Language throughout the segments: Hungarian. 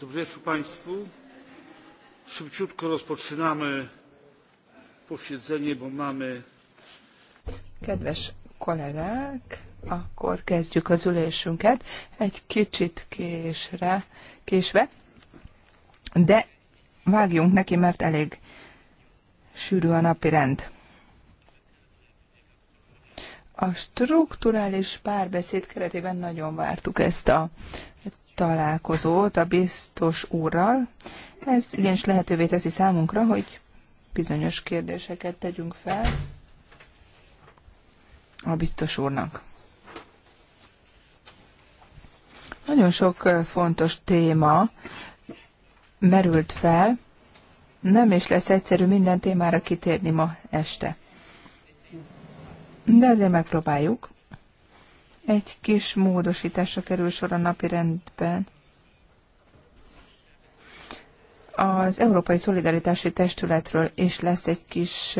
Dobry wieczór Państwu. Szybciutko rozpoczynamy posiedzenie, bo mamy... Kedves kollégák, akkor kezdjük az ülésünket. Egy kicsit késre, késve, de vágjunk neki, mert elég sűrű a napi rend. A strukturális párbeszéd keretében nagyon vártuk ezt a találkozót a biztos úrral. Ez ugyanis lehetővé teszi számunkra, hogy bizonyos kérdéseket tegyünk fel a biztos úrnak. Nagyon sok fontos téma merült fel, nem is lesz egyszerű minden témára kitérni ma este. De azért megpróbáljuk. Egy kis módosításra kerül sor a napi rendben. Az Európai Szolidaritási Testületről is lesz egy kis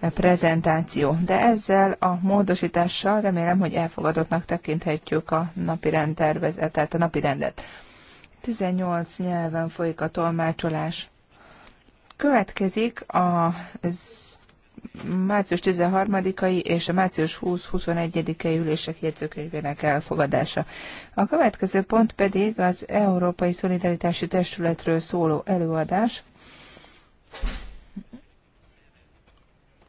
prezentáció, de ezzel a módosítással remélem, hogy elfogadottnak tekinthetjük a napi rendtervezetet, a napi rendet. 18 nyelven folyik a tolmácsolás. Következik az március 13-ai és a március 20 21 ei ülések jegyzőkönyvének elfogadása. A következő pont pedig az Európai Szolidaritási Testületről szóló előadás.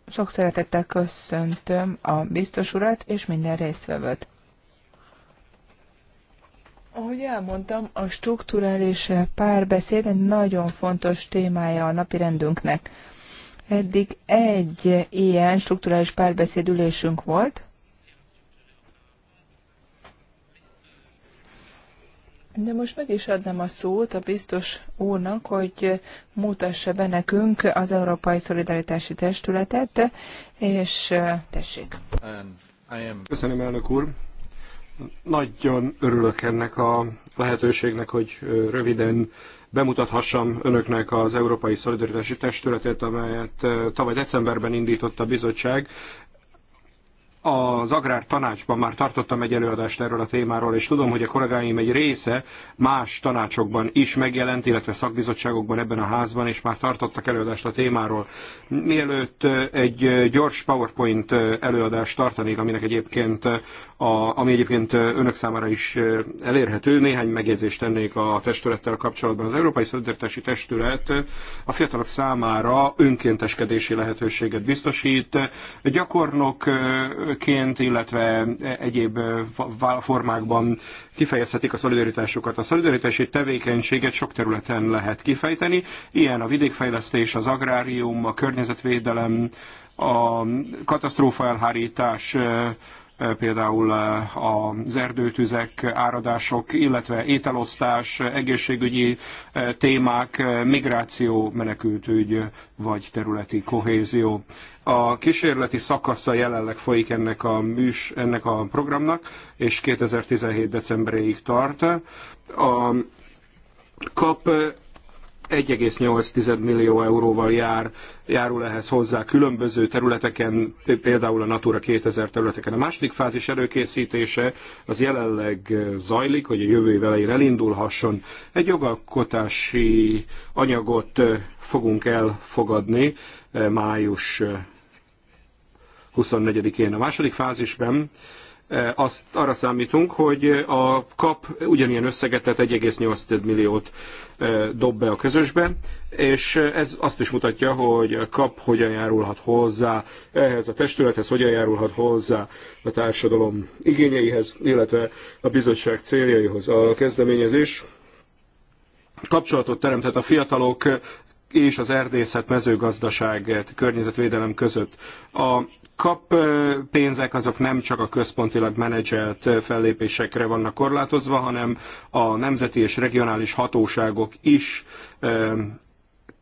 Sok szeretettel köszöntöm a biztos urat és minden résztvevőt. Ahogy elmondtam, a strukturális párbeszéd egy nagyon fontos témája a napirendünknek. Eddig egy ilyen strukturális párbeszédülésünk volt, De most meg is adnám a szót a biztos úrnak, hogy mutassa be nekünk az Európai Szolidaritási Testületet, és tessék. Köszönöm, elnök úr. Nagyon örülök ennek a lehetőségnek, hogy röviden bemutathassam önöknek az Európai Szolidaritási Testületet, amelyet eh, tavaly decemberben indított a bizottság az Agrár Tanácsban már tartottam egy előadást erről a témáról, és tudom, hogy a kollégáim egy része más tanácsokban is megjelent, illetve szakbizottságokban ebben a házban, és már tartottak előadást a témáról. Mielőtt egy gyors PowerPoint előadást tartanék, aminek egyébként a, ami egyébként önök számára is elérhető, néhány megjegyzést tennék a testülettel kapcsolatban. Az Európai Szolidaritási Testület a fiatalok számára önkénteskedési lehetőséget biztosít. Gyakornok ként, illetve egyéb formákban kifejezhetik a szolidaritásukat. A szolidaritási tevékenységet sok területen lehet kifejteni, ilyen a vidékfejlesztés, az agrárium, a környezetvédelem, a katasztrófa elhárítás, Eh, például eh, az erdőtüzek, áradások, illetve ételosztás, egészségügyi eh, témák, migráció, menekültügy vagy területi kohézió. A kísérleti szakasza jelenleg folyik ennek a, műs, ennek a programnak, és 2017. decemberéig tart. A kap 1,8 millió euróval jár, járul ehhez hozzá különböző területeken, például a Natura 2000 területeken. A második fázis előkészítése az jelenleg zajlik, hogy a jövő év elején elindulhasson. Egy jogalkotási anyagot fogunk elfogadni május 24-én. A második fázisban azt arra számítunk, hogy a kap ugyanilyen összeget, tehát 1,8 milliót dob be a közösbe, és ez azt is mutatja, hogy a kap hogyan járulhat hozzá ehhez a testülethez, hogyan járulhat hozzá a társadalom igényeihez, illetve a bizottság céljaihoz. A kezdeményezés kapcsolatot teremtett a fiatalok és az erdészet, mezőgazdaság, környezetvédelem között. A kap pénzek azok nem csak a központilag menedzselt fellépésekre vannak korlátozva, hanem a nemzeti és regionális hatóságok is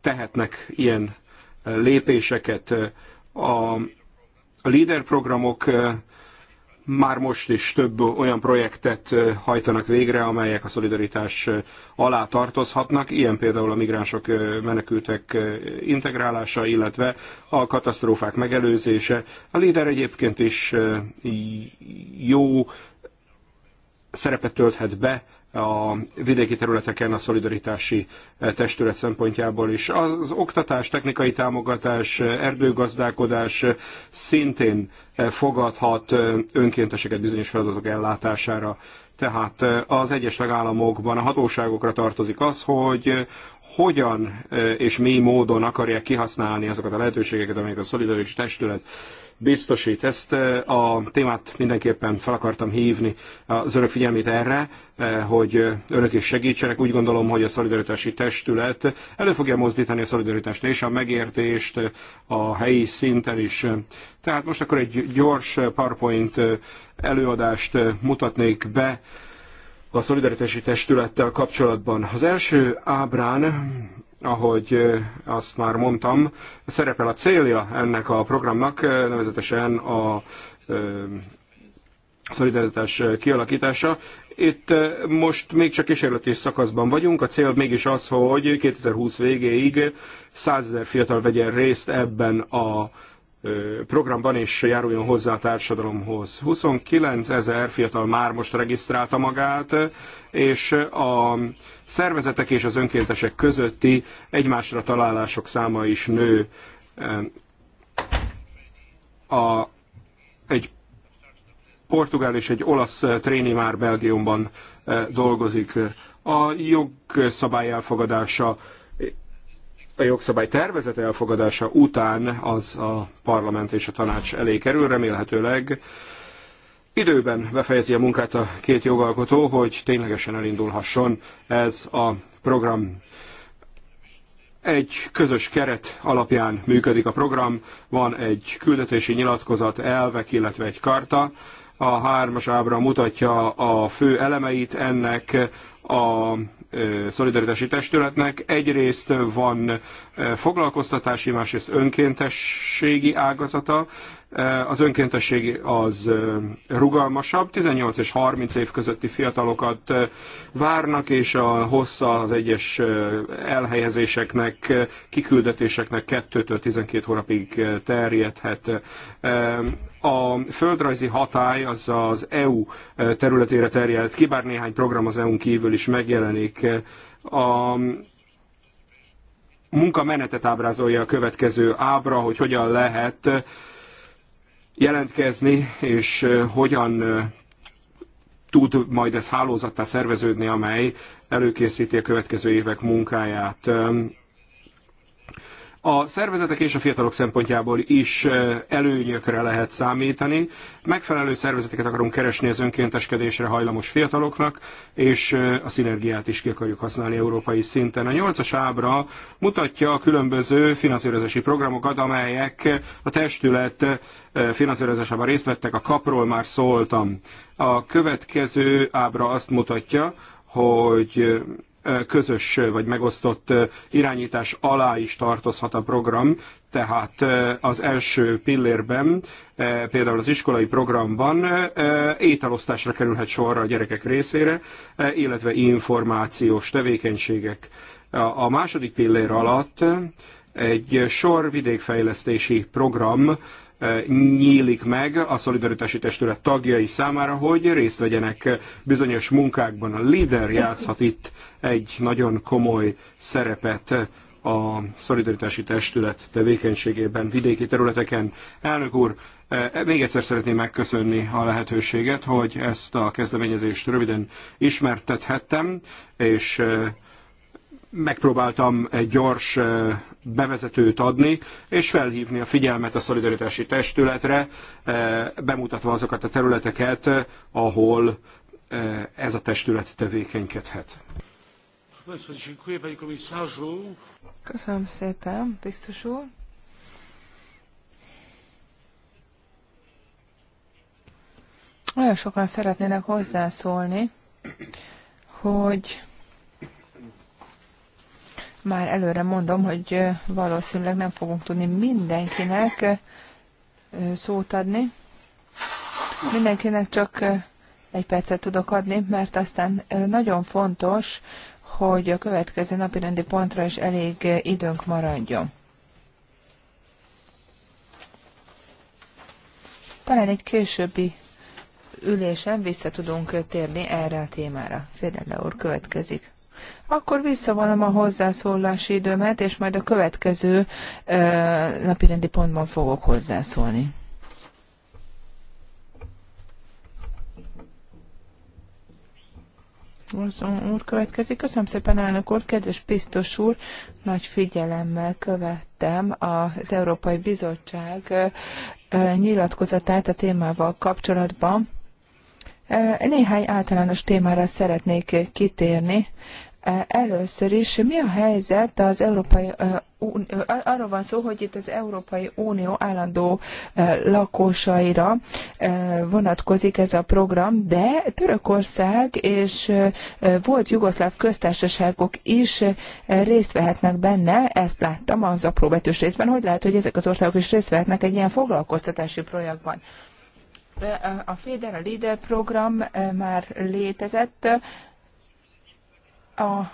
tehetnek ilyen lépéseket. A leader programok már most is több olyan projektet hajtanak végre, amelyek a szolidaritás alá tartozhatnak, ilyen például a migránsok menekültek integrálása, illetve a katasztrófák megelőzése. A líder egyébként is jó szerepet tölthet be a vidéki területeken a szolidaritási eh, testület szempontjából is. Az oktatás, technikai támogatás, eh, erdőgazdálkodás eh, szintén fogadhat önkénteseket bizonyos feladatok ellátására. Tehát az egyes tagállamokban a hatóságokra tartozik az, hogy hogyan és mi módon akarják kihasználni azokat a lehetőségeket, amelyek a szolidaritási testület biztosít. Ezt eh, a témát mindenképpen fel akartam hívni az önök figyelmét erre, eh, hogy eh, önök is segítsenek. Úgy gondolom, hogy a szolidaritási testület elő fogja mozdítani a szolidaritást és a megértést a helyi szinten is. Tehát most akkor egy gyors PowerPoint előadást mutatnék be a szolidaritási testülettel kapcsolatban. Az első ábrán ahogy azt már mondtam, szerepel a célja ennek a programnak, nevezetesen a szolidaritás kialakítása. Itt most még csak kísérleti szakaszban vagyunk, a cél mégis az, hogy 2020 végéig 100 ezer fiatal vegyen részt ebben a programban is járuljon hozzá a társadalomhoz. 29 ezer fiatal már most regisztrálta magát, és a szervezetek és az önkéntesek közötti egymásra találások száma is nő. A, egy portugál és egy olasz tréni már Belgiumban dolgozik. A jogszabály elfogadása a jogszabály tervezet elfogadása után az a parlament és a tanács elé kerül, remélhetőleg időben befejezi a munkát a két jogalkotó, hogy ténylegesen elindulhasson ez a program. Egy közös keret alapján működik a program, van egy küldetési nyilatkozat, elvek, illetve egy karta. A hármas ábra mutatja a fő elemeit ennek, a szolidaritási testületnek. Egyrészt van foglalkoztatási, másrészt önkéntességi ágazata, Eh, az önkéntesség az eh, rugalmasabb, 18 és 30 év közötti fiatalokat eh, várnak, és a hossza az egyes elhelyezéseknek, kiküldetéseknek 2-től 12 hónapig terjedhet. A földrajzi hatály az az EU területére terjed, ki, bár néhány program az EU-n kívül is megjelenik. A munkamenetet ábrázolja a következő ábra, hogy hogyan lehet jelentkezni, és hogyan tud majd ez hálózattá szerveződni, amely előkészíti a következő évek munkáját. A szervezetek és a fiatalok szempontjából is előnyökre lehet számítani. Megfelelő szervezeteket akarunk keresni az önkénteskedésre hajlamos fiataloknak, és a szinergiát is ki akarjuk használni európai szinten. A nyolcas ábra mutatja a különböző finanszírozási programokat, amelyek a testület finanszírozásában részt vettek, a kapról már szóltam. A következő ábra azt mutatja, hogy közös vagy megosztott irányítás alá is tartozhat a program, tehát az első pillérben, például az iskolai programban ételosztásra kerülhet sorra a gyerekek részére, illetve információs tevékenységek. A második pillér alatt egy sor vidékfejlesztési program nyílik meg a Szolidaritási Testület tagjai számára, hogy részt vegyenek bizonyos munkákban. A líder játszhat itt egy nagyon komoly szerepet a Szolidaritási Testület tevékenységében, vidéki területeken. Elnök úr, még egyszer szeretném megköszönni a lehetőséget, hogy ezt a kezdeményezést röviden ismertethettem, és megpróbáltam egy gyors bevezetőt adni, és felhívni a figyelmet a szolidaritási testületre, eh, bemutatva azokat a területeket, eh, ahol eh, ez a testület tevékenykedhet. Köszönöm szépen, biztos úr. Olyan sokan szeretnének hozzászólni, hogy már előre mondom, hogy valószínűleg nem fogunk tudni mindenkinek szót adni. Mindenkinek csak egy percet tudok adni, mert aztán nagyon fontos, hogy a következő napi rendi pontra is elég időnk maradjon. Talán egy későbbi ülésen vissza tudunk térni erre a témára. Fédelne úr következik. Akkor visszavonom a hozzászólási időmet, és majd a következő ö, napirendi pontban fogok hozzászólni. Orzon úr következik. Köszönöm szépen, elnök úr, kedves biztos úr, nagy figyelemmel követtem az Európai Bizottság nyilatkozatát a témával kapcsolatban. Néhány általános témára szeretnék kitérni, Először is mi a helyzet az Európai arról van szó, hogy itt az Európai Unió állandó lakosaira vonatkozik ez a program, de Törökország és volt jugoszláv köztársaságok is részt vehetnek benne, ezt láttam az apróbetűs részben, hogy lehet, hogy ezek az országok is részt vehetnek egy ilyen foglalkoztatási projektban. A FEDER, a LEADER program már létezett, a,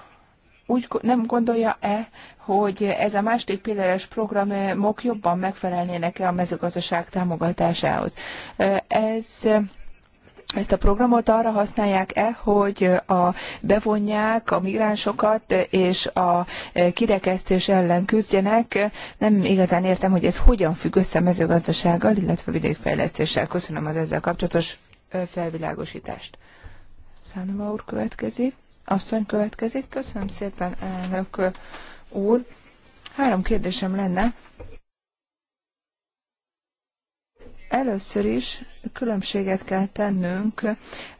úgy nem gondolja-e, hogy ez a második pilléres programok eh, jobban megfelelnének-e a mezőgazdaság támogatásához? Eh, ez ezt a programot arra használják-e, hogy a, bevonják a migránsokat és a eh, kirekesztés ellen küzdjenek. Nem igazán értem, hogy ez hogyan függ össze a mezőgazdasággal, illetve vidékfejlesztéssel. Köszönöm az ezzel kapcsolatos felvilágosítást. Szánova úr következik asszony következik. Köszönöm szépen, elnök úr. Három kérdésem lenne. Először is különbséget kell tennünk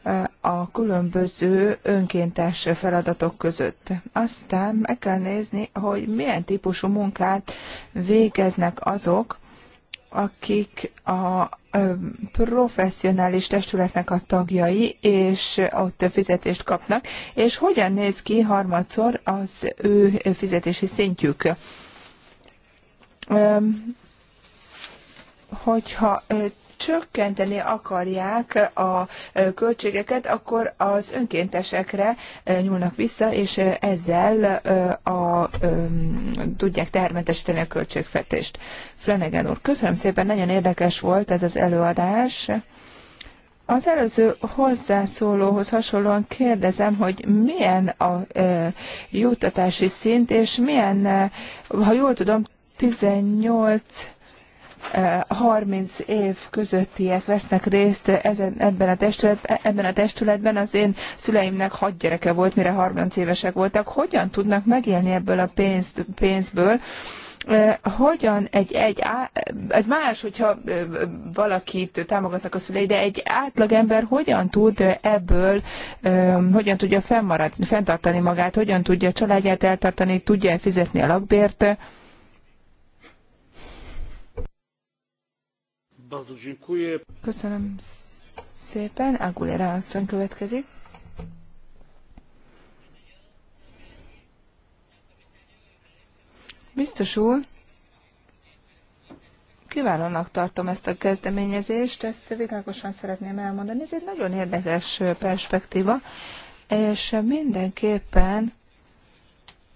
eh, a különböző önkéntes feladatok között. Aztán meg kell nézni, hogy milyen típusú munkát végeznek azok, akik a professzionális testületnek a tagjai, és ott fizetést kapnak, és hogyan néz ki harmadszor az ő fizetési szintjük. Hogyha csökkenteni akarják a költségeket, akkor az önkéntesekre nyúlnak vissza, és ezzel a, a, tudják termetesíteni a költségvetést. Flanagan úr, köszönöm szépen, nagyon érdekes volt ez az előadás. Az előző hozzászólóhoz hasonlóan kérdezem, hogy milyen a e, juttatási szint, és milyen, e, ha jól tudom, 18 30 év közöttiek vesznek részt ezen, ebben, a testületben, ebben a testületben. Az én szüleimnek hat gyereke volt, mire 30 évesek voltak. Hogyan tudnak megélni ebből a pénzt, pénzből? hogyan egy, egy ez más, hogyha valakit támogatnak a szülei, de egy átlagember hogyan tud ebből, hogyan tudja fennmaradni, fenntartani magát, hogyan tudja a családját eltartani, tudja fizetni a lakbért, Köszönöm szépen. Aguilera asszony következik. Biztos úr, kiválónak tartom ezt a kezdeményezést, ezt világosan szeretném elmondani. Ez egy nagyon érdekes perspektíva, és mindenképpen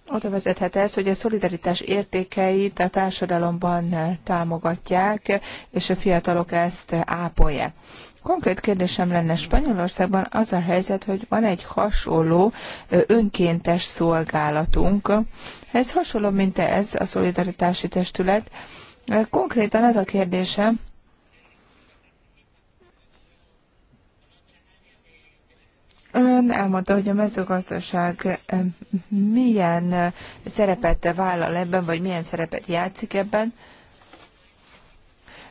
oda vezethet ez, hogy a szolidaritás értékeit a társadalomban támogatják, és a fiatalok ezt ápolják. Konkrét kérdésem lenne Spanyolországban az a helyzet, hogy van egy hasonló önkéntes szolgálatunk. Ez hasonló, mint ez a szolidaritási testület. Konkrétan az a kérdésem, Ön elmondta, hogy a mezőgazdaság eh, milyen eh, szerepet vállal ebben, vagy milyen szerepet játszik ebben.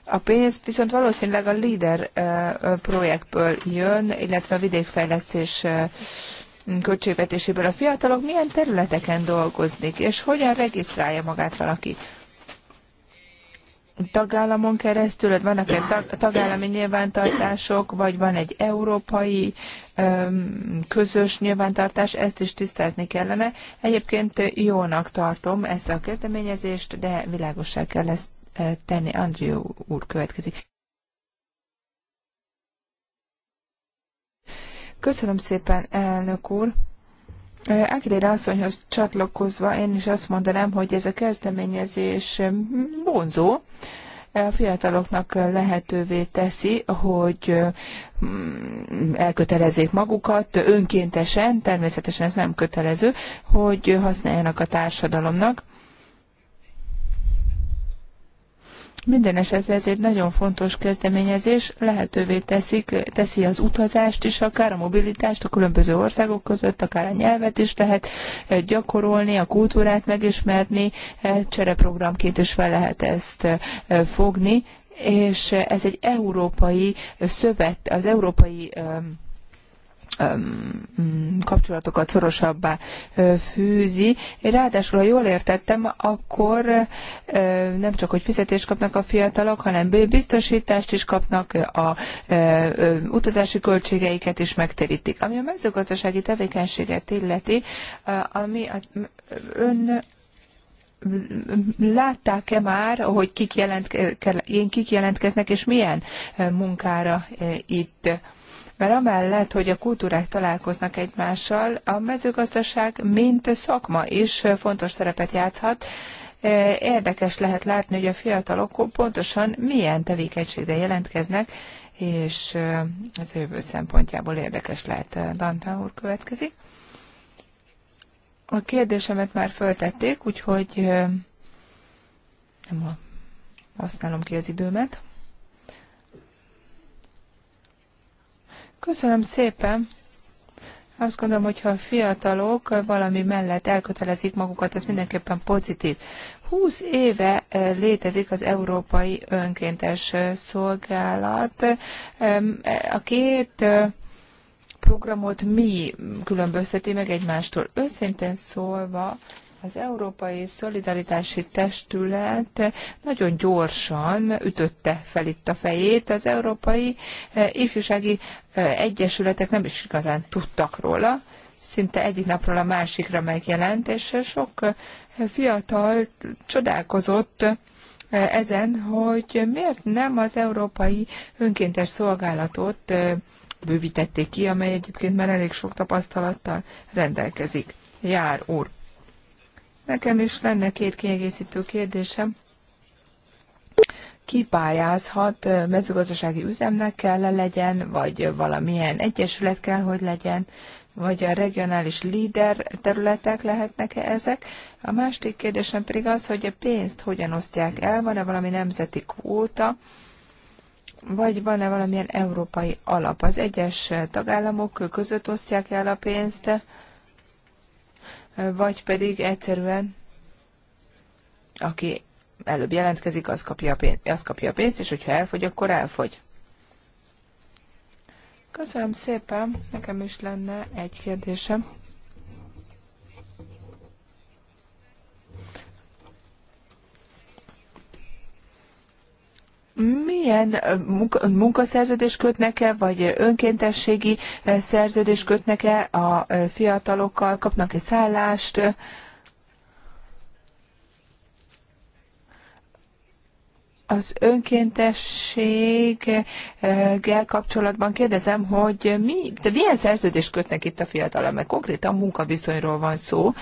A pénz viszont valószínűleg a LEADER eh, projektből jön, illetve a vidékfejlesztés költségvetéséből. A fiatalok milyen területeken dolgoznak, és hogyan regisztrálja magát valaki? tagállamon keresztül, ott vannak-e tagállami nyilvántartások, vagy van egy európai közös nyilvántartás, ezt is tisztázni kellene. Egyébként jónak tartom ezt a kezdeményezést, de világossá kell ezt tenni. Andrew úr következik. Köszönöm szépen, elnök úr! Ákidére asszonyhoz csatlakozva én is azt mondanám, hogy ez a kezdeményezés vonzó, a fiataloknak lehetővé teszi, hogy mm, elkötelezzék magukat önkéntesen, természetesen ez nem kötelező, hogy használjanak a társadalomnak Minden esetre ez egy nagyon fontos kezdeményezés, lehetővé teszik, teszi az utazást is, akár a mobilitást a különböző országok között, akár a nyelvet is lehet eh, gyakorolni, a kultúrát megismerni, eh, csereprogramként is fel lehet ezt eh, fogni, és ez egy európai szövet, az európai kapcsolatokat szorosabbá fűzi. ráadásul, ha jól értettem, akkor nem csak, hogy fizetést kapnak a fiatalok, hanem biztosítást is kapnak, a utazási költségeiket is megterítik. Ami a mezőgazdasági tevékenységet illeti, ami ön látták-e már, hogy kik, jelentke, kik jelentkeznek, és milyen munkára itt? mert amellett, hogy a kultúrák találkoznak egymással, a mezőgazdaság mint szakma is fontos szerepet játszhat. E, érdekes lehet látni, hogy a fiatalok pontosan milyen tevékenységre jelentkeznek, és e, az jövő szempontjából érdekes lehet. E, Dantán úr következik. A kérdésemet már föltették, úgyhogy nem használom ki az időmet. Köszönöm szépen. Azt gondolom, hogy ha a fiatalok valami mellett elkötelezik magukat, ez mindenképpen pozitív. 20 éve eh, létezik az Európai Önkéntes eh, Szolgálat. Eh, a két programot mi különbözteti meg egymástól? Őszintén szólva, az Európai Szolidaritási Testület nagyon gyorsan ütötte fel itt a fejét. Az Európai eh, Ifjúsági eh, Egyesületek nem is igazán tudtak róla, szinte egyik napról a másikra megjelent, és sok eh, fiatal csodálkozott ezen, hogy miért nem az Európai Önkéntes Szolgálatot bővítették ki, amely egyébként már elég sok tapasztalattal rendelkezik. Jár úr. Nekem is lenne két kiegészítő kérdésem. Ki pályázhat, mezőgazdasági üzemnek kell -e legyen, vagy valamilyen egyesület kell, hogy legyen, vagy a regionális líder területek lehetnek-e ezek? A másik kérdésem pedig az, hogy a pénzt hogyan osztják el, van-e valami nemzeti kvóta, vagy van-e valamilyen európai alap? Az egyes tagállamok között osztják el a pénzt, vagy pedig egyszerűen aki előbb jelentkezik, az kapja a pénzt, az kapja a pénzt és hogyha elfogy, akkor elfogy. Köszönöm szépen, nekem is lenne egy kérdésem. milyen munkaszerződés kötnek-e, vagy önkéntességi szerződés kötnek-e a fiatalokkal, kapnak-e szállást? Az önkéntességgel kapcsolatban kérdezem, hogy mi, de milyen szerződést kötnek itt a fiatalok, mert konkrétan munkaviszonyról van szó.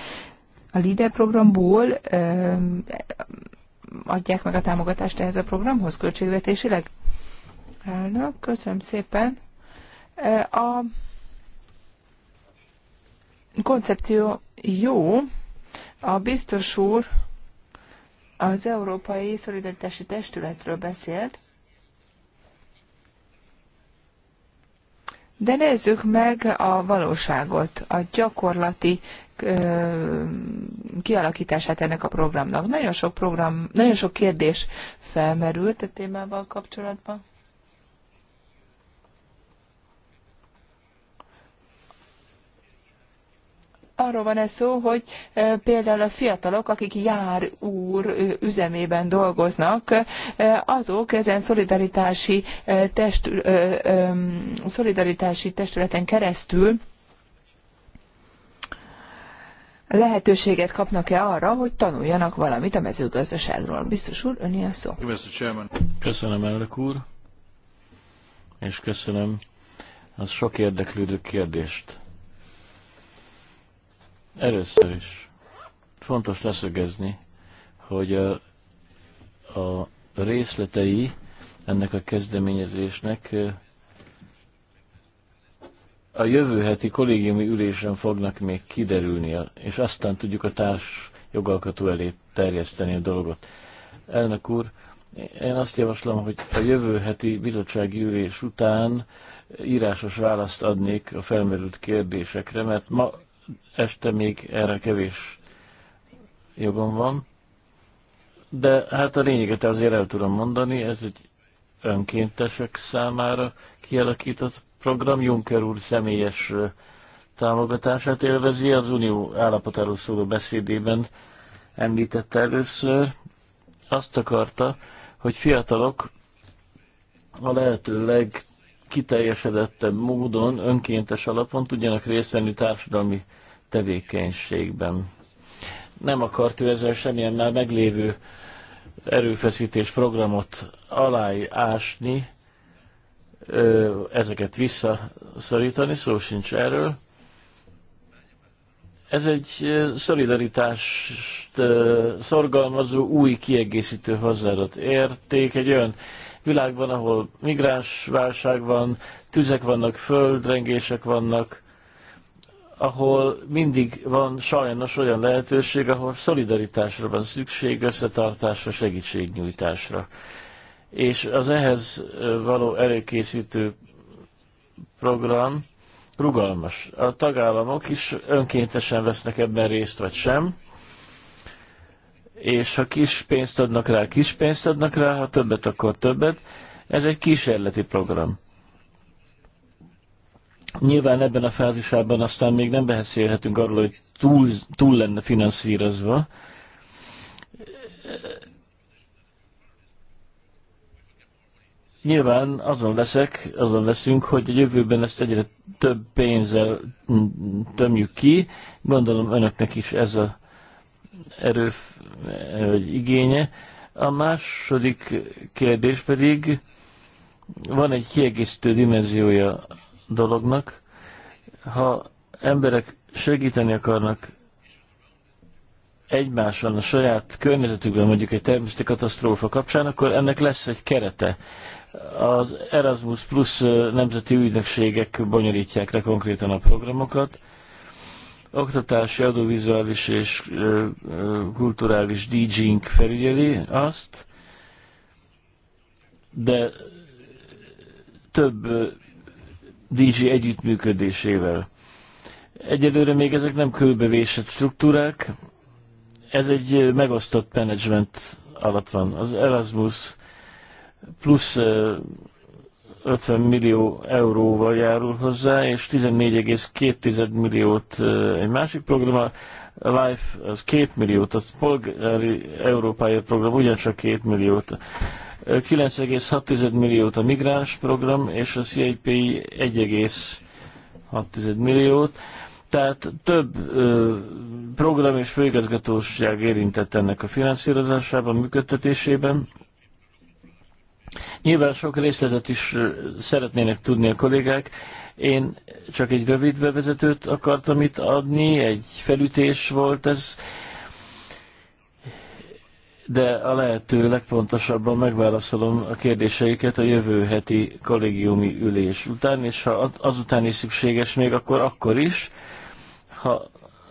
A LIDE programból adják meg a támogatást ehhez a programhoz költségvetésileg? Elnök, köszönöm szépen. E, a koncepció jó. A biztos úr az Európai Szolidaritási Testületről beszélt, de nézzük meg a valóságot, a gyakorlati kialakítását ennek a programnak. Nagyon sok program, nagyon sok kérdés felmerült a témával kapcsolatban. arról van ez szó, hogy például a fiatalok, akik jár úr üzemében dolgoznak, azok ezen szolidaritási, test, szolidaritási testületen keresztül lehetőséget kapnak-e arra, hogy tanuljanak valamit a mezőgazdaságról. Biztos úr, ön ilyen szó. Köszönöm, elnök úr, és köszönöm az sok érdeklődő kérdést. Először is fontos leszögezni, hogy a, a részletei ennek a kezdeményezésnek a jövő heti kollégiumi ülésen fognak még kiderülni, és aztán tudjuk a társ jogalkotó elé terjeszteni a dolgot. Elnök úr, én azt javaslom, hogy a jövő heti bizottsági ülés után írásos választ adnék a felmerült kérdésekre, mert ma este még erre kevés jogom van. De hát a lényeget azért el tudom mondani, ez egy önkéntesek számára kialakított program Juncker úr személyes támogatását élvezi, az Unió állapotáról szóló beszédében említette először. Azt akarta, hogy fiatalok a lehető legkiteljesedettebb módon, önkéntes alapon tudjanak részt venni társadalmi tevékenységben. Nem akart ő ezzel semmilyen már meglévő erőfeszítés programot aláásni, ezeket visszaszorítani, szó sincs erről. Ez egy szolidaritást szorgalmazó új kiegészítő hozzáadott érték, egy olyan világban, ahol migráns válság van, tüzek vannak, földrengések vannak, ahol mindig van sajnos olyan lehetőség, ahol szolidaritásra van szükség, összetartásra, segítségnyújtásra és az ehhez való előkészítő program rugalmas. A tagállamok is önkéntesen vesznek ebben részt, vagy sem, és ha kis pénzt adnak rá, kis pénzt adnak rá, ha többet, akkor többet. Ez egy kísérleti program. Nyilván ebben a fázisában aztán még nem beszélhetünk arról, hogy túl, túl lenne finanszírozva. nyilván azon leszek, azon leszünk, hogy a jövőben ezt egyre több pénzzel tömjük ki. Gondolom önöknek is ez a erő vagy igénye. A második kérdés pedig van egy kiegészítő dimenziója dolognak. Ha emberek segíteni akarnak egymáson a saját környezetükben, mondjuk egy természeti katasztrófa kapcsán, akkor ennek lesz egy kerete. Az Erasmus Plus nemzeti ügynökségek bonyolítják le konkrétan a programokat. Oktatási, adóvizuális és kulturális dj felügyeli azt, de több DJ együttműködésével. Egyelőre még ezek nem kőbevésett struktúrák, ez egy megosztott menedzsment alatt van. Az Erasmus plusz 50 millió euróval járul hozzá, és 14,2 milliót egy másik program, a Life az 2 milliót, a Polgári európai program ugyancsak 2 milliót, 9,6 milliót a migráns program, és a CIP 1,6 milliót. Tehát több ö, program és főigazgatóság érintett ennek a finanszírozásában, működtetésében Nyilván sok részletet is szeretnének tudni a kollégák. Én csak egy rövid bevezetőt akartam itt adni, egy felütés volt ez, de a lehető legpontosabban megválaszolom a kérdéseiket a jövő heti kollégiumi ülés után, és ha azután is szükséges még, akkor akkor is, ha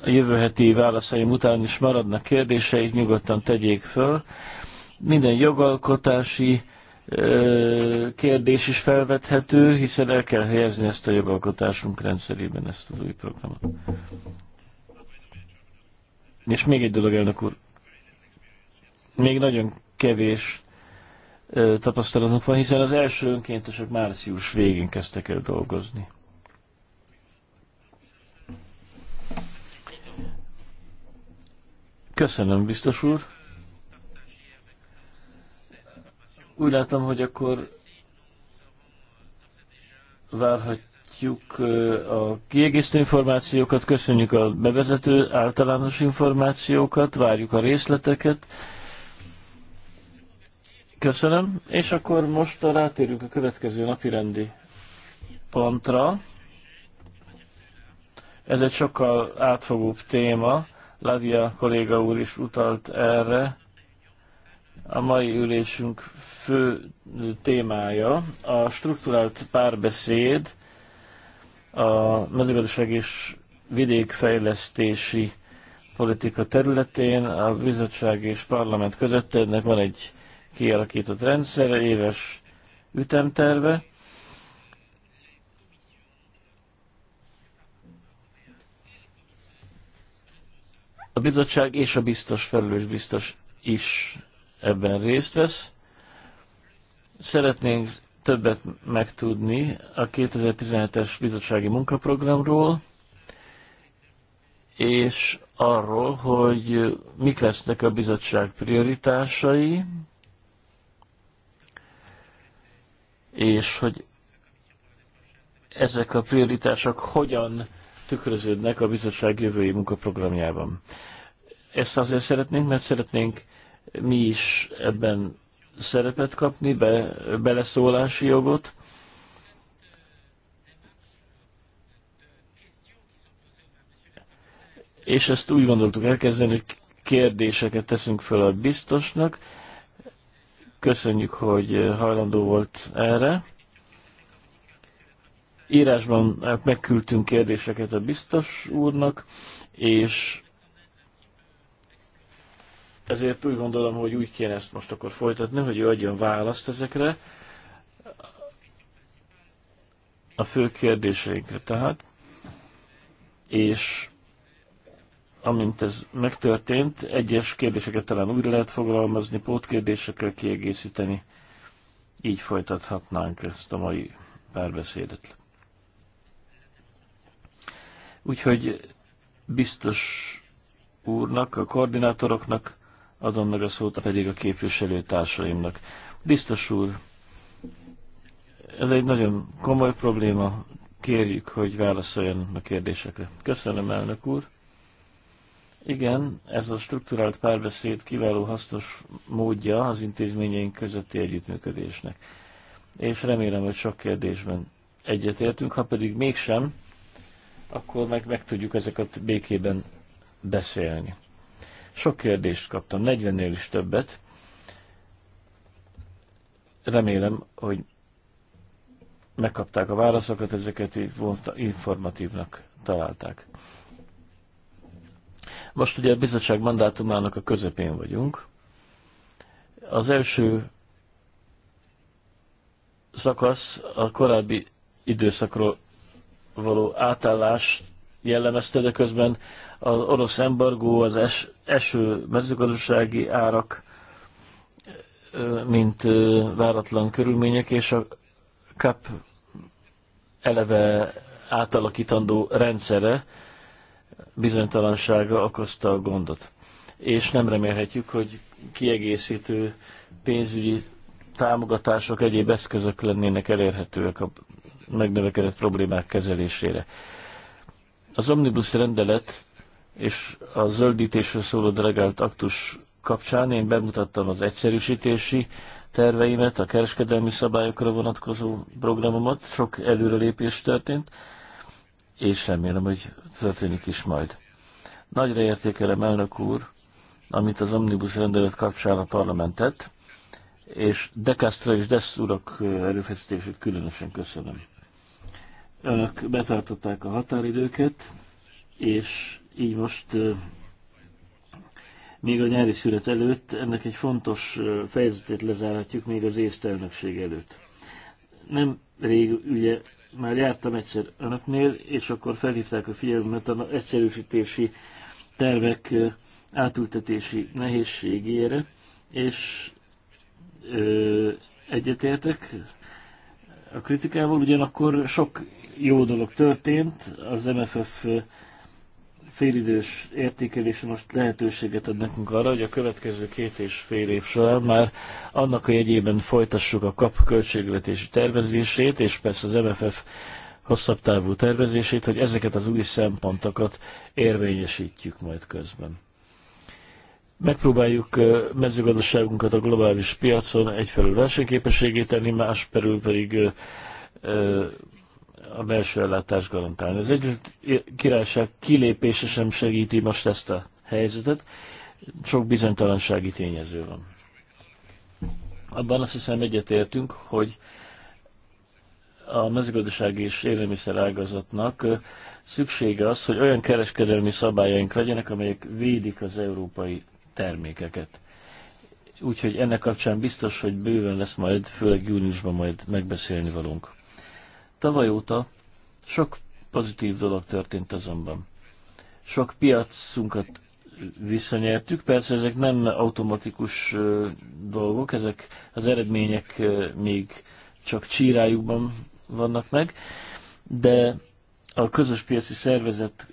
a jövő heti válaszaim után is maradnak kérdéseik, nyugodtan tegyék föl. Minden jogalkotási, kérdés is felvethető, hiszen el kell helyezni ezt a jogalkotásunk rendszerében, ezt az új programot. És még egy dolog, elnök úr. Még nagyon kevés tapasztalatunk van, hiszen az első önkéntesek március végén kezdtek el dolgozni. Köszönöm, biztos úr. Úgy látom, hogy akkor várhatjuk a kiegészítő információkat, köszönjük a bevezető általános információkat, várjuk a részleteket. Köszönöm, és akkor most rátérünk a következő napi rendi pontra. Ez egy sokkal átfogóbb téma, Lavia kolléga úr is utalt erre a mai ülésünk fő témája a strukturált párbeszéd a mezőgazdaság és vidékfejlesztési politika területén a bizottság és parlament között ennek van egy kialakított rendszer, éves ütemterve. A bizottság és a biztos felelős biztos is ebben részt vesz. Szeretnénk többet megtudni a 2017-es bizottsági munkaprogramról, és arról, hogy mik lesznek a bizottság prioritásai, és hogy ezek a prioritások hogyan tükröződnek a bizottság jövői munkaprogramjában. Ezt azért szeretnénk, mert szeretnénk mi is ebben szerepet kapni, be, beleszólási jogot. És ezt úgy gondoltuk elkezdeni, hogy kérdéseket teszünk föl a biztosnak. Köszönjük, hogy hajlandó volt erre. Írásban megküldtünk kérdéseket a biztos úrnak, és ezért úgy gondolom, hogy úgy kéne ezt most akkor folytatni, hogy ő adjon választ ezekre a fő kérdéseinkre tehát, és amint ez megtörtént, egyes kérdéseket talán újra lehet fogalmazni, pótkérdésekkel kiegészíteni. Így folytathatnánk ezt a mai párbeszédet. Úgyhogy biztos úrnak, a koordinátoroknak adom meg a szót pedig a képviselő társaimnak. Biztos úr, ez egy nagyon komoly probléma, kérjük, hogy válaszoljon a kérdésekre. Köszönöm, elnök úr. Igen, ez a strukturált párbeszéd kiváló hasznos módja az intézményeink közötti együttműködésnek. És remélem, hogy sok kérdésben egyetértünk, ha pedig mégsem, akkor meg, meg tudjuk ezeket békében beszélni. Sok kérdést kaptam, 40-nél is többet. Remélem, hogy megkapták a válaszokat, ezeket informatívnak találták. Most ugye a bizottság mandátumának a közepén vagyunk. Az első szakasz a korábbi időszakról való átállás jellemezte, de közben az orosz embargó, az es, eső mezőgazdasági árak, mint váratlan körülmények, és a CAP eleve átalakítandó rendszere bizonytalansága okozta a gondot. És nem remélhetjük, hogy kiegészítő pénzügyi támogatások, egyéb eszközök lennének elérhetőek a megnövekedett problémák kezelésére. Az omnibus rendelet és a zöldítésre szóló delegált aktus kapcsán én bemutattam az egyszerűsítési terveimet, a kereskedelmi szabályokra vonatkozó programomat, sok előrelépés történt, és remélem, hogy történik is majd. Nagyra értékelem, elnök úr, amit az Omnibus rendelet kapcsán a parlament tett, és De Castro és Dess urak erőfeszítését különösen köszönöm. Önök betartották a határidőket, és így most még a nyári szület előtt ennek egy fontos fejezetét lezárhatjuk még az észt elnökség előtt. Nem rég ugye már jártam egyszer önöknél, és akkor felhívták a figyelmet a egyszerűsítési tervek átültetési nehézségére, és ö, egyetértek a kritikával, ugyanakkor sok jó dolog történt, az MFF félidős értékelése most lehetőséget ad nekünk arra, hogy a következő két és fél év során már annak a jegyében folytassuk a kap költségvetési tervezését, és persze az MFF hosszabb távú tervezését, hogy ezeket az új szempontokat érvényesítjük majd közben. Megpróbáljuk mezőgazdaságunkat a globális piacon egyfelől versenyképességét tenni, másfelől pedig a belső ellátást garantálni. Az Egyesült Királyság kilépése sem segíti most ezt a helyzetet, sok bizonytalansági tényező van. Abban azt hiszem egyetértünk, hogy a mezőgazdasági és élelmiszer ágazatnak szüksége az, hogy olyan kereskedelmi szabályaink legyenek, amelyek védik az európai termékeket. Úgyhogy ennek kapcsán biztos, hogy bőven lesz majd, főleg júniusban majd megbeszélni valunk. Tavaly óta sok pozitív dolog történt azonban. Sok piacunkat visszanyertük, persze ezek nem automatikus dolgok, ezek az eredmények még csak csírájukban vannak meg, de a közös piaci szervezet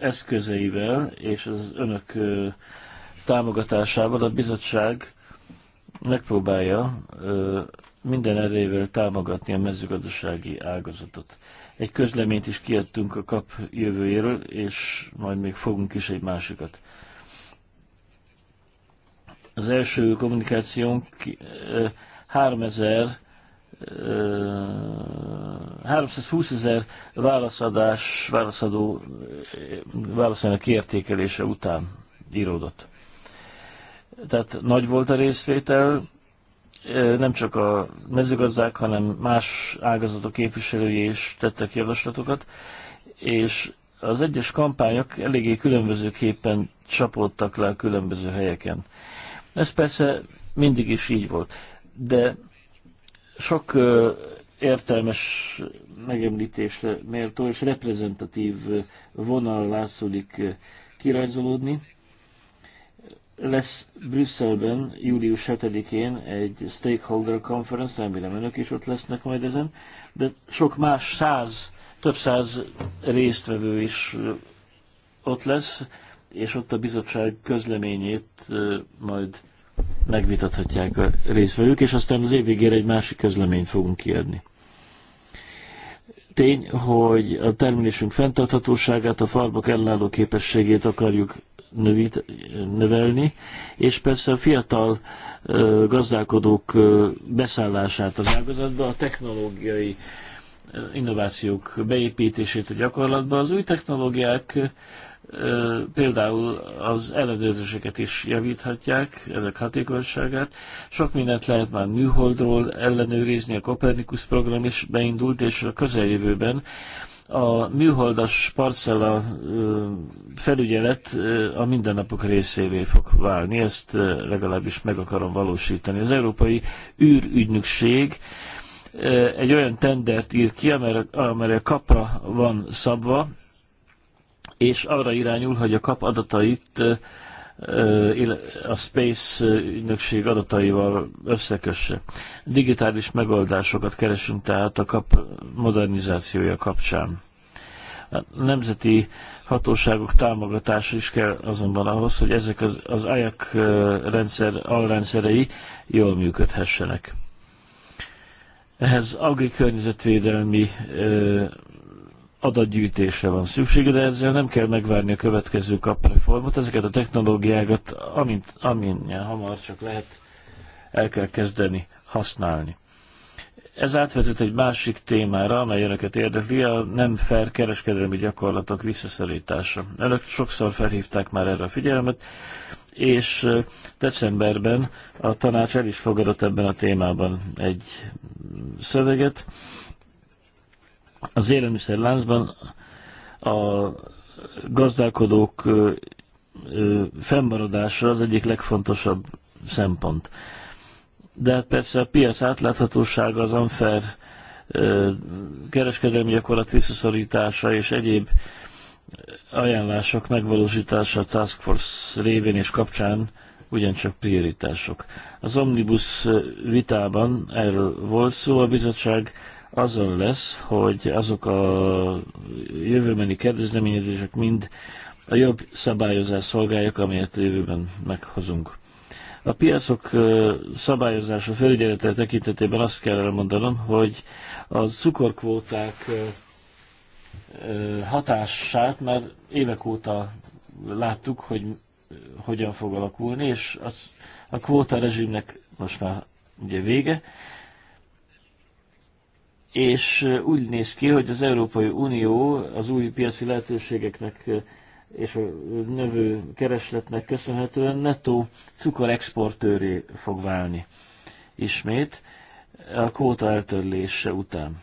eszközeivel és az önök támogatásával a bizottság megpróbálja minden erővel támogatni a mezőgazdasági ágazatot. Egy közleményt is kiadtunk a kap jövőjéről, és majd még fogunk is egy másikat. Az első kommunikációnk 3000 320 ezer válaszadás, válaszadó eh, válaszának értékelése után íródott. Tehát nagy volt a részvétel, nem csak a mezőgazdák, hanem más ágazatok képviselői is tettek javaslatokat, és az egyes kampányok eléggé különbözőképpen csapódtak le a különböző helyeken. Ez persze mindig is így volt, de sok értelmes megemlítésre méltó és reprezentatív vonal látszódik kirajzolódni lesz Brüsszelben július 7-én egy stakeholder conference, remélem önök is ott lesznek majd ezen, de sok más száz, több száz résztvevő is ott lesz, és ott a bizottság közleményét majd megvitathatják a résztvevők és aztán az év végére egy másik közleményt fogunk kiadni. Tény, hogy a termelésünk fenntarthatóságát, a farmok ellenálló képességét akarjuk növít, növelni, és persze a fiatal gazdálkodók beszállását az ágazatba, a technológiai innovációk beépítését a gyakorlatba. Az új technológiák például az ellenőrzéseket is javíthatják, ezek hatékonyságát. Sok mindent lehet már műholdról ellenőrizni, a Copernicus program is beindult, és a közeljövőben a műholdas parcella felügyelet a mindennapok részévé fog válni, ezt legalábbis meg akarom valósítani. Az Európai űrügynökség egy olyan tendert ír ki, amelyre a kapra van szabva, és arra irányul, hogy a kap adatait a Space ügynökség adataival összekösse. Digitális megoldásokat keresünk tehát a kap modernizációja kapcsán. A nemzeti hatóságok támogatása is kell azonban ahhoz, hogy ezek az, az AJAK rendszer alrendszerei jól működhessenek. Ehhez agrikörnyezetvédelmi adatgyűjtésre van szüksége, de ezzel nem kell megvárni a következő kapreformot. Ezeket a technológiákat amint, amint hamar csak lehet el kell kezdeni használni. Ez átvezet egy másik témára, amely önöket érdekli, a nem fair kereskedelmi gyakorlatok visszaszorítása. Önök sokszor felhívták már erre a figyelmet, és decemberben a tanács el is fogadott ebben a témában egy mm, szöveget, az élelmiszerláncban a gazdálkodók fennmaradása az egyik legfontosabb szempont. De hát persze a piac átláthatósága, az unfair kereskedelmi gyakorlat visszaszorítása és egyéb ajánlások megvalósítása a Task Force révén és kapcsán ugyancsak prioritások. Az Omnibus vitában erről volt szó, a bizottság azon lesz, hogy azok a jövőbeni kedvezményezések mind a jobb szabályozás szolgálják, amelyet jövőben meghozunk. A piacok szabályozása felügyelete tekintetében azt kell elmondanom, hogy a cukorkvóták hatását már évek óta láttuk, hogy hogyan fog alakulni, és az, a kvóta rezsimnek most már ugye vége, és úgy néz ki, hogy az Európai Unió az új piaci lehetőségeknek és a növő keresletnek köszönhetően nettó cukorexportőré fog válni ismét a kóta eltörlése után.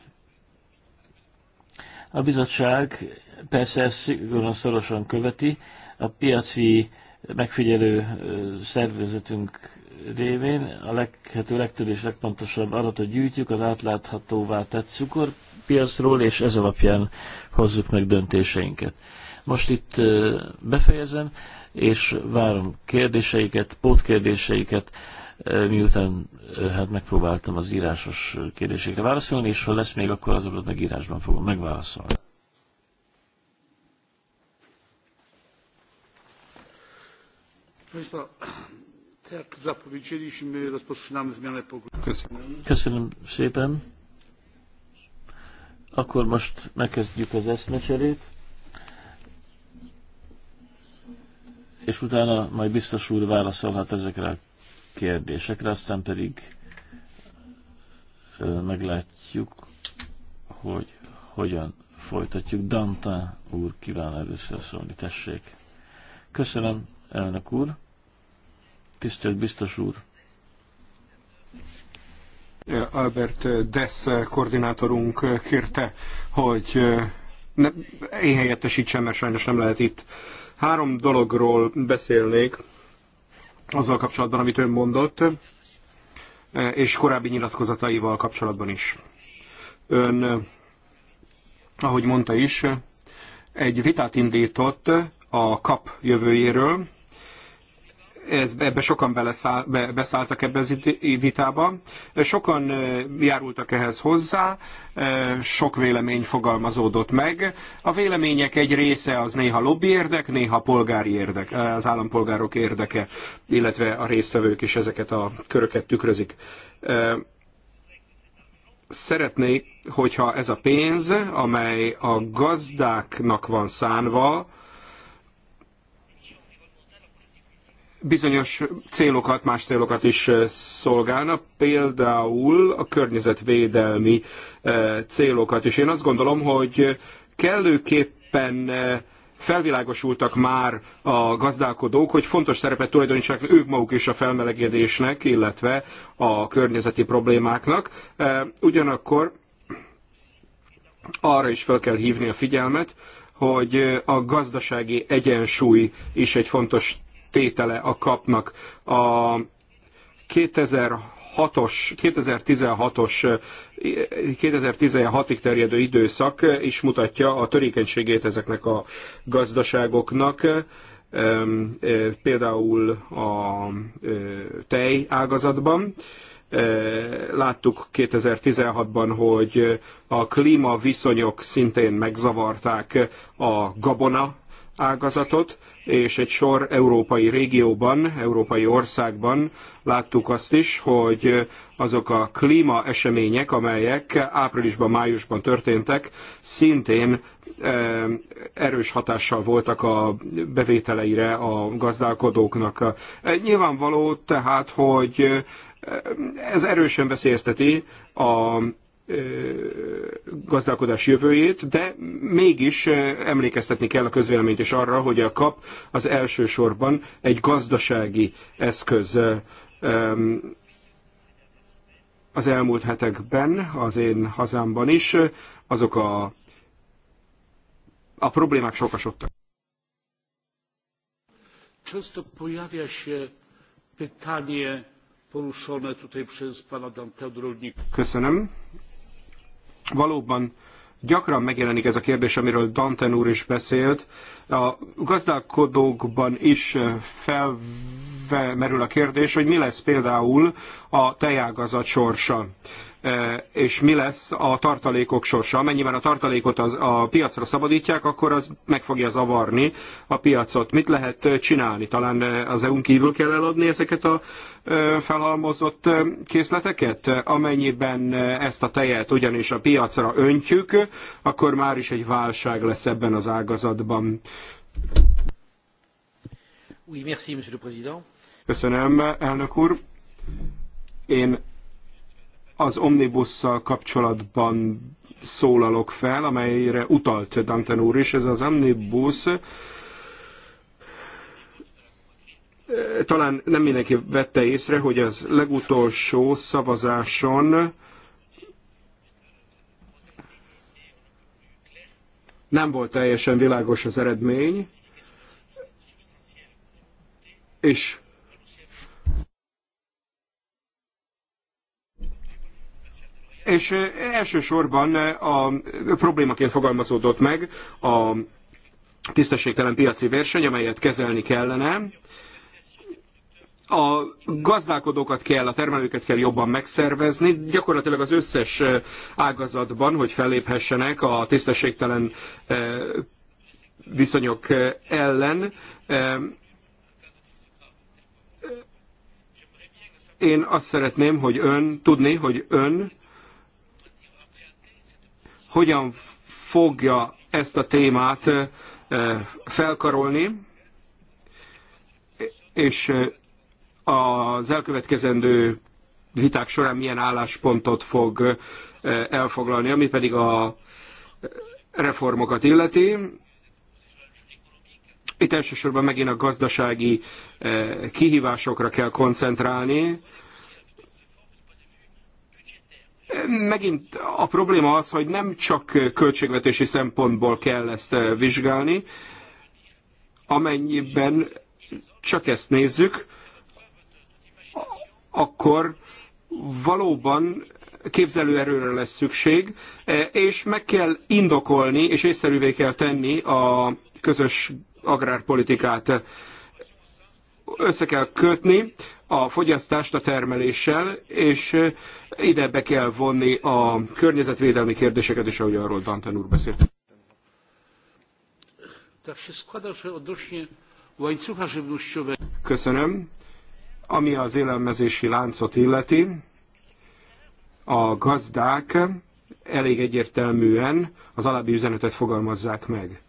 A bizottság persze ezt szigorúan szorosan követi, a piaci megfigyelő szervezetünk révén a leghető legtöbb és legpontosabb adatot gyűjtjük, az átláthatóvá tett cukorpiacról, és ez alapján hozzuk meg döntéseinket. Most itt befejezem, és várom kérdéseiket, pótkérdéseiket, miután hát megpróbáltam az írásos kérdésekre válaszolni, és ha lesz még, akkor azokat meg írásban fogom megválaszolni. Köszönöm. Köszönöm. Köszönöm szépen. Akkor most megkezdjük az eszmecserét. És utána majd biztos úr válaszolhat ezekre a kérdésekre, aztán pedig meglátjuk, hogy hogyan folytatjuk. Danta úr kíván először szólni, tessék. Köszönöm, elnök úr. Tisztelt biztos úr! Albert Dess koordinátorunk kérte, hogy ne, én helyettesítsem, mert sajnos nem lehet itt. Három dologról beszélnék azzal kapcsolatban, amit ön mondott, és korábbi nyilatkozataival kapcsolatban is. Ön, ahogy mondta is, egy vitát indított a kap jövőjéről, ez, ebbe sokan beleszáll, be, beszálltak ebbe az vitába. Sokan járultak ehhez hozzá, sok vélemény fogalmazódott meg. A vélemények egy része az néha lobby érdek, néha polgári érdek, az állampolgárok érdeke, illetve a résztvevők is ezeket a köröket tükrözik szeretnék, hogyha ez a pénz, amely a gazdáknak van szánva, bizonyos célokat, más célokat is eh, szolgálna, például a környezetvédelmi eh, célokat is. Én azt gondolom, hogy kellőképpen eh, felvilágosultak már a gazdálkodók, hogy fontos szerepet tulajdonítsák ők maguk is a felmelegedésnek, illetve a környezeti problémáknak. Ugyanakkor arra is fel kell hívni a figyelmet, hogy a gazdasági egyensúly is egy fontos tétele a kapnak. A 2006-os, 2016-os, 2016-ig terjedő időszak is mutatja a törékenységét ezeknek a gazdaságoknak például a tej ágazatban. Láttuk 2016-ban, hogy a klímaviszonyok szintén megzavarták a gabona ágazatot, és egy sor európai régióban, európai országban láttuk azt is, hogy azok a klíma események, amelyek áprilisban, májusban történtek, szintén e, erős hatással voltak a bevételeire a gazdálkodóknak. E, nyilvánvaló tehát, hogy e, ez erősen veszélyezteti a gazdálkodás jövőjét, de mégis emlékeztetni kell a közvéleményt is arra, hogy a kap az elsősorban egy gazdasági eszköz. Az elmúlt hetekben, az én hazámban is, azok a, a problémák sokasodtak. Często pojawia się pytanie poruszone tutaj przez pana Danteu Rolnika. Köszönöm valóban gyakran megjelenik ez a kérdés, amiről Danten úr is beszélt. A gazdálkodókban is eh, felmerül a kérdés, hogy mi lesz például a tejágazat sorsa és mi lesz a tartalékok sorsa. Amennyiben a tartalékot az, a piacra szabadítják, akkor az meg fogja zavarni a piacot. Mit lehet csinálni? Talán az EU-n kívül kell eladni ezeket a felhalmozott készleteket? Amennyiben ezt a tejet ugyanis a piacra öntjük, akkor már is egy válság lesz ebben az ágazatban. Oui, merci, Köszönöm, elnök úr. Én az omnibusszal kapcsolatban szólalok fel, amelyre utalt Danten úr is. Ez az omnibus eh, talán nem mindenki vette észre, hogy az legutolsó szavazáson nem volt teljesen világos az eredmény, és És elsősorban a problémaként fogalmazódott meg a tisztességtelen piaci verseny, amelyet kezelni kellene. A gazdálkodókat kell, a termelőket kell jobban megszervezni, gyakorlatilag az összes ágazatban, hogy felléphessenek a tisztességtelen viszonyok ellen. Én azt szeretném, hogy ön, tudni, hogy ön hogyan fogja ezt a témát felkarolni, és az elkövetkezendő viták során milyen álláspontot fog elfoglalni, ami pedig a reformokat illeti. Itt elsősorban megint a gazdasági kihívásokra kell koncentrálni, Megint a probléma az, hogy nem csak költségvetési szempontból kell ezt eh, vizsgálni, amennyiben csak ezt nézzük, akkor valóban képzelőerőre lesz szükség, eh, és meg kell indokolni, és észszerűvé kell tenni a közös agrárpolitikát össze kell kötni a fogyasztást a termeléssel, és ide be kell vonni a környezetvédelmi kérdéseket is, ahogy arról Danten úr beszélt. Köszönöm. Ami az élelmezési láncot illeti, a gazdák elég egyértelműen az alábbi üzenetet fogalmazzák meg.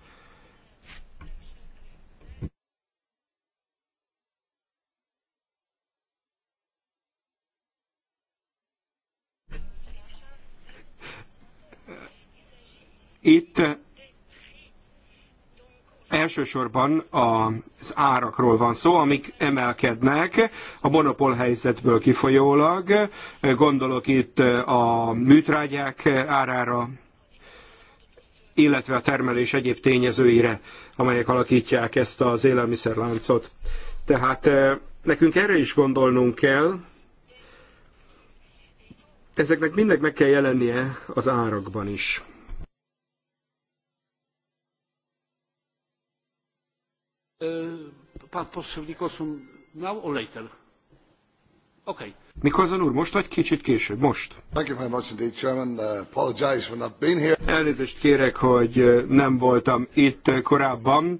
Itt eh, elsősorban az árakról van szó, amik emelkednek a monopól helyzetből kifolyólag. Eh, gondolok itt eh, a műtrágyák árára, illetve a termelés egyéb tényezőire, amelyek alakítják ezt az élelmiszerláncot. Tehát nekünk erre is gondolnunk kell, ezeknek mindnek meg kell jelennie az árakban is. Pán poseł Nicholson, now or later? Okay. Nicholson úr, most vagy kicsit később? Most. Thank you very much indeed, Chairman. Uh, apologize for not being here. Elnézést kérek, hogy nem voltam itt korábban.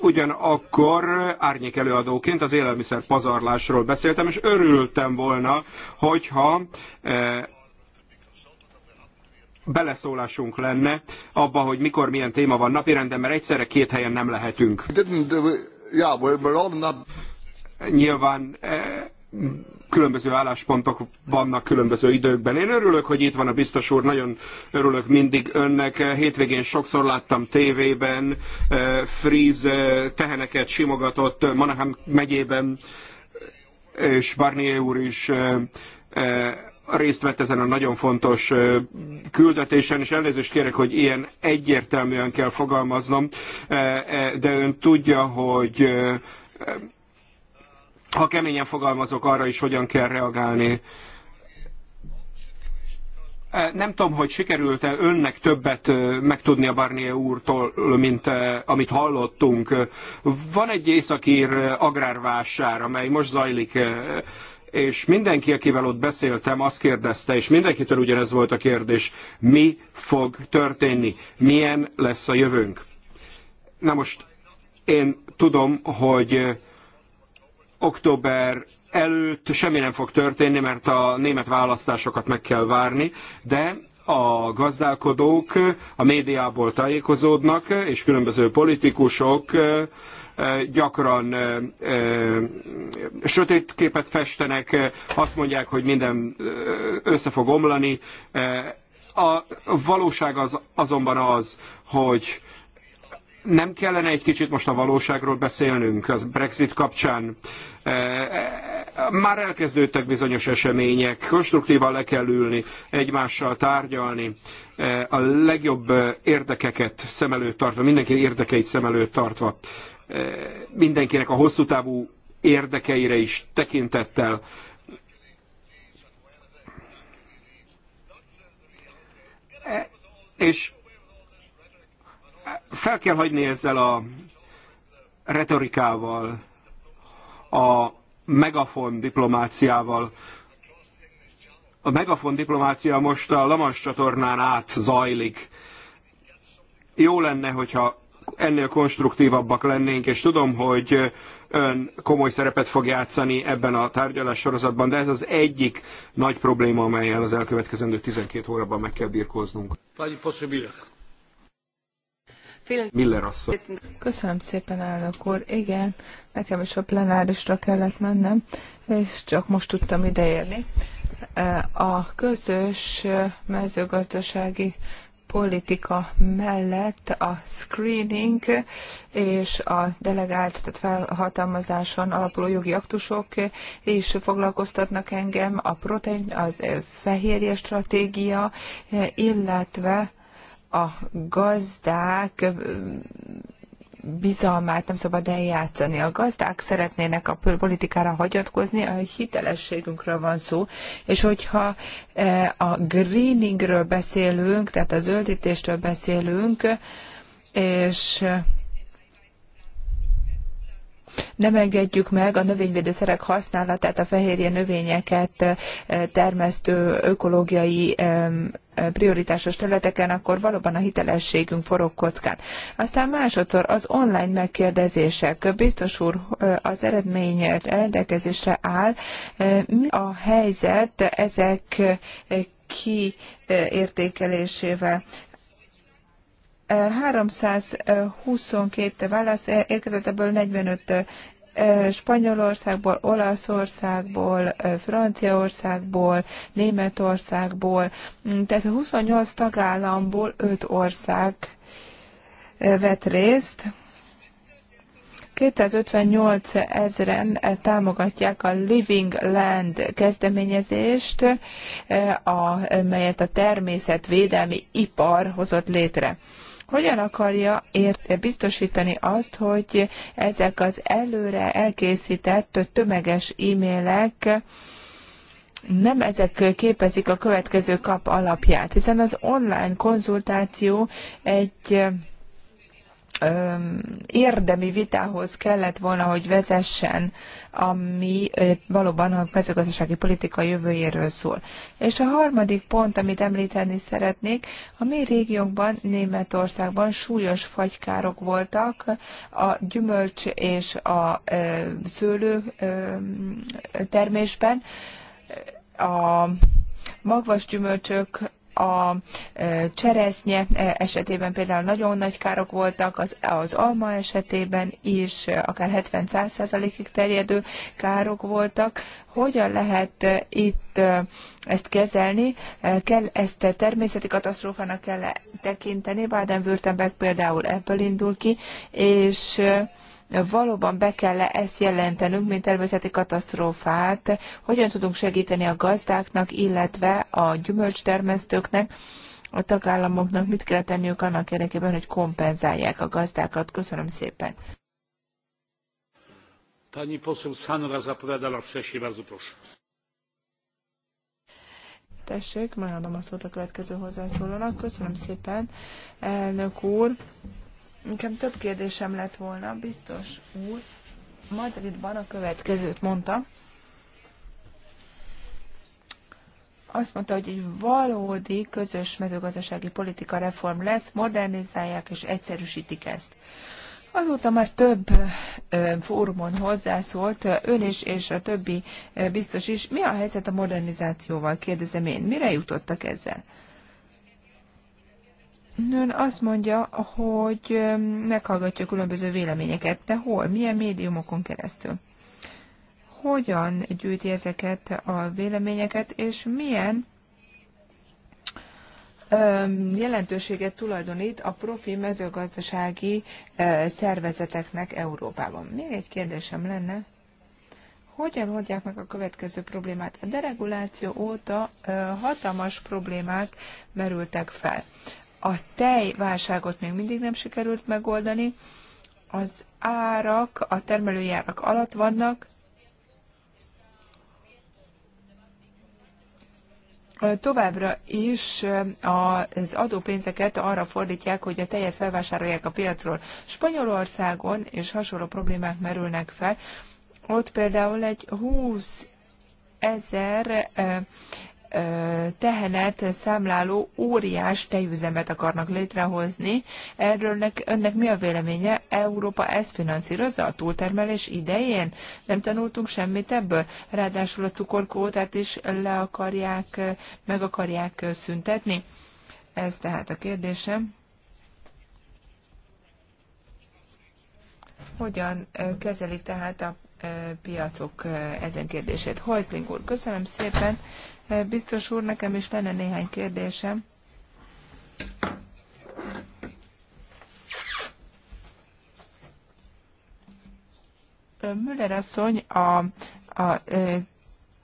Ugyanakkor árnyék előadóként az élelmiszer pazarlásról beszéltem, és örültem volna, hogyha beleszólásunk lenne abba, hogy mikor milyen téma van napirenden, mert egyszerre két helyen nem lehetünk. Nyilván eh, különböző álláspontok vannak különböző időkben. Én örülök, hogy itt van a biztos úr, nagyon örülök mindig önnek. Hétvégén sokszor láttam tévében, eh, Fríz eh, teheneket simogatott Manaham megyében, és Barnier úr is részt vett ezen a nagyon fontos küldetésen, és elnézést kérek, hogy ilyen egyértelműen kell fogalmaznom, de ön tudja, hogy ha keményen fogalmazok, arra is hogyan kell reagálni. Nem tudom, hogy sikerült-e önnek többet megtudni a Barnier úrtól, mint amit hallottunk. Van egy északír agrárvásár, amely most zajlik és mindenki, akivel ott beszéltem, azt kérdezte, és mindenkitől ugyanez volt a kérdés, mi fog történni, milyen lesz a jövőnk. Na most én tudom, hogy eh, október előtt semmi nem fog történni, mert a német választásokat meg kell várni, de a gazdálkodók a médiából tájékozódnak, és különböző politikusok eh, gyakran sötét képet festenek, azt mondják, hogy minden össze fog omlani. A valóság az, azonban az, hogy nem kellene egy kicsit most a valóságról beszélnünk az Brexit kapcsán? Már elkezdődtek bizonyos események, konstruktívan le kell ülni, egymással tárgyalni, a legjobb érdekeket szem előtt tartva, mindenki érdekeit szem előtt tartva mindenkinek a hosszú távú érdekeire is tekintettel. E, és fel kell hagyni ezzel a retorikával, a megafon diplomáciával. A megafon diplomácia most a Lamans csatornán át zajlik. Jó lenne, hogyha ennél konstruktívabbak lennénk, és tudom, hogy ön komoly szerepet fog játszani ebben a tárgyalás sorozatban, de ez az egyik nagy probléma, amelyel az elkövetkezendő 12 hónapban meg kell birkóznunk. Miller asszony. Köszönöm szépen, elnök úr. Igen, nekem is a plenárisra kellett mennem, és csak most tudtam ideérni. A közös mezőgazdasági politika mellett a screening és a delegált, tehát felhatalmazáson alapuló jogi aktusok is foglalkoztatnak engem, a protein, az fehérje stratégia, illetve a gazdák bizalmát nem szabad eljátszani. A gazdák szeretnének a politikára hagyatkozni, a hitelességünkről van szó, és hogyha e, a greeningről beszélünk, tehát a zöldítéstől beszélünk, és nem engedjük meg a növényvédőszerek használatát, a fehérje növényeket e, termesztő ökológiai prioritásos területeken, akkor valóban a hitelességünk forog kockán. Aztán másodszor az online megkérdezések. Biztos úr, az eredmény rendelkezésre áll. Mi a helyzet ezek kiértékelésével? 322 válasz érkezett, ebből 45 Spanyolországból, Olaszországból, Franciaországból, Németországból, mm, tehát a 28 tagállamból 5 ország vett részt. 258 ezeren támogatják a Living Land kezdeményezést, amelyet a természetvédelmi ipar hozott létre. Hogyan akarja ért, biztosítani azt, hogy ezek az előre elkészített tömeges e-mailek nem ezek képezik a következő kap alapját, hiszen az online konzultáció egy érdemi vitához kellett volna, hogy vezessen, ami valóban a mezőgazdasági politika jövőjéről szól. És a harmadik pont, amit említeni szeretnék, a mi régiónkban, Németországban súlyos fagykárok voltak a gyümölcs és a szőlő termésben. A magvas gyümölcsök a e, cseresznye e, esetében például nagyon nagy károk voltak, az, az alma esetében is akár 70-100%-ig terjedő károk voltak. Hogyan lehet e, itt ezt kezelni? Kell ezt természeti katasztrófának kell tekinteni? Baden-Württemberg például ebből indul ki, és valóban be kell -e ezt jelentenünk, mint természeti katasztrófát, hogyan tudunk segíteni a gazdáknak, illetve a gyümölcstermesztőknek, a tagállamoknak mit kell tenniük annak érdekében, hogy kompenzálják a gazdákat. Köszönöm szépen. Pani poseł Sanra zapowiadała wcześniej, bardzo proszę. Tessék, megadom a szót a következő hozzászólónak. Köszönöm szépen, elnök úr. Nekem több kérdésem lett volna, biztos úr. Madridban a következőt mondta. Azt mondta, hogy egy valódi közös mezőgazdasági politika reform lesz, modernizálják és egyszerűsítik ezt. Azóta már több fórumon hozzászólt ön is, és a többi biztos is. Mi a helyzet a modernizációval, kérdezem én. Mire jutottak ezzel? Ön azt mondja, hogy meghallgatja különböző véleményeket, de hol, milyen médiumokon keresztül? Hogyan gyűjti ezeket a véleményeket, és milyen jelentőséget tulajdonít a profi mezőgazdasági szervezeteknek Európában. Még egy kérdésem lenne, hogyan oldják meg a következő problémát? A dereguláció óta hatalmas problémák merültek fel. A tejválságot még mindig nem sikerült megoldani, az árak a termelői árak alatt vannak, Továbbra is eh, az adópénzeket arra fordítják, hogy a tejet felvásárolják a piacról. Spanyolországon és hasonló problémák merülnek fel. Ott például egy 20 ezer eh, tehenet számláló óriás tejüzemet akarnak létrehozni. Erről nek, önnek mi a véleménye? Európa ezt finanszírozza a túltermelés idején? Nem tanultunk semmit ebből? Ráadásul a cukorkótát is le akarják, meg akarják szüntetni? Ez tehát a kérdésem. Hogyan kezelik tehát a piacok ezen kérdését? Hojzling úr, köszönöm szépen. Biztos úr, nekem is lenne néhány kérdésem. Müller asszony a, a, a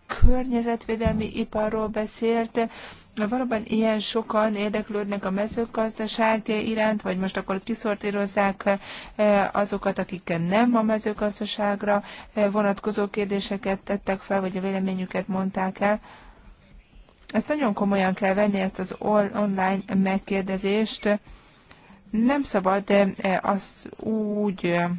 környezetvédelmi iparról beszélt. Valóban ilyen sokan érdeklődnek a mezőgazdaság iránt, vagy most akkor kiszortírozzák azokat, akik nem a mezőgazdaságra vonatkozó kérdéseket tettek fel, vagy a véleményüket mondták el. Ezt nagyon komolyan kell venni, ezt az online megkérdezést. Nem szabad eh, azt úgy eh,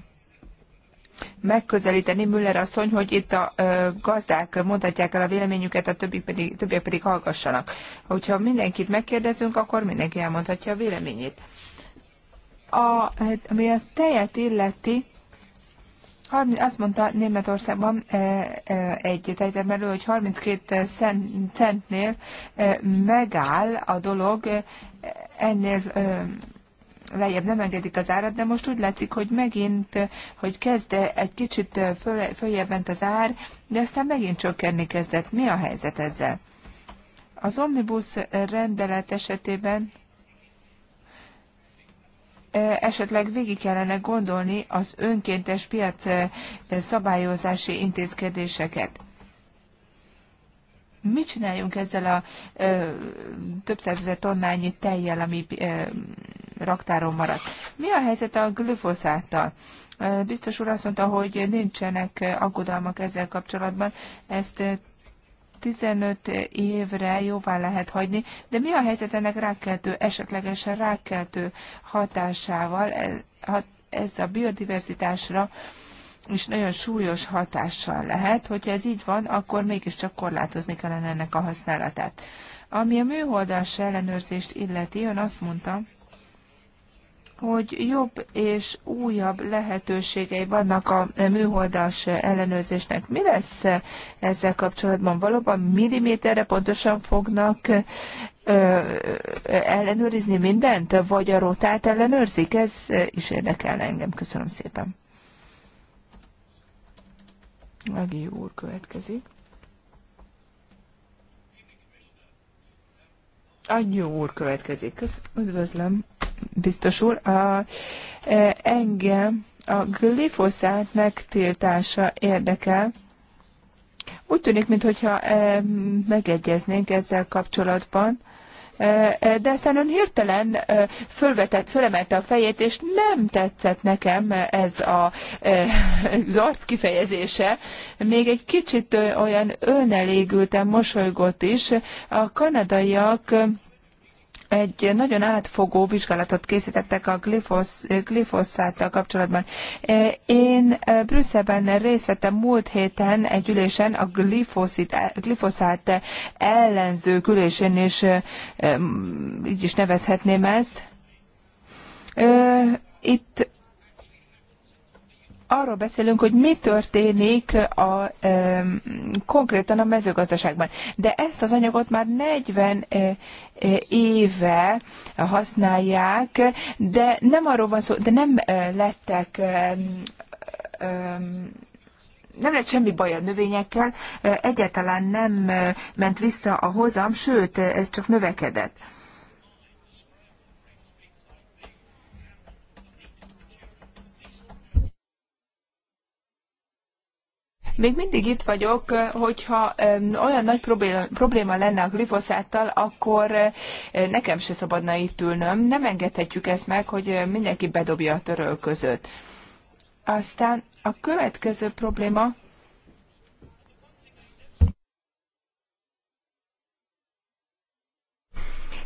megközelíteni Müller asszony, hogy itt a eh, gazdák mondhatják el a véleményüket, a többiek pedig, többiek pedig hallgassanak. Hogyha mindenkit megkérdezünk, akkor mindenki elmondhatja a véleményét. A, hát, ami a tejet illeti, azt mondta Németországban eh, eh, egy tejtermelő, hogy 32 centnél eh, megáll a dolog, ennél lejjebb nem engedik az árat, de most úgy látszik, hogy megint, hogy kezd egy kicsit följebb ment az ár, de aztán megint csökkenni kezdett. Mi a helyzet ezzel? Az omnibus rendelet esetében esetleg végig kellene gondolni az önkéntes piac szabályozási intézkedéseket. Mit csináljunk ezzel a ö, több százezer tonnányi tejjel, ami ö, raktáron maradt? Mi a helyzet a glüfoszáttal? Biztos úr azt mondta, hogy nincsenek aggodalmak ezzel kapcsolatban. Ezt 15 évre jóvá lehet hagyni, de mi a helyzet ennek rákkeltő, esetlegesen rákkeltő hatásával? Ez a biodiverzitásra is nagyon súlyos hatással lehet, hogyha ez így van, akkor mégiscsak korlátozni kellene ennek a használatát. Ami a műholdas ellenőrzést illeti, ön azt mondta, hogy jobb és újabb lehetőségei vannak a műholdas ellenőrzésnek. Mi lesz ezzel kapcsolatban? Valóban milliméterre pontosan fognak ö, ellenőrizni mindent, vagy a rotát ellenőrzik? Ez is érdekel engem. Köszönöm szépen. Megi úr következik. Annyi úr következik. Köszönöm. Üdvözlöm biztos úr. A, e, engem a glifoszát megtiltása érdekel. Úgy tűnik, mintha e, megegyeznénk ezzel kapcsolatban e, de aztán ön hirtelen fölvetett, fölemelte a fejét, és nem tetszett nekem ez a, az arc kifejezése. Még egy kicsit olyan önelégültem, mosolygott is. A kanadaiak egy nagyon átfogó vizsgálatot készítettek a glifosz, glifoszáttal kapcsolatban. E, én e, Brüsszelben részt vettem múlt héten egy ülésen, a glifoszit, e, glifoszát ellenző ülésén, és így is nevezhetném ezt. Itt arról beszélünk, hogy mi történik a, e, konkrétan a mezőgazdaságban. De ezt az anyagot már 40 e, éve használják, de nem arról van szó, de nem lettek nem lett semmi baj a növényekkel, egyáltalán nem ment vissza a hozam, sőt, ez csak növekedett. Még mindig itt vagyok, hogyha olyan nagy probléma lenne a glifoszáttal, akkor nekem se szabadna itt ülnöm. Nem engedhetjük ezt meg, hogy mindenki bedobja a törölközőt. Aztán a következő probléma,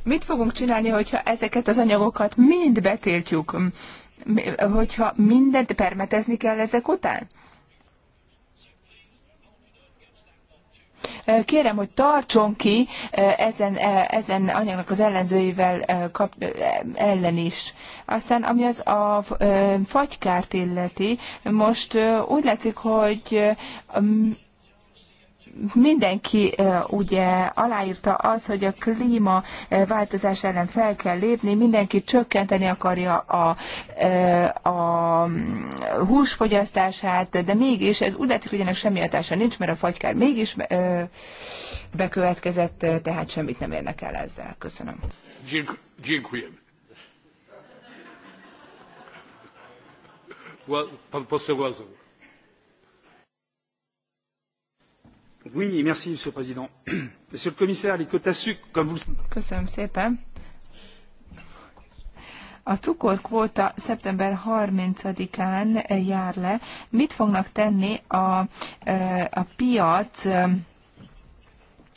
mit fogunk csinálni, hogyha ezeket az anyagokat mind betiltjuk? Hogyha mindent permetezni kell ezek után? Kérem, hogy tartson ki ezen, ezen anyagnak az ellenzőivel kap, ellen is. Aztán, ami az a fagykárt illeti, most úgy látszik, hogy mindenki ugye aláírta az, hogy a klíma változás ellen fel kell lépni, mindenki csökkenteni akarja a, a mm, húsfogyasztását, de mégis ez úgy látszik, hogy ennek semmi hatása nincs, mert a fagykár mégis bekövetkezett, tehát semmit nem érnek el ezzel. Köszönöm. Dziękuję. poseł Łazow. Monsieur le Président. Monsieur le Commissaire, les quotas sucre, comme vous le Köszönöm szépen. A cukorkvóta szeptember 30-án jár le. Mit fognak tenni a, e, a piac e,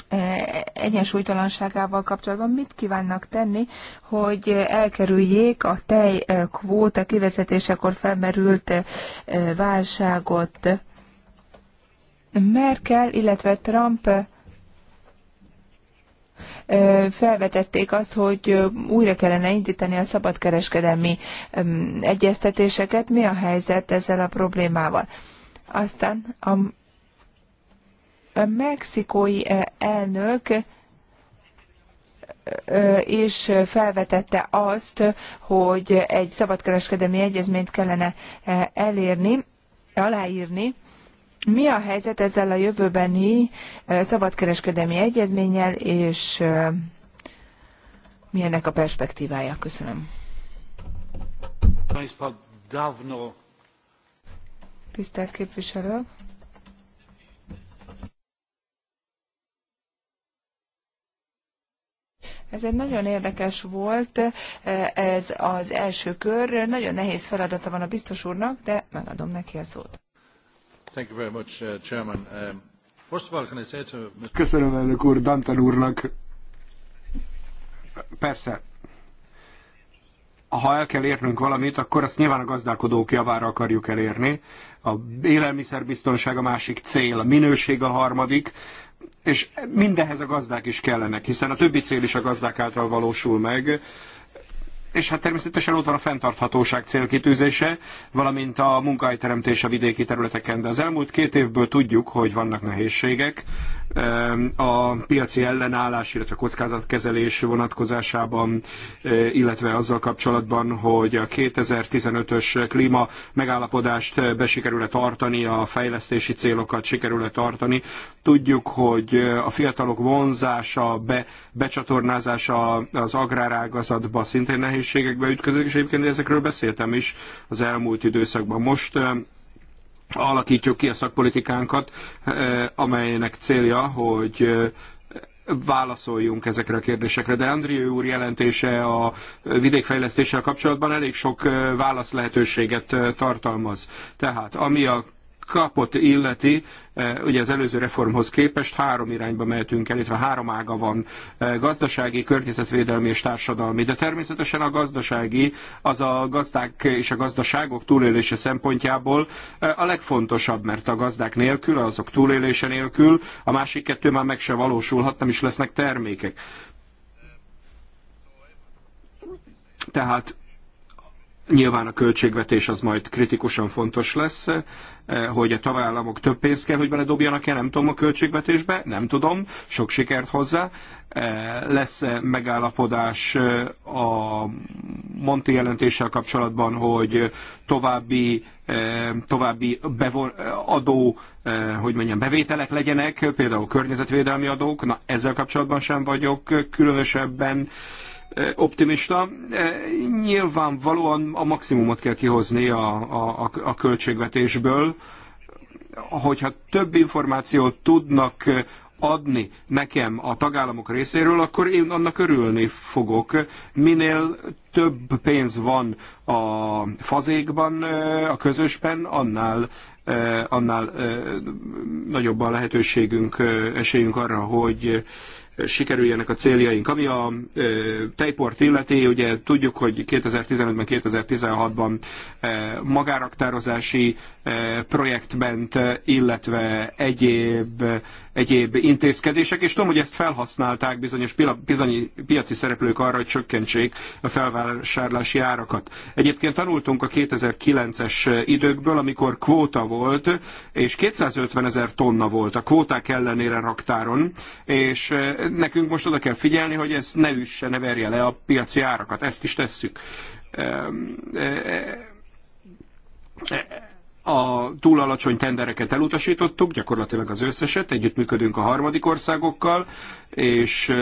e, egyensúlytalanságával kapcsolatban mit kívánnak tenni, hogy elkerüljék a tej kvóta kivezetésekor felmerült válságot? Merkel, illetve Trump felvetették azt, hogy újra kellene indítani a szabadkereskedelmi egyeztetéseket. Mi a helyzet ezzel a problémával? Aztán a, mexikói elnök és felvetette azt, hogy egy szabadkereskedelmi egyezményt kellene elérni, aláírni, mi a helyzet ezzel a jövőbeni szabadkereskedelmi egyezménnyel, és mi ennek a perspektívája? Köszönöm. Tisztelt képviselők. Ez egy nagyon érdekes volt, ez az első kör. Nagyon nehéz feladata van a biztos úrnak, de megadom neki a szót. Uh, um, Köszönöm elnök úr, Dantan úrnak. Persze, ha el kell érnünk valamit, akkor azt nyilván a gazdálkodók javára akarjuk elérni. A élelmiszerbiztonság a másik cél, a minőség a harmadik, és mindehhez a gazdák is kellenek, hiszen a többi cél is a gazdák által valósul meg és hát természetesen ott van a fenntarthatóság célkitűzése, valamint a munkahelyteremtés a vidéki területeken. De az elmúlt két évből tudjuk, hogy vannak nehézségek a piaci ellenállás, illetve kockázatkezelés vonatkozásában, illetve azzal kapcsolatban, hogy a 2015-ös klíma megállapodást sikerül e tartani, a fejlesztési célokat sikerül-e tartani. Tudjuk, hogy a fiatalok vonzása, be, becsatornázása az agrárágazatba szintén nehéz nehézségekbe ütközik, és egyébként ezekről beszéltem is az elmúlt időszakban. Most alakítjuk ki a szakpolitikánkat, amelynek célja, hogy válaszoljunk ezekre a kérdésekre. De Andrió úr jelentése a vidékfejlesztéssel kapcsolatban elég sok válasz lehetőséget tartalmaz. Tehát ami a kapott illeti, eh, ugye az előző reformhoz képest három irányba mehetünk el, illetve három ága van, eh, gazdasági, környezetvédelmi és társadalmi. De természetesen a gazdasági, az a gazdák és a gazdaságok túlélése szempontjából eh, a legfontosabb, mert a gazdák nélkül, azok túlélése nélkül a másik kettő már meg se valósulhat, nem is lesznek termékek. Tehát Nyilván a költségvetés az majd kritikusan fontos lesz, eh, hogy a tagállamok több pénzt kell, hogy beledobjanak-e, nem tudom, a költségvetésbe, nem tudom, sok sikert hozzá. Eh, lesz -e megállapodás eh, a Monti jelentéssel kapcsolatban, hogy további, további bevon, adó, hogy mondjam, bevételek legyenek, például környezetvédelmi adók, na ezzel kapcsolatban sem vagyok különösebben optimista. E, nyilvánvalóan a maximumot kell kihozni a, a, a költségvetésből. Hogyha több információt tudnak adni nekem a tagállamok részéről, akkor én annak örülni fogok. Minél több pénz van a fazékban, e, a közösben, annál, e, annál nagyobb a lehetőségünk, esélyünk arra, hogy sikerüljenek a céljaink. Ami a tejport illeti, ugye tudjuk, hogy 2015-ben, 2016-ban magáraktározási projektment, illetve egyéb, egyéb intézkedések, és tudom, hogy ezt felhasználták bizonyos bizony, piaci szereplők arra, hogy csökkentsék a felvásárlási árakat. Egyébként tanultunk a 2009-es időkből, amikor kvóta volt, és 250 ezer tonna volt a kvóták ellenére raktáron, és nekünk most oda kell figyelni, hogy ez ne üsse, ne verje le a piaci árakat. Ezt is tesszük ehm, e, e, a túl alacsony tendereket elutasítottuk, gyakorlatilag az összeset, együttműködünk a harmadik országokkal, és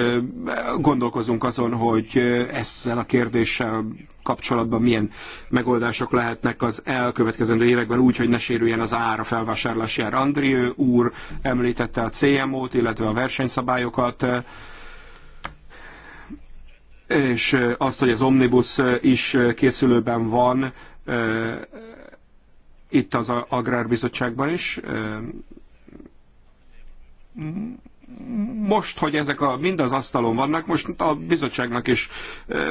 gondolkozunk azon, hogy ezzel a kérdéssel kapcsolatban milyen megoldások lehetnek az elkövetkezendő években úgy, hogy ne sérüljen az ár a felvásárlási ár. Andrió úr említette a CMO-t, illetve a versenyszabályokat, és azt, hogy az Omnibus is készülőben van, itt az Agrárbizottságban is. Most, hogy ezek a, mind az asztalon vannak, most a bizottságnak is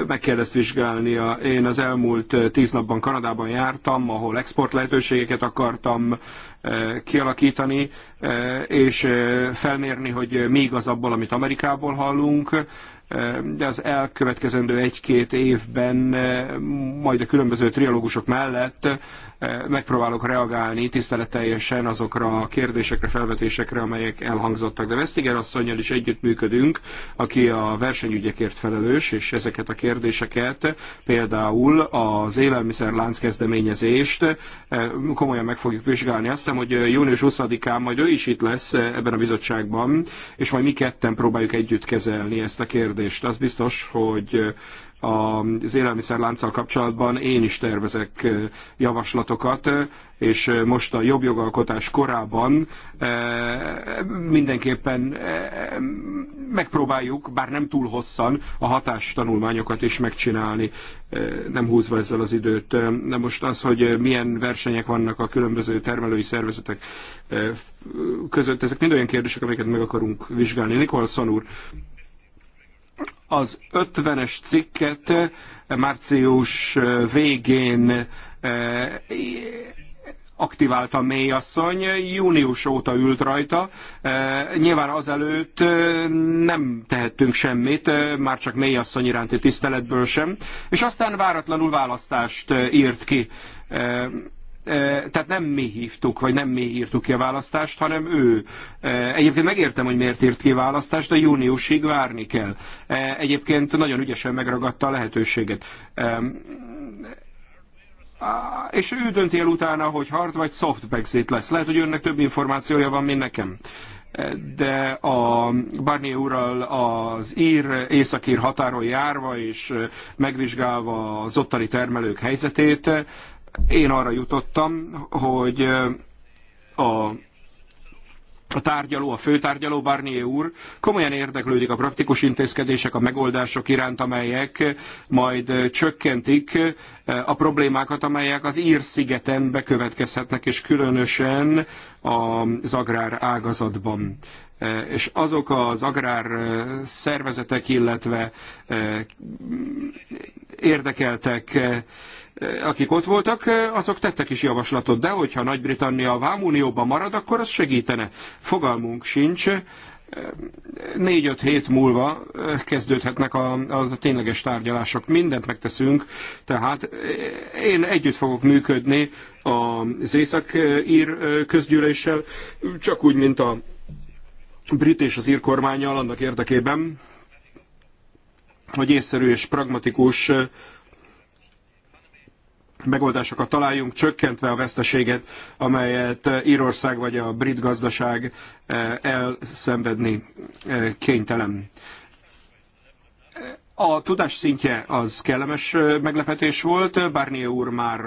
meg kell ezt vizsgálnia. Én az elmúlt tíz napban Kanadában jártam, ahol export lehetőségeket akartam kialakítani, és felmérni, hogy mi igaz abból, amit Amerikából hallunk, de az elkövetkezendő egy-két évben eh, majd a különböző trialógusok mellett eh, megpróbálok reagálni tiszteleteljesen azokra a kérdésekre, felvetésekre, amelyek elhangzottak. De Vesztiger asszonynal is együttműködünk, aki a versenyügyekért felelős, és ezeket a kérdéseket, például az élelmiszerlánc kezdeményezést eh, komolyan meg fogjuk vizsgálni. Azt hiszem, hogy június 20-án majd ő is itt lesz ebben a bizottságban, és majd mi ketten próbáljuk együtt kezelni ezt a kérdést kérdést. Az biztos, hogy az élelmiszerlánccal kapcsolatban én is tervezek javaslatokat, és most a jobb jogalkotás korában mindenképpen megpróbáljuk, bár nem túl hosszan, a hatástanulmányokat is megcsinálni, nem húzva ezzel az időt. De most az, hogy milyen versenyek vannak a különböző termelői szervezetek között, ezek mind olyan kérdések, amiket meg akarunk vizsgálni. Nikolson úr, az 50-es cikket március végén eh, aktiválta mélyasszony, június óta ült rajta. Eh, nyilván azelőtt eh, nem tehettünk semmit, már csak mélyasszony iránti tiszteletből sem. És aztán váratlanul választást írt ki tehát nem mi hívtuk, vagy nem mi írtuk ki a választást, hanem ő. Egyébként megértem, hogy miért írt ki a választást, de júniusig várni kell. Egyébként nagyon ügyesen megragadta a lehetőséget. És ő dönti el utána, hogy hard vagy soft Brexit lesz. Lehet, hogy önnek több információja van, mint nekem de a Barnier úrral az ír, északír határon járva és megvizsgálva az ottani termelők helyzetét, én arra jutottam, hogy a a tárgyaló, a főtárgyaló Barnier úr komolyan érdeklődik a praktikus intézkedések, a megoldások iránt, amelyek majd csökkentik a problémákat, amelyek az Ír-szigeten bekövetkezhetnek, és különösen az agrár ágazatban. Eh, és azok az agrár eh, szervezetek, illetve eh, érdekeltek, akik ott voltak, azok tettek is javaslatot, de hogyha Nagy-Britannia a Vámunióban marad, akkor az segítene. Fogalmunk sincs, négy-öt hét múlva kezdődhetnek a, a tényleges tárgyalások. Mindent megteszünk, tehát én együtt fogok működni az észak-ír közgyűléssel, csak úgy, mint a brit és az ír kormányjal annak érdekében, hogy észszerű és pragmatikus megoldásokat találjunk, csökkentve a veszteséget, amelyet Írország vagy a brit gazdaság elszenvedni kénytelen. A tudás szintje az kellemes meglepetés volt. Barnier úr már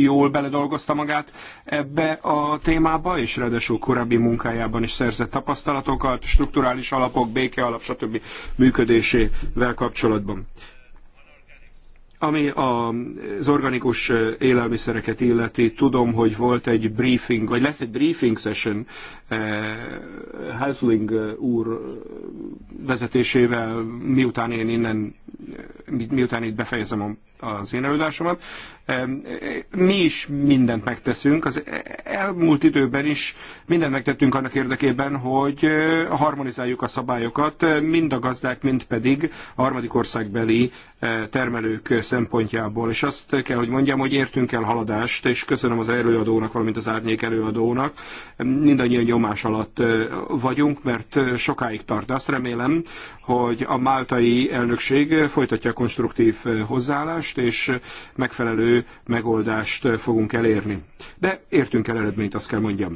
jól beledolgozta magát ebbe a témába, és ráadásul korábbi munkájában is szerzett tapasztalatokat, strukturális alapok, béke alap, stb. működésével kapcsolatban. Ami az organikus élelmiszereket illeti, tudom, hogy volt egy briefing, vagy lesz egy briefing session Hasling úr vezetésével, miután én innen, miután itt befejezem a az én előadásomat. Mi is mindent megteszünk, az elmúlt időben is mindent megtettünk annak érdekében, hogy harmonizáljuk a szabályokat, mind a gazdák, mind pedig a harmadik országbeli termelők szempontjából. És azt kell, hogy mondjam, hogy értünk el haladást, és köszönöm az előadónak, valamint az árnyék előadónak. Mindannyian nyomás alatt vagyunk, mert sokáig tart. Azt remélem, hogy a máltai elnökség folytatja a konstruktív hozzáállást, kérdést, és megfelelő megoldást fogunk elérni. De értünk el eredményt, azt kell mondjam.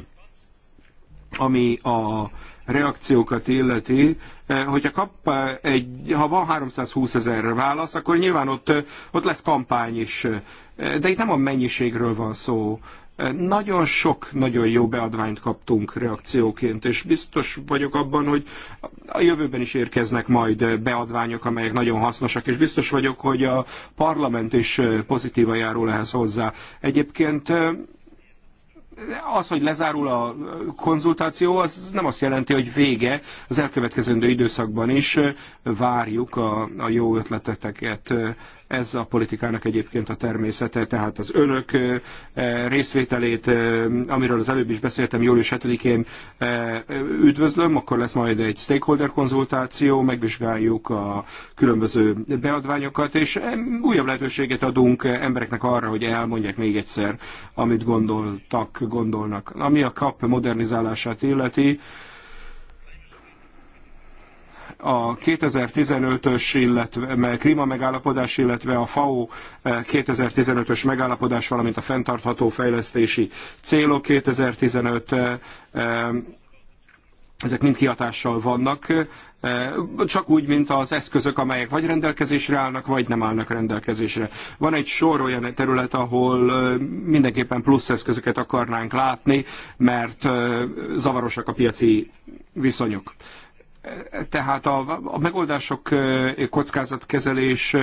Ami a reakciókat illeti, eh, hogyha kap eh, egy, ha van 320 ezer válasz, akkor nyilván ott, eh, ott lesz kampány is. De itt nem a mennyiségről van szó, nagyon sok, nagyon jó beadványt kaptunk reakcióként, és biztos vagyok abban, hogy a jövőben is érkeznek majd beadványok, amelyek nagyon hasznosak, és biztos vagyok, hogy a parlament is pozitívan járul ehhez hozzá. Egyébként az, hogy lezárul a konzultáció, az nem azt jelenti, hogy vége. Az elkövetkezendő időszakban is várjuk a, a jó ötleteket. Ez a politikának egyébként a természete, tehát az önök eh, részvételét, eh, amiről az előbb is beszéltem, július 7-én eh, üdvözlöm, akkor lesz majd egy stakeholder konzultáció, megvizsgáljuk a különböző beadványokat, és újabb lehetőséget adunk embereknek arra, hogy elmondják még egyszer, amit gondoltak, gondolnak. Ami a kap modernizálását illeti, a 2015-ös, illetve klíma megállapodás, illetve a FAO 2015-ös eh, megállapodás, valamint a fenntartható fejlesztési célok 2015 eh, eh, ezek mind kihatással vannak, csak úgy, mint az eszközök, amelyek vagy rendelkezésre állnak, vagy nem állnak rendelkezésre. Van egy sor olyan terület, ahol mindenképpen plusz eszközöket akarnánk látni, mert zavarosak a piaci viszonyok tehát a, a megoldások kockázatkezelés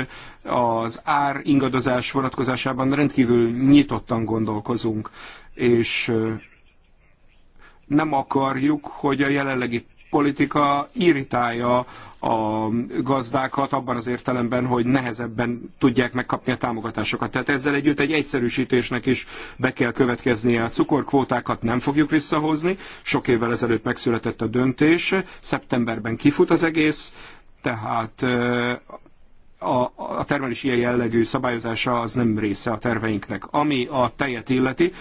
az ár ingadozás vonatkozásában rendkívül nyitottan gondolkozunk, és nem akarjuk, hogy a jelenlegi politika irritálja a gazdákat abban az értelemben, hogy nehezebben tudják megkapni a támogatásokat. Tehát ezzel együtt egy egyszerűsítésnek is be kell következnie. A cukorkvótákat nem fogjuk visszahozni. Sok évvel ezelőtt megszületett a döntés. Szeptemberben kifut az egész, tehát a, a termelés ilyen jellegű szabályozása az nem része a terveinknek. Ami a tejet illeti,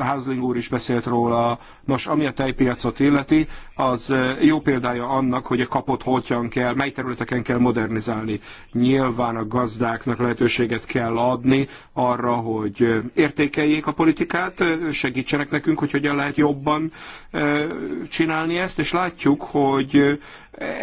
Házling úr is beszélt róla, nos, ami a tejpiacot illeti, az jó példája annak, hogy a kapott hogyan kell, mely területeken kell modernizálni. Nyilván a gazdáknak lehetőséget kell adni arra, hogy értékeljék a politikát, segítsenek nekünk, hogy hogyan lehet jobban eh, csinálni ezt, és látjuk, hogy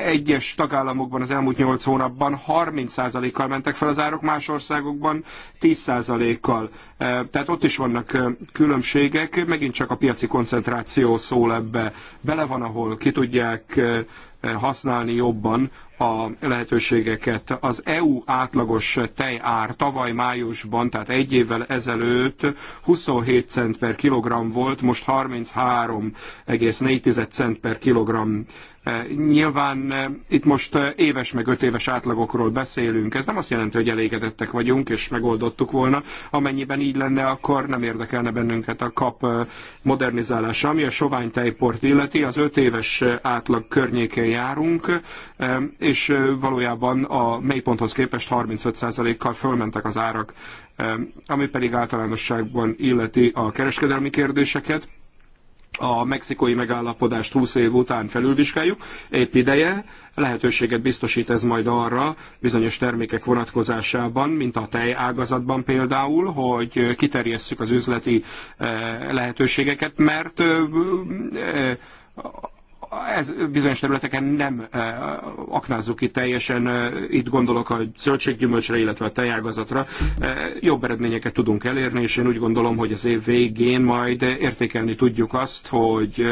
egyes tagállamokban az elmúlt 8 hónapban 30%-kal mentek fel az árok, más országokban 10%-kal. Tehát ott is vannak különbségek, megint csak a piaci koncentráció szól ebbe. Bele van, ahol ki tudják használni jobban a lehetőségeket. Az EU átlagos tejár tavaly májusban, tehát egy évvel ezelőtt 27 cent per kilogram volt, most 33,4 cent per kilogram e, Nyilván e, itt most éves meg öt éves átlagokról beszélünk. Ez nem azt jelenti, hogy elégedettek vagyunk, és megoldottuk volna. Amennyiben így lenne, akkor nem érdekelne bennünket a kap e, modernizálása. Ami a sovány tejport illeti, az öt éves átlag környékén járunk, e, és e, valójában a mélyponthoz képest 35%-kal fölmentek az árak, e, ami pedig általánosságban illeti a kereskedelmi kérdéseket a mexikói megállapodást 20 év után felülvizsgáljuk, épp ideje, lehetőséget biztosít ez majd arra bizonyos termékek vonatkozásában, mint a tej ágazatban például, hogy kiterjesszük az üzleti lehetőségeket, mert ez bizonyos területeken nem aknázzuk ki teljesen, itt gondolok a zöldséggyümölcsre, illetve a tejágazatra, jobb eredményeket tudunk elérni, és én úgy gondolom, hogy az év végén majd értékelni tudjuk azt, hogy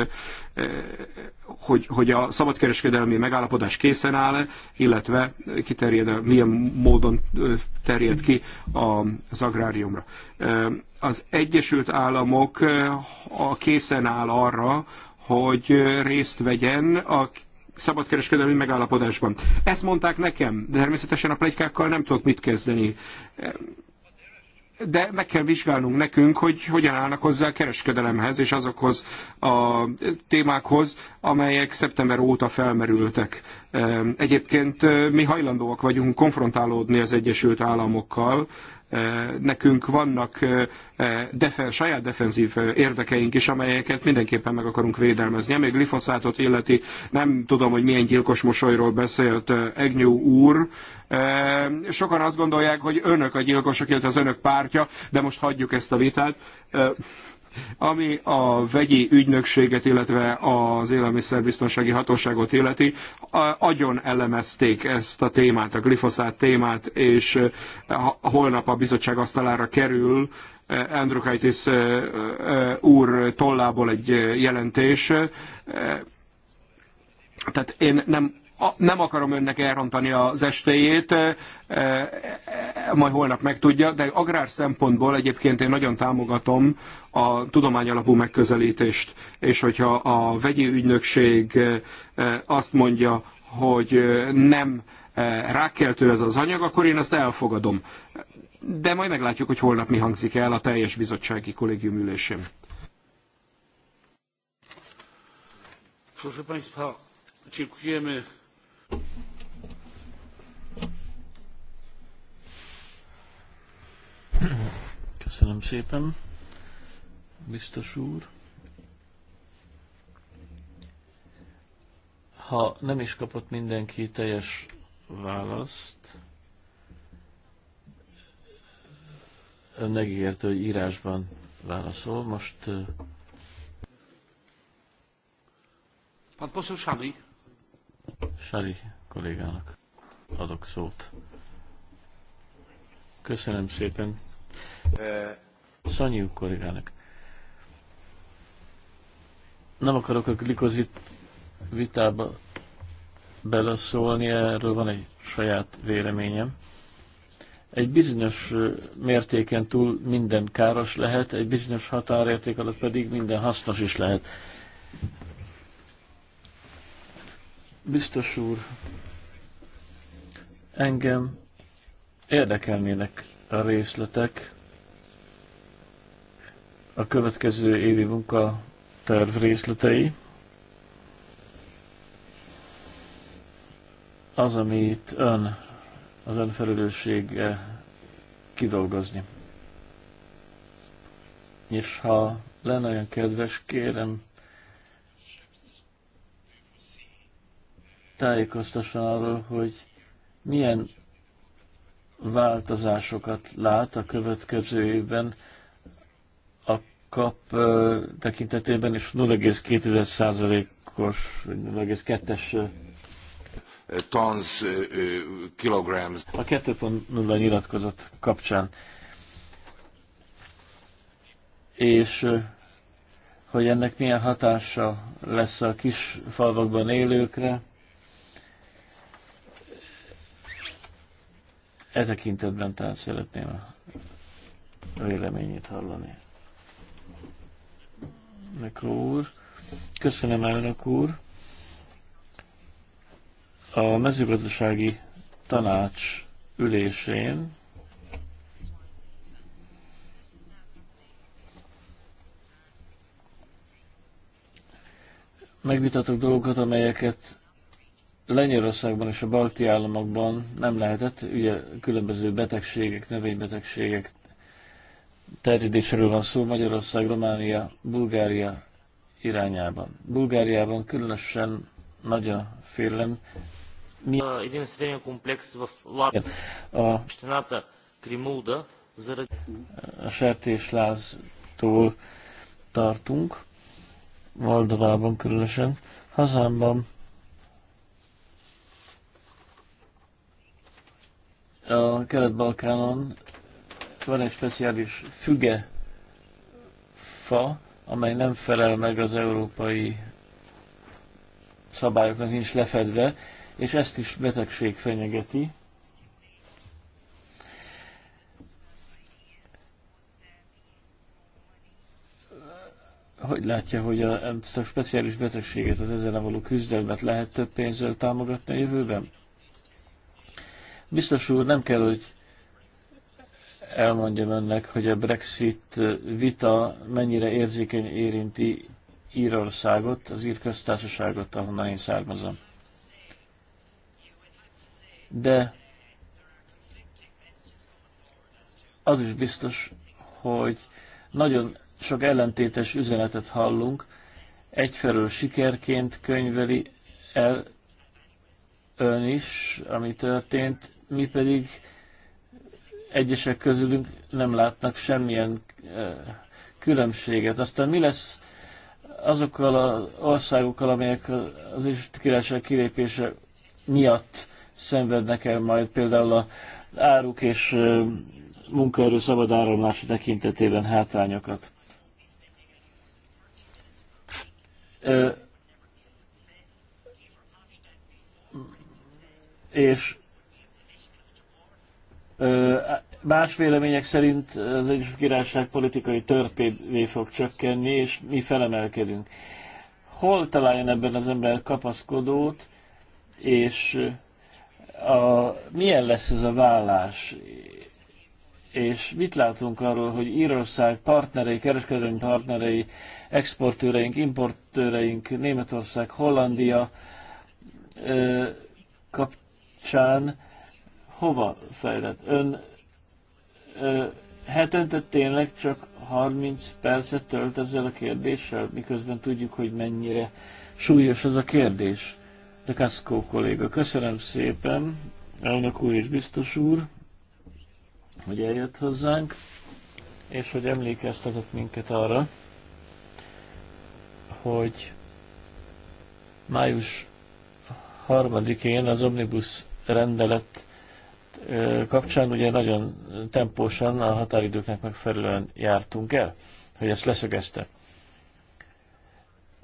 hogy, hogy a szabadkereskedelmi megállapodás készen áll, illetve kiterjed, milyen módon terjed ki az agráriumra. Az Egyesült Államok készen áll arra, hogy részt vegyen a szabadkereskedelmi megállapodásban. Ezt mondták nekem, de természetesen a plegykákkal nem tudok mit kezdeni. De meg kell vizsgálnunk nekünk, hogy hogyan állnak hozzá a kereskedelemhez és azokhoz a témákhoz, amelyek szeptember óta felmerültek. Egyébként mi hajlandóak vagyunk konfrontálódni az Egyesült Államokkal, nekünk vannak defen, saját defenzív érdekeink is, amelyeket mindenképpen meg akarunk védelmezni. Még glifoszátot illeti, nem tudom, hogy milyen gyilkos mosolyról beszélt Egnyú úr. Sokan azt gondolják, hogy önök a gyilkosok, illetve az önök pártja, de most hagyjuk ezt a vitát ami a vegyi ügynökséget, illetve az élelmiszerbiztonsági hatóságot illeti, agyon elemezték ezt a témát, a glifoszát témát, és eh, holnap a bizottság asztalára kerül eh, Andrukaitis eh, úr tollából egy jelentés. Tehát én nem nem akarom önnek elrontani az estejét, e, e, majd holnap megtudja, de agrár szempontból egyébként én nagyon támogatom a tudományalapú megközelítést, és hogyha a vegyi ügynökség e, azt mondja, hogy nem rákkeltő ez az anyag, akkor én ezt elfogadom. De majd meglátjuk, hogy holnap mi hangzik el a teljes bizottsági kollégium ülésén. Proszę Państwa, dziękujemy Köszönöm szépen, biztos úr. Ha nem is kapott mindenki teljes választ, ön megígérte, hogy írásban válaszol. Most... Pan poseł Szany. Sari kollégának adok szót. Köszönöm szépen. Szanyi kollégának. Nem akarok a glikozit vitába beleszólni, erről van egy saját véleményem. Egy bizonyos mértéken túl minden káros lehet, egy bizonyos határérték alatt pedig minden hasznos is lehet Biztos úr, engem érdekelnének a részletek a következő évi munka terv részletei. Az, amit ön, az ön felelőssége kidolgozni. És ha lenne olyan kedves, kérem, tájékoztasson arról, hogy milyen változásokat lát a következő évben a kap tekintetében, és 0,2%-os, 0,2-es tons, kilograms. A 2.0 nyilatkozat kapcsán. És hogy ennek milyen hatása lesz a kis falvakban élőkre, E tekintetben talán szeretném a véleményét hallani. Nekró úr. Köszönöm, elnök úr. A mezőgazdasági tanács ülésén megvitatok dolgokat, amelyeket Lengyelországban és a balti államokban nem lehetett, ugye különböző betegségek, növénybetegségek terjedéséről van szó Magyarország, Románia, Bulgária irányában. Bulgáriában különösen nagy a félelem. Mi... Един сведен комплекс a... общината Кримулда, заради... A sertésláztól tartunk, Valdovában különösen. Hazámban a Kelet-Balkánon van egy speciális füge fa, amely nem felel meg az európai szabályoknak, nincs lefedve, és ezt is betegség fenyegeti. Hogy látja, hogy a, ezt a speciális betegséget, az ezzel való küzdelmet lehet több pénzzel támogatni a jövőben? Biztos úr, nem kell, hogy elmondjam önnek, hogy a Brexit vita mennyire érzékeny érinti Írországot, az ír köztársaságot, ahonnan én származom. De az is biztos, hogy nagyon sok ellentétes üzenetet hallunk, egyfelől sikerként könyveli el ön is, ami történt, mi pedig egyesek közülünk nem látnak semmilyen különbséget. Aztán mi lesz azokkal az országokkal, amelyek az is Királyság kilépése miatt szenvednek el majd például a áruk és munkaerő szabad áramlási tekintetében hátrányokat. és Más vélemények szerint az Egyesült Királyság politikai törpévé fog csökkenni, és mi felemelkedünk. Hol találjon ebben az ember kapaszkodót, és a, milyen lesz ez a vállás, és mit látunk arról, hogy Írország partnerei, kereskedelmi partnerei, exportőreink, importőreink, Németország, Hollandia ö, kapcsán hova fejlett? Ön ö, hetente tényleg csak 30 percet tölt ezzel a kérdéssel, miközben tudjuk, hogy mennyire súlyos ez a kérdés. De Kaszkó kolléga, köszönöm szépen, elnök úr és biztos úr, hogy eljött hozzánk, és hogy emlékeztetett minket arra, hogy május harmadikén az Omnibus rendelet kapcsán ugye nagyon tempósan a határidőknek megfelelően jártunk el, hogy ezt leszögezte.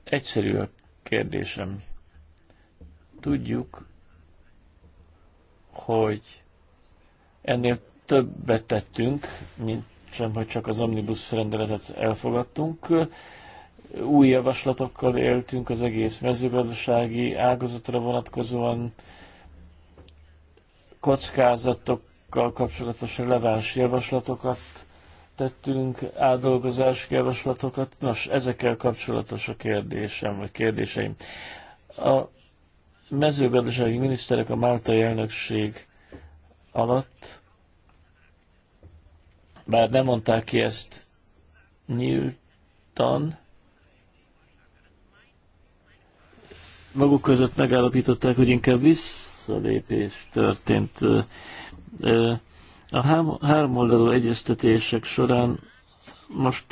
Egyszerű a kérdésem. Tudjuk, hogy ennél többet tettünk, mint sem, hogy csak az omnibus rendeletet elfogadtunk. Új javaslatokkal éltünk az egész mezőgazdasági ágazatra vonatkozóan, kockázatokkal kapcsolatos releváns javaslatokat tettünk, áldolgozási javaslatokat. Nos, ezekkel kapcsolatos a kérdésem, vagy kérdéseim. A mezőgazdasági miniszterek a máltai elnökség alatt, bár nem mondták ki ezt nyíltan, maguk között megállapították, hogy inkább vissza, visszalépés történt. A háromoldalú egyeztetések során most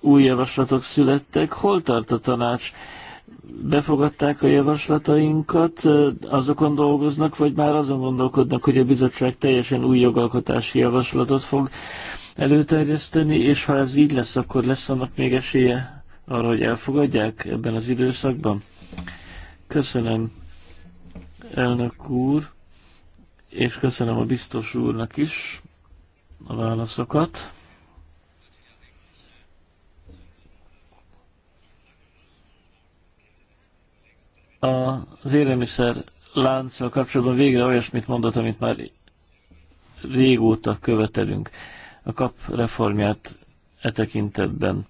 új javaslatok születtek. Hol tart a tanács? Befogadták a javaslatainkat, azokon dolgoznak, vagy már azon gondolkodnak, hogy a bizottság teljesen új jogalkotási javaslatot fog előterjeszteni, és ha ez így lesz, akkor lesz annak még esélye arra, hogy elfogadják ebben az időszakban? Köszönöm elnök úr, és köszönöm a biztos úrnak is a válaszokat. az élelmiszer lánccal kapcsolatban végre olyasmit mondott, amit már régóta követelünk. A kap reformját e tekintetben.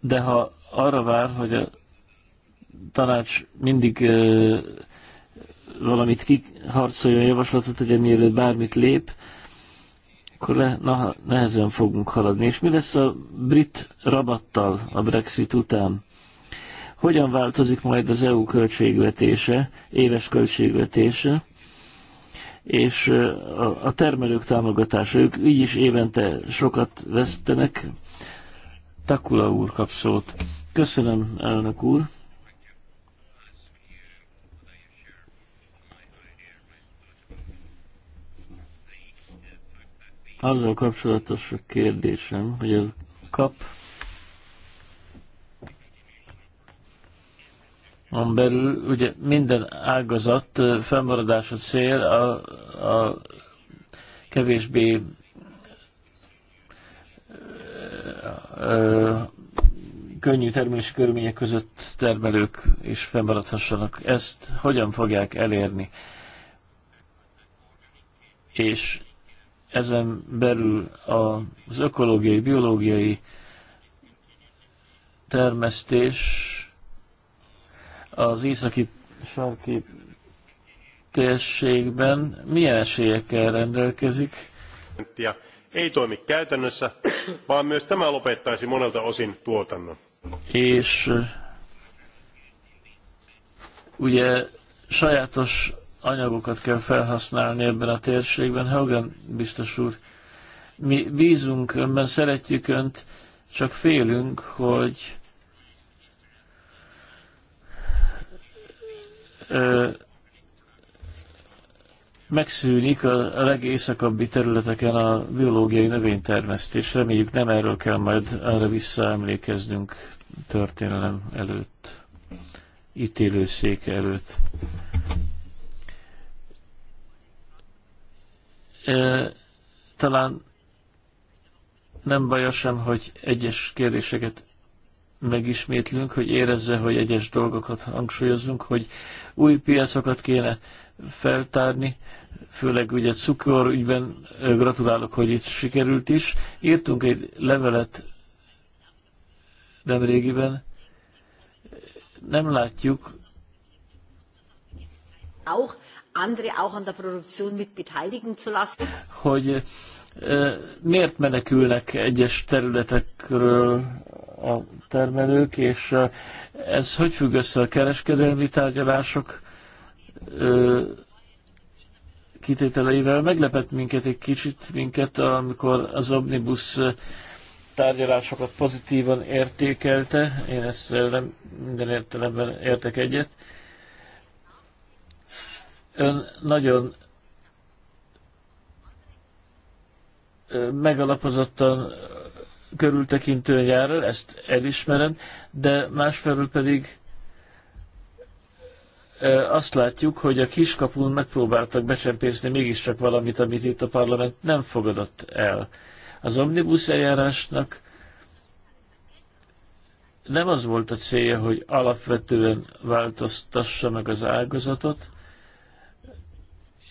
De ha arra vár, hogy a tanács mindig ö, valamit kiharcoljon, javaslatot hogy mielőtt bármit lép, akkor le, na, nehezen fogunk haladni. És mi lesz a brit rabattal a Brexit után? Hogyan változik majd az EU költségvetése, éves költségvetése? És a, a termelők támogatása, ők így is évente sokat vesztenek. Takula úr kap szót. Köszönöm, elnök úr. azzal kapcsolatos a kérdésem, hogy a kap on belül ugye minden ágazat fennmaradása cél a, a kevésbé ö, könnyű termési körülmények között termelők is fennmaradhassanak. Ezt hogyan fogják elérni? És ezen belül az ökológiai, biológiai termesztés az északi sarki térségben milyen esélyekkel rendelkezik? Ei toimi käytännössä, vaan myös tämä lopettaisi monelta osin tuotannon. És ugye sajátos anyagokat kell felhasználni ebben a térségben. Haugen biztos úr, mi bízunk önben, szeretjük önt, csak félünk, hogy ö, megszűnik a, a legészakabbi területeken a biológiai növénytermesztés. Reméljük nem erről kell majd arra visszaemlékeznünk történelem előtt, ítélőszék előtt. Talán nem baj sem, hogy egyes kérdéseket megismétlünk, hogy érezze, hogy egyes dolgokat hangsúlyozunk, hogy új piacokat kéne feltárni, főleg ugye cukor ügyben gratulálok, hogy itt sikerült is. Írtunk egy levelet nem régiben, nem látjuk. Auch andere auch an der Produktion mit beteiligen zu lassen. Hogy miért menekülnek egyes területekről a termelők, és ez hogy függ össze a kereskedelmi tárgyalások kitételeivel? Meglepett minket egy kicsit, minket, amikor az Omnibus tárgyalásokat pozitívan értékelte, én ezzel nem minden értelemben értek egyet, Ön nagyon megalapozottan körültekintően jár el, ezt elismerem, de másfelől pedig azt látjuk, hogy a kiskapun megpróbáltak becsempészni mégiscsak valamit, amit itt a parlament nem fogadott el. Az omnibus eljárásnak nem az volt a célja, hogy alapvetően változtassa meg az ágazatot,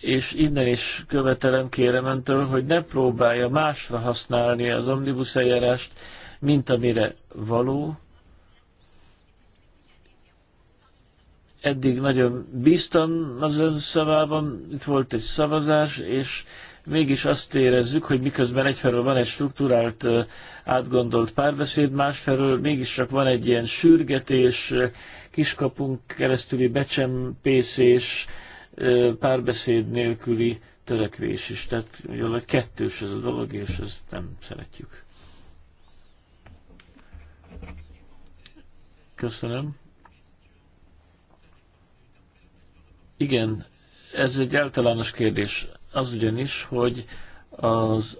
és innen is követelem, kérem öntől, hogy ne próbálja másra használni az omnibus eljárást, mint amire való. Eddig nagyon bíztam az ön szavában, itt volt egy szavazás, és mégis azt érezzük, hogy miközben egyfelől van egy struktúrált, átgondolt párbeszéd, másfelől csak van egy ilyen sürgetés, kiskapunk keresztüli becsempészés, párbeszéd nélküli törekvés is. Tehát jól, kettős ez a dolog, és ezt nem szeretjük. Köszönöm. Igen, ez egy általános kérdés. Az ugyanis, hogy az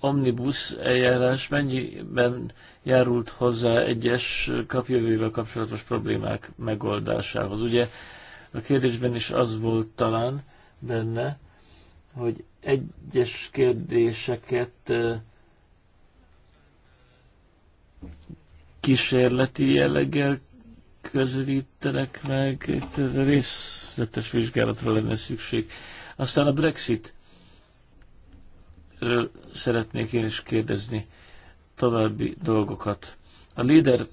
omnibus eljárás mennyiben járult hozzá egyes kapjövővel kapcsolatos problémák megoldásához. Ugye a kérdésben is az volt talán benne, hogy egyes kérdéseket kísérleti jelleggel közelítenek meg, itt részletes vizsgálatra lenne szükség. Aztán a Brexit ről szeretnék én is kérdezni további dolgokat. A Leader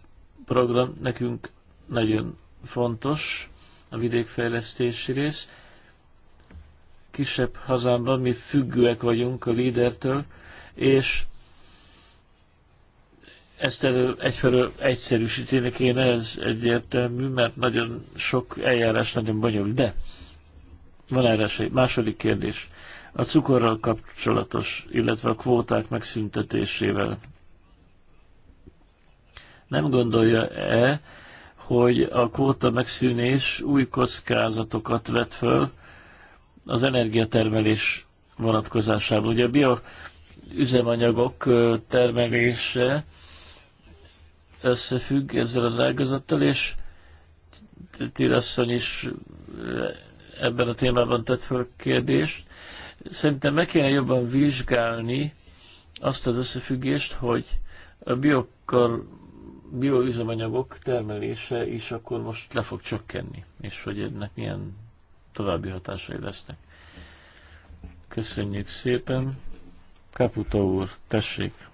program nekünk nagyon fontos, a vidékfejlesztési rész. Kisebb hazámban mi függőek vagyunk a lídertől, és ezt elő, egyfelől egyszerűsíteni kéne, ez egyértelmű, mert nagyon sok eljárás nagyon bonyolult. De van erre egy Második kérdés. A cukorral kapcsolatos, illetve a kvóták megszüntetésével. Nem gondolja-e, hogy a kóta megszűnés új kockázatokat vet föl az energiatermelés vonatkozásában. Ugye a üzemanyagok termelése összefügg ezzel az ágazattal, és Tirasszony is ebben a témában tett fel kérdést. Szerintem meg kéne jobban vizsgálni azt az összefüggést, hogy a biokar bioüzemanyagok termelése is akkor most le fog csökkenni, és hogy ennek milyen további hatásai lesznek. Köszönjük szépen. Kaputa úr, tessék.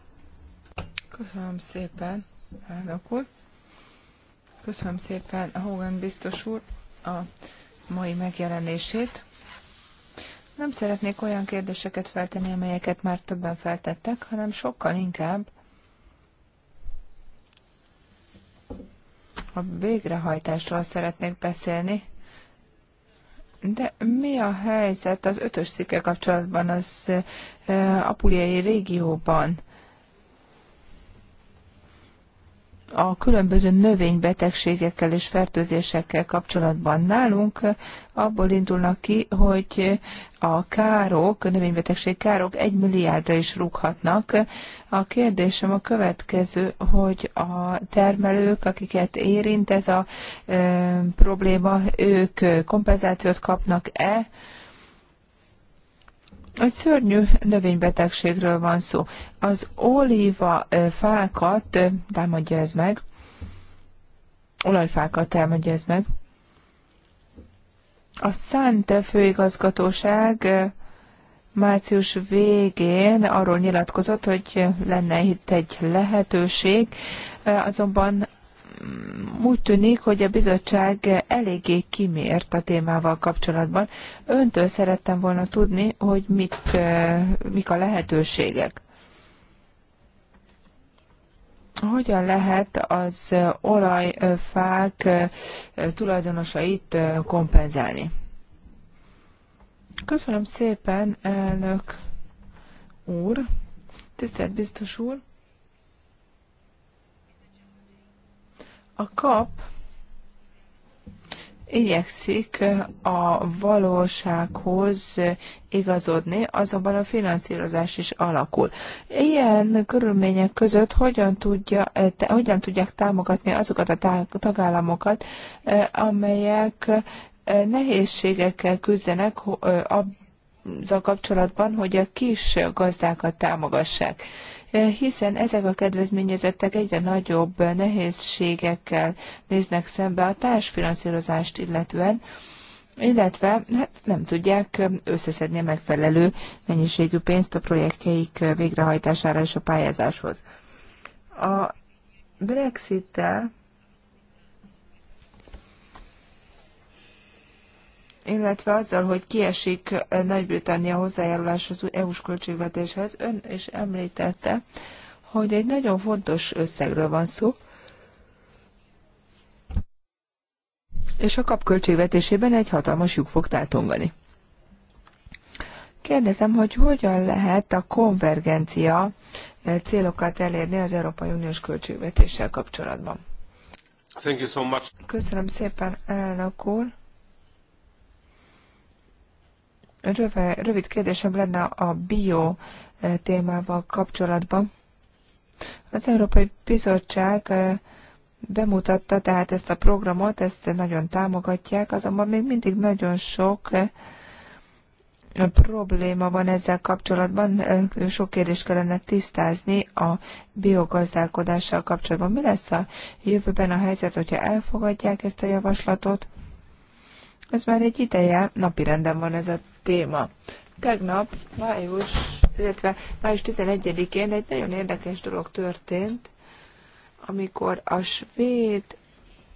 Köszönöm szépen, elnök úr. Köszönöm szépen a Hogan biztos úr a mai megjelenését. Nem szeretnék olyan kérdéseket feltenni, amelyeket már többen feltettek, hanem sokkal inkább A végrehajtásról szeretnék beszélni. De mi a helyzet az ötös cikke kapcsolatban az eh, apuliai régióban? a különböző növénybetegségekkel és fertőzésekkel kapcsolatban nálunk abból indulnak ki, hogy a károk, a növénybetegség károk egy milliárdra is rúghatnak. A kérdésem a következő, hogy a termelők, akiket érint ez a e, probléma, ők kompenzációt kapnak-e, egy szörnyű növénybetegségről van szó. Az olíva fákat támadja ez meg, olajfákat támadja ez meg. A Szent főigazgatóság március végén arról nyilatkozott, hogy lenne itt egy lehetőség, azonban úgy tűnik, hogy a bizottság eléggé kimért a témával kapcsolatban. Öntől szerettem volna tudni, hogy mit, eh, mik a lehetőségek. Hogyan lehet az olajfák eh, tulajdonosait eh, kompenzálni? Köszönöm szépen, elnök úr, tisztelt biztos úr. A kap igyekszik a valósághoz igazodni, azonban a finanszírozás is alakul. Ilyen körülmények között hogyan, tudja, te, hogyan tudják támogatni azokat a tagállamokat, amelyek nehézségekkel küzdenek a kapcsolatban, hogy a kis gazdákat támogassák hiszen ezek a kedvezményezettek egyre nagyobb nehézségekkel néznek szembe a társfinanszírozást illetően, illetve hát nem tudják összeszedni a megfelelő mennyiségű pénzt a projektjeik végrehajtására és a pályázáshoz. A Brexit-tel illetve azzal, hogy kiesik eh, Nagy-Britannia hozzájárulás az EU-s költségvetéshez, ön is említette, hogy egy nagyon fontos összegről van szó, és a kap költségvetésében egy hatalmas lyuk fog tátongani. Kérdezem, hogy hogyan lehet a konvergencia eh, célokat elérni az Európai Uniós költségvetéssel kapcsolatban? Thank you so much. Köszönöm szépen, elnök úr röve, rövid kérdésem lenne a bio e, témával kapcsolatban. Az Európai Bizottság e, bemutatta tehát ezt a programot, ezt nagyon támogatják, azonban még mindig nagyon sok e, probléma van ezzel kapcsolatban, sok kérdést kellene tisztázni a biogazdálkodással kapcsolatban. Mi lesz a jövőben a helyzet, hogyha elfogadják ezt a javaslatot? Ez már egy ideje, napirenden van ez a téma. Tegnap, május, illetve május 11-én egy nagyon érdekes dolog történt, amikor a svéd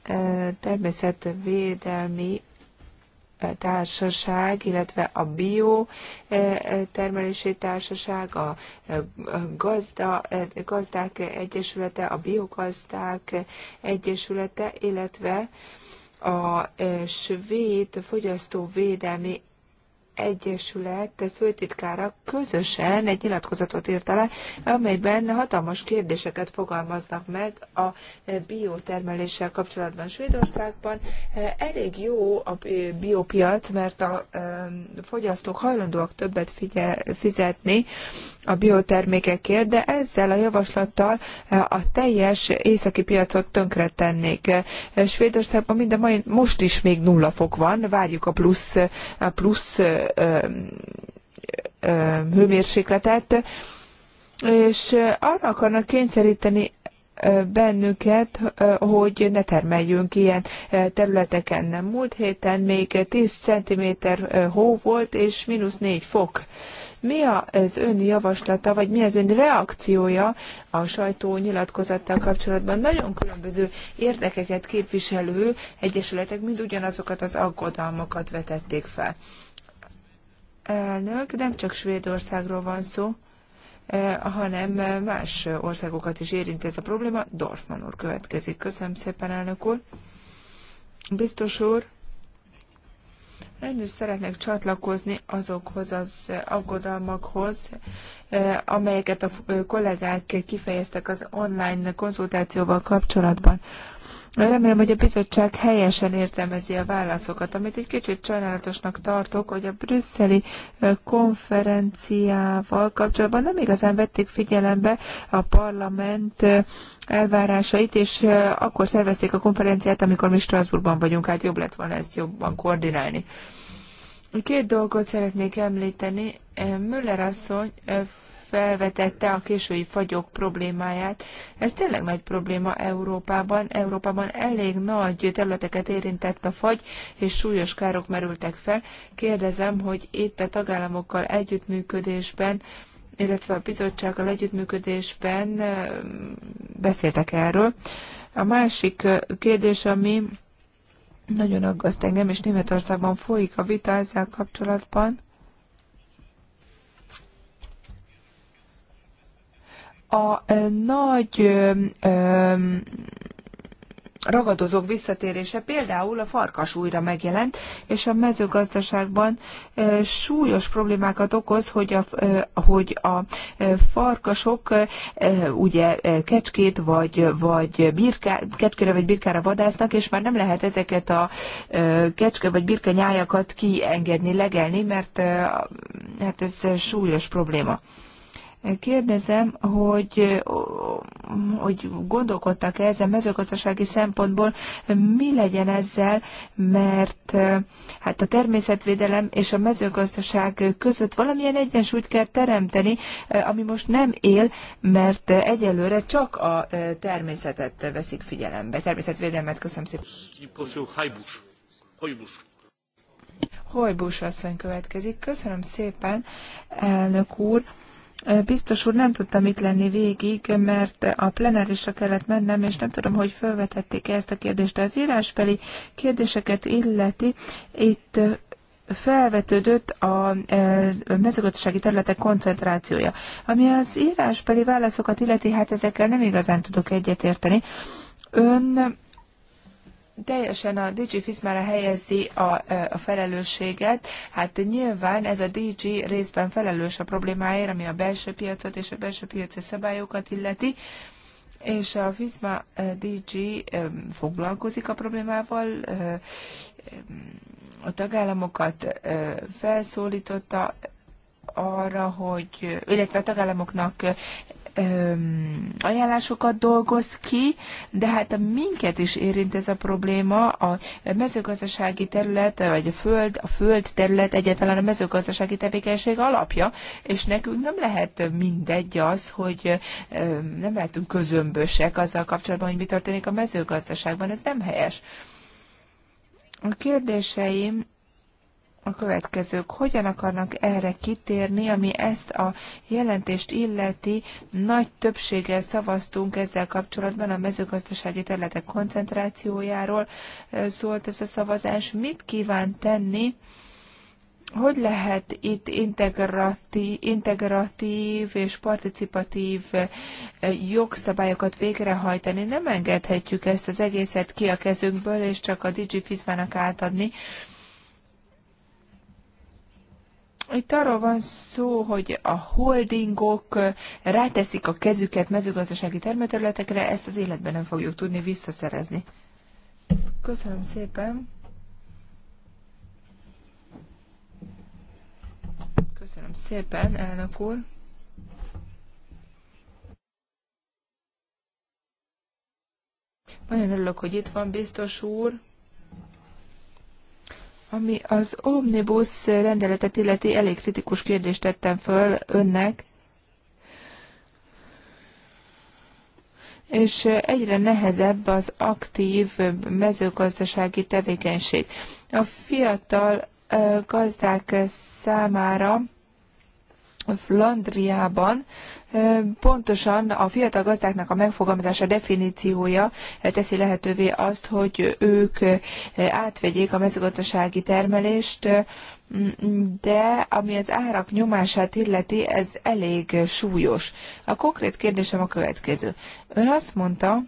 eh, természetvédelmi eh, társaság, illetve a bio eh, termelési társaság, a gazda, gazdák egyesülete, a biogazdák egyesülete, illetve a svéd fogyasztóvédelmi Egyesület főtitkára közösen egy nyilatkozatot írt alá, amelyben hatalmas kérdéseket fogalmaznak meg a biotermeléssel kapcsolatban Svédországban. Elég jó a biopiac, mert a fogyasztók hajlandóak többet figyel, fizetni a biotermékekért, de ezzel a javaslattal eh, a teljes északi piacot tönkretennék. Svédországban mind a mai, most is még nulla fok van, várjuk a plusz, a plusz hőmérsékletet, és arra akarnak kényszeríteni bennünket, hogy ne termeljünk ilyen területeken. nem Múlt héten még 10 cm hó volt, és mínusz 4 fok. Mi az ön javaslata, vagy mi az ön reakciója a sajtó nyilatkozattal kapcsolatban? Nagyon különböző érdekeket képviselő egyesületek mind ugyanazokat az aggodalmakat vetették fel elnök, nem csak Svédországról van szó, e, hanem más országokat is érint ez a probléma. Dorfman úr következik. Köszönöm szépen, elnök úr. Biztos úr, én is szeretnék csatlakozni azokhoz az aggodalmakhoz, e, amelyeket a kollégák kifejeztek az online konzultációval kapcsolatban. Remélem, hogy a bizottság helyesen értelmezi a válaszokat, amit egy kicsit sajnálatosnak tartok, hogy a brüsszeli konferenciával kapcsolatban nem igazán vették figyelembe a parlament elvárásait, és akkor szervezték a konferenciát, amikor mi Strasbourgban vagyunk, hát jobb lett volna ezt jobban koordinálni. Két dolgot szeretnék említeni. Müller asszony felvetette a késői fagyok problémáját. Ez tényleg nagy probléma Európában. Európában elég nagy területeket érintett a fagy, és súlyos károk merültek fel. Kérdezem, hogy itt a tagállamokkal együttműködésben illetve a bizottsággal együttműködésben beszéltek erről. A másik kérdés, ami nagyon aggaszt engem, és Németországban folyik a vita ezzel kapcsolatban, a nagy ragadozók visszatérése például a farkas újra megjelent, és a mezőgazdaságban súlyos problémákat okoz, hogy a, hogy a farkasok ugye kecskét vagy, vagy birká, kecskére vagy birkára vadásznak, és már nem lehet ezeket a kecske vagy birka nyájakat kiengedni, legelni, mert hát ez súlyos probléma. Kérdezem, hogy, hogy gondolkodtak-e ezen mezőgazdasági szempontból, mi legyen ezzel, mert hát a természetvédelem és a mezőgazdaság között valamilyen egyensúlyt kell teremteni, ami most nem él, mert egyelőre csak a természetet veszik figyelembe. Természetvédelmet köszönöm szépen. Hajbus. Hojbus asszony következik. Köszönöm szépen, elnök úr. Biztos úr, nem tudtam itt lenni végig, mert a plenárisra kellett mennem, és nem tudom, hogy felvetették ezt a kérdést, de az írásbeli kérdéseket illeti. Itt felvetődött a e, mezőgazdasági területek koncentrációja. Ami az írásbeli válaszokat illeti, hát ezekkel nem igazán tudok egyetérteni. Ön teljesen a DG Fizmára helyezi a, a felelősséget. Hát nyilván ez a DG részben felelős a problémáért, ami a belső piacot és a belső piaci szabályokat illeti, és a Fizma DG foglalkozik a problémával, a tagállamokat felszólította arra, hogy, illetve a tagállamoknak ajánlásokat dolgoz ki, de hát a minket is érint ez a probléma, a mezőgazdasági terület, vagy a föld, a föld terület egyáltalán a mezőgazdasági tevékenység alapja, és nekünk nem lehet mindegy az, hogy nem lehetünk közömbösek azzal kapcsolatban, hogy mi történik a mezőgazdaságban, ez nem helyes. A kérdéseim a következők. Hogyan akarnak erre kitérni, ami ezt a jelentést illeti? Nagy többséggel szavaztunk ezzel kapcsolatban a mezőgazdasági területek koncentrációjáról szólt ez a szavazás. Mit kíván tenni? Hogy lehet itt integratív, integratív és participatív jogszabályokat végrehajtani? Nem engedhetjük ezt az egészet ki a kezünkből, és csak a DigiFizmának átadni. Itt arról van szó, hogy a holdingok ráteszik a kezüket mezőgazdasági termőterületekre, ezt az életben nem fogjuk tudni visszaszerezni. Köszönöm szépen. Köszönöm szépen, elnök úr. Nagyon örülök, hogy itt van, biztos úr. Ami az omnibus rendeletet illeti, elég kritikus kérdést tettem föl önnek, és egyre nehezebb az aktív mezőgazdasági tevékenység. A fiatal gazdák számára Flandriában pontosan a fiatal gazdáknak a megfogalmazása, definíciója teszi lehetővé azt, hogy ők átvegyék a mezőgazdasági termelést, de ami az árak nyomását illeti, ez elég súlyos. A konkrét kérdésem a következő. Ön azt mondta,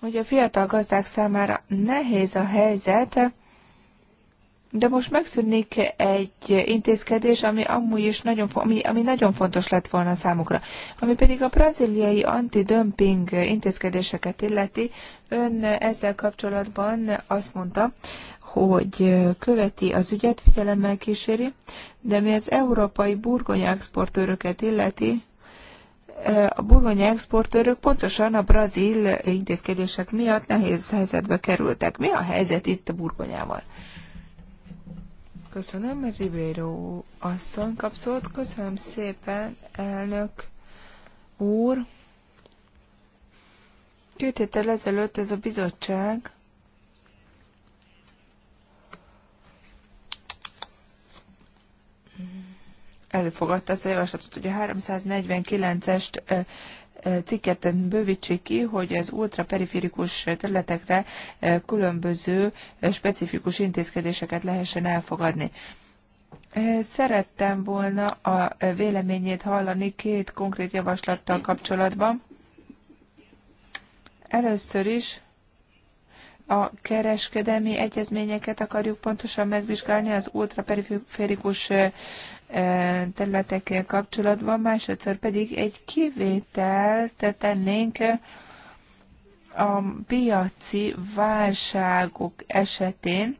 hogy a fiatal gazdák számára nehéz a helyzet, de most megszűnik egy intézkedés, ami amúgy is nagyon, ami, ami nagyon fontos lett volna számukra. Ami pedig a braziliai antidömping intézkedéseket illeti, ön ezzel kapcsolatban azt mondta, hogy követi az ügyet, figyelemmel kíséri, de mi az európai burgonya exportőröket illeti, a burgonya exportőrök pontosan a brazil intézkedések miatt nehéz helyzetbe kerültek. Mi a helyzet itt a burgonyával? Köszönöm, Ribeiro asszony kap szót. Köszönöm szépen, elnök úr. Két héttel ezelőtt ez a bizottság előfogadta ezt a javaslatot, hogy a 349-est cikket bővítsék ki, hogy az ultraperiférikus területekre e, különböző e, specifikus intézkedéseket lehessen elfogadni. E, szerettem volna a véleményét hallani két konkrét javaslattal kapcsolatban. Először is a kereskedelmi egyezményeket akarjuk pontosan megvizsgálni az ultraperiférikus területekkel kapcsolatban, másodszor pedig egy kivételt tennénk a piaci válságok esetén,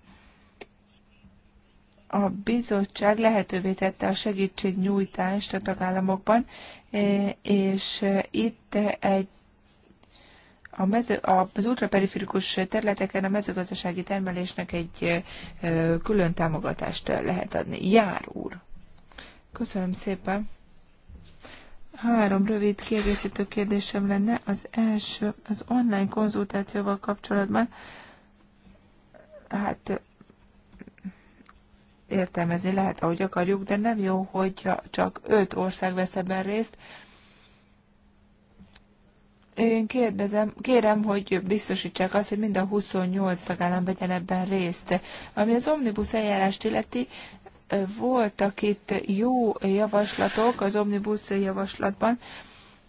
a bizottság lehetővé tette a segítségnyújtást a tagállamokban, és itt egy a mező, az ultraperiférikus területeken a mezőgazdasági termelésnek egy külön támogatást lehet adni. Jár úr! Köszönöm szépen. Három rövid kiegészítő kérdésem lenne. Az első, az online konzultációval kapcsolatban, hát értelmezni lehet, ahogy akarjuk, de nem jó, hogyha csak öt ország vesz ebben részt. Én kérdezem, kérem, hogy biztosítsák azt, hogy mind a 28 tagállam vegyen ebben részt. Ami az omnibus eljárást illeti, voltak itt jó javaslatok az Omnibus javaslatban.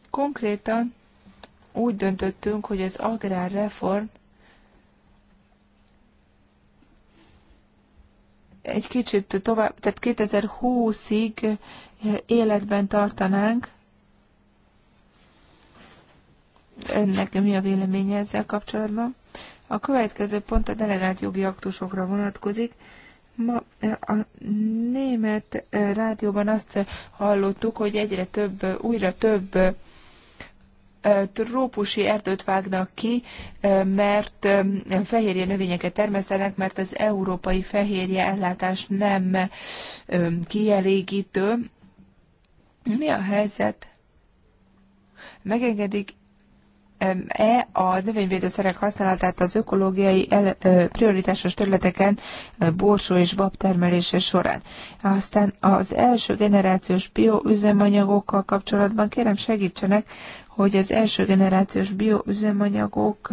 Konkrétan úgy döntöttünk, hogy az agrárreform egy kicsit tovább, tehát 2020-ig életben tartanánk. Önnek mi a véleménye ezzel kapcsolatban? A következő pont a delegált jogi aktusokra vonatkozik. Ma eh, a német eh, rádióban azt hallottuk, hogy egyre több, eh, újra több trópusi erdőt vágnak ki, mert fehérje növényeket termesztenek, mert az európai fehérje ellátás nem kielégítő. Mi a helyzet? Megengedik e a növényvédőszerek használatát az ökológiai el, prioritásos területeken borsó és bab termelése során. Aztán az első generációs bioüzemanyagokkal kapcsolatban kérem segítsenek, hogy az első generációs bioüzemanyagok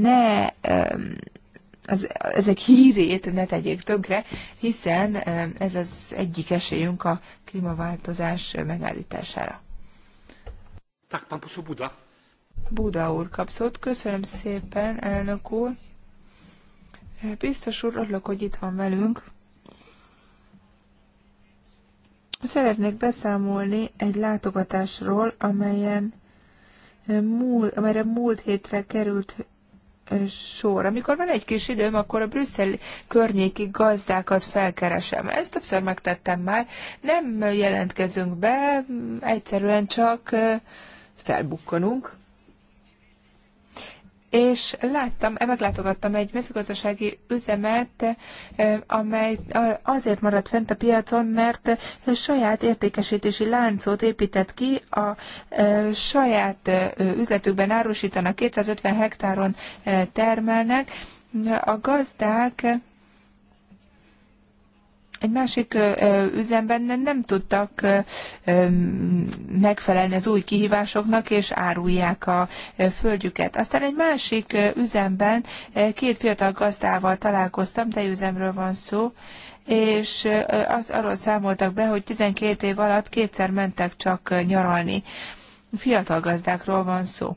ne az, ezek hírét ne tegyék tönkre, hiszen ez az egyik esélyünk a klímaváltozás megállítására. Tak, pan Buda. Buda úr kapszott. Köszönöm szépen, elnök úr. Biztos úr, örülök, hogy itt van velünk. Szeretnék beszámolni egy látogatásról, amelyen múl, amelyre múlt hétre került sor. Amikor van egy kis időm, akkor a brüsszel környéki gazdákat felkeresem. Ezt többször megtettem már. Nem jelentkezünk be, egyszerűen csak felbukkanunk és láttam, e, meglátogattam egy mezőgazdasági üzemet, e, amely azért maradt fent a piacon, mert saját értékesítési láncot épített ki, a e, saját üzletükben árusítanak, 250 hektáron termelnek, a gazdák egy másik üzemben nem tudtak megfelelni az új kihívásoknak, és árulják a földjüket. Aztán egy másik üzemben két fiatal gazdával találkoztam, üzemről van szó, és az arról számoltak be, hogy 12 év alatt kétszer mentek csak nyaralni. Fiatal gazdákról van szó.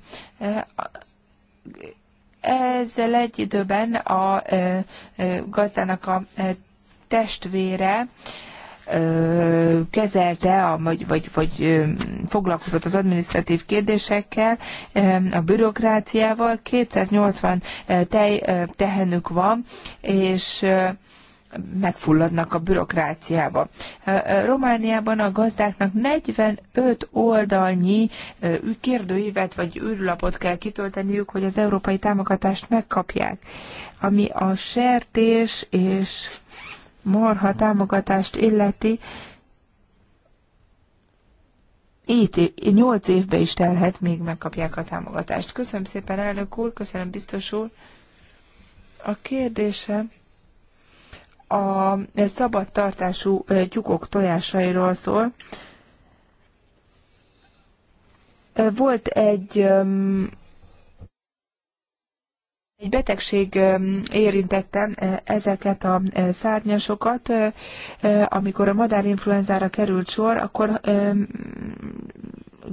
Ezzel egy időben a gazdának a testvére kezelte, a, vagy, vagy, vagy foglalkozott az administratív kérdésekkel, a bürokráciával. 280 tej, tehenük van, és megfulladnak a bürokráciába. Romániában a gazdáknak 45 oldalnyi kérdőívet vagy űrlapot kell kitölteniük, hogy az európai támogatást megkapják, ami a sertés és marha támogatást illeti, így 8 évbe is telhet, még megkapják a támogatást. Köszönöm szépen, elnök úr, köszönöm biztos úr. A kérdése a szabad tartású tyúkok tojásairól szól. Volt egy egy betegség érintette ezeket a szárnyasokat, amikor a madárinfluenzára került sor, akkor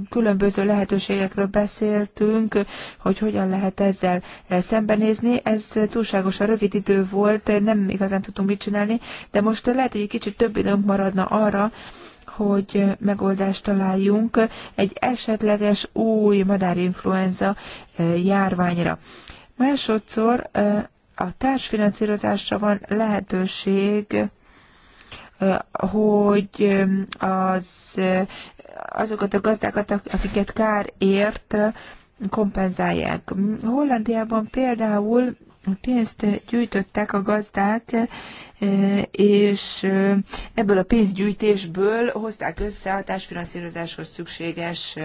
különböző lehetőségekről beszéltünk, hogy hogyan lehet ezzel szembenézni. Ez túlságosan rövid idő volt, nem igazán tudtunk mit csinálni, de most lehet, hogy egy kicsit több időnk maradna arra, hogy megoldást találjunk egy esetleges új madárinfluenza járványra. Másodszor a társfinanszírozásra van lehetőség, hogy az, azokat a gazdákat, akiket kár ért, kompenzálják. Hollandiában például pénzt gyűjtöttek a gazdák, és ebből a pénzgyűjtésből hozták össze a társfinanszírozáshoz szükséges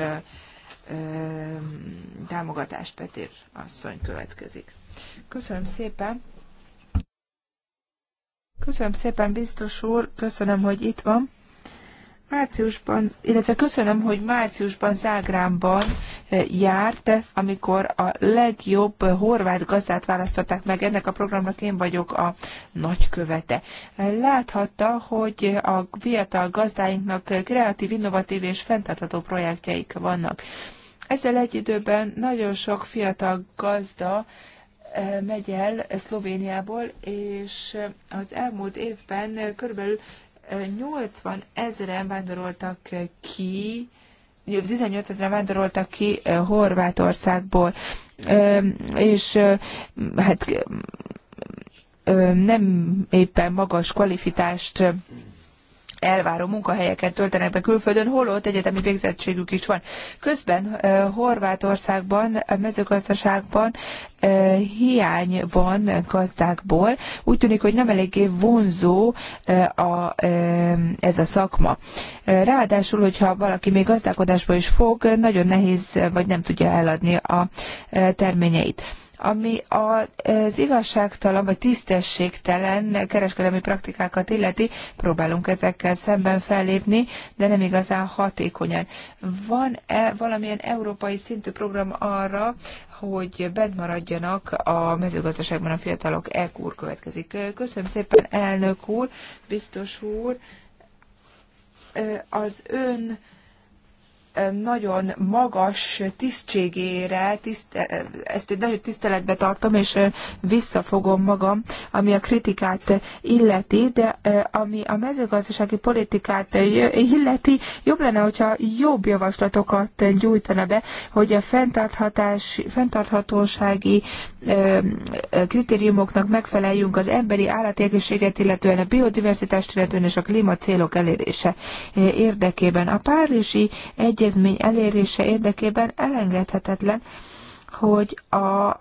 támogatást Petér asszony következik. Köszönöm szépen! Köszönöm szépen, biztos úr, köszönöm, hogy itt van. Márciusban, illetve köszönöm, hogy márciusban Zágrámban járt, amikor a legjobb horvát gazdát választották meg. Ennek a programnak én vagyok a nagykövete. Láthatta, hogy a fiatal gazdáinknak kreatív, innovatív és fenntartható projektjeik vannak. Ezzel egy időben nagyon sok fiatal gazda eh, megy el Szlovéniából, és eh, az elmúlt évben körülbelül 80 eh, ezeren vándoroltak ki, 18 ezeren vándoroltak ki Horvátországból, és hát nem éppen magas kvalifikást elváró munkahelyeket töltenek be külföldön, holott egyetemi végzettségük is van. Közben Horvátországban, a mezőgazdaságban hiány van gazdákból. Úgy tűnik, hogy nem eléggé vonzó a, ez a szakma. Ráadásul, hogyha valaki még gazdálkodásba is fog, nagyon nehéz, vagy nem tudja eladni a terményeit ami az igazságtalan vagy tisztességtelen kereskedelmi praktikákat illeti, próbálunk ezekkel szemben fellépni, de nem igazán hatékonyan. Van-e valamilyen európai szintű program arra, hogy bent maradjanak a mezőgazdaságban a fiatalok? Ek úr következik. Köszönöm szépen, elnök úr, biztos úr. Az ön nagyon magas tisztségére, tiszt, ezt egy nagyon tiszteletbe tartom, és visszafogom magam, ami a kritikát illeti, de ami a mezőgazdasági politikát illeti, jobb lenne, hogyha jobb javaslatokat gyújtana be, hogy a fenntarthatási, fenntarthatósági kritériumoknak megfeleljünk az emberi állategészséget, illetően a biodiversitást, illetően és a célok elérése érdekében. A Párizsi Egyezmény elérése érdekében elengedhetetlen, hogy a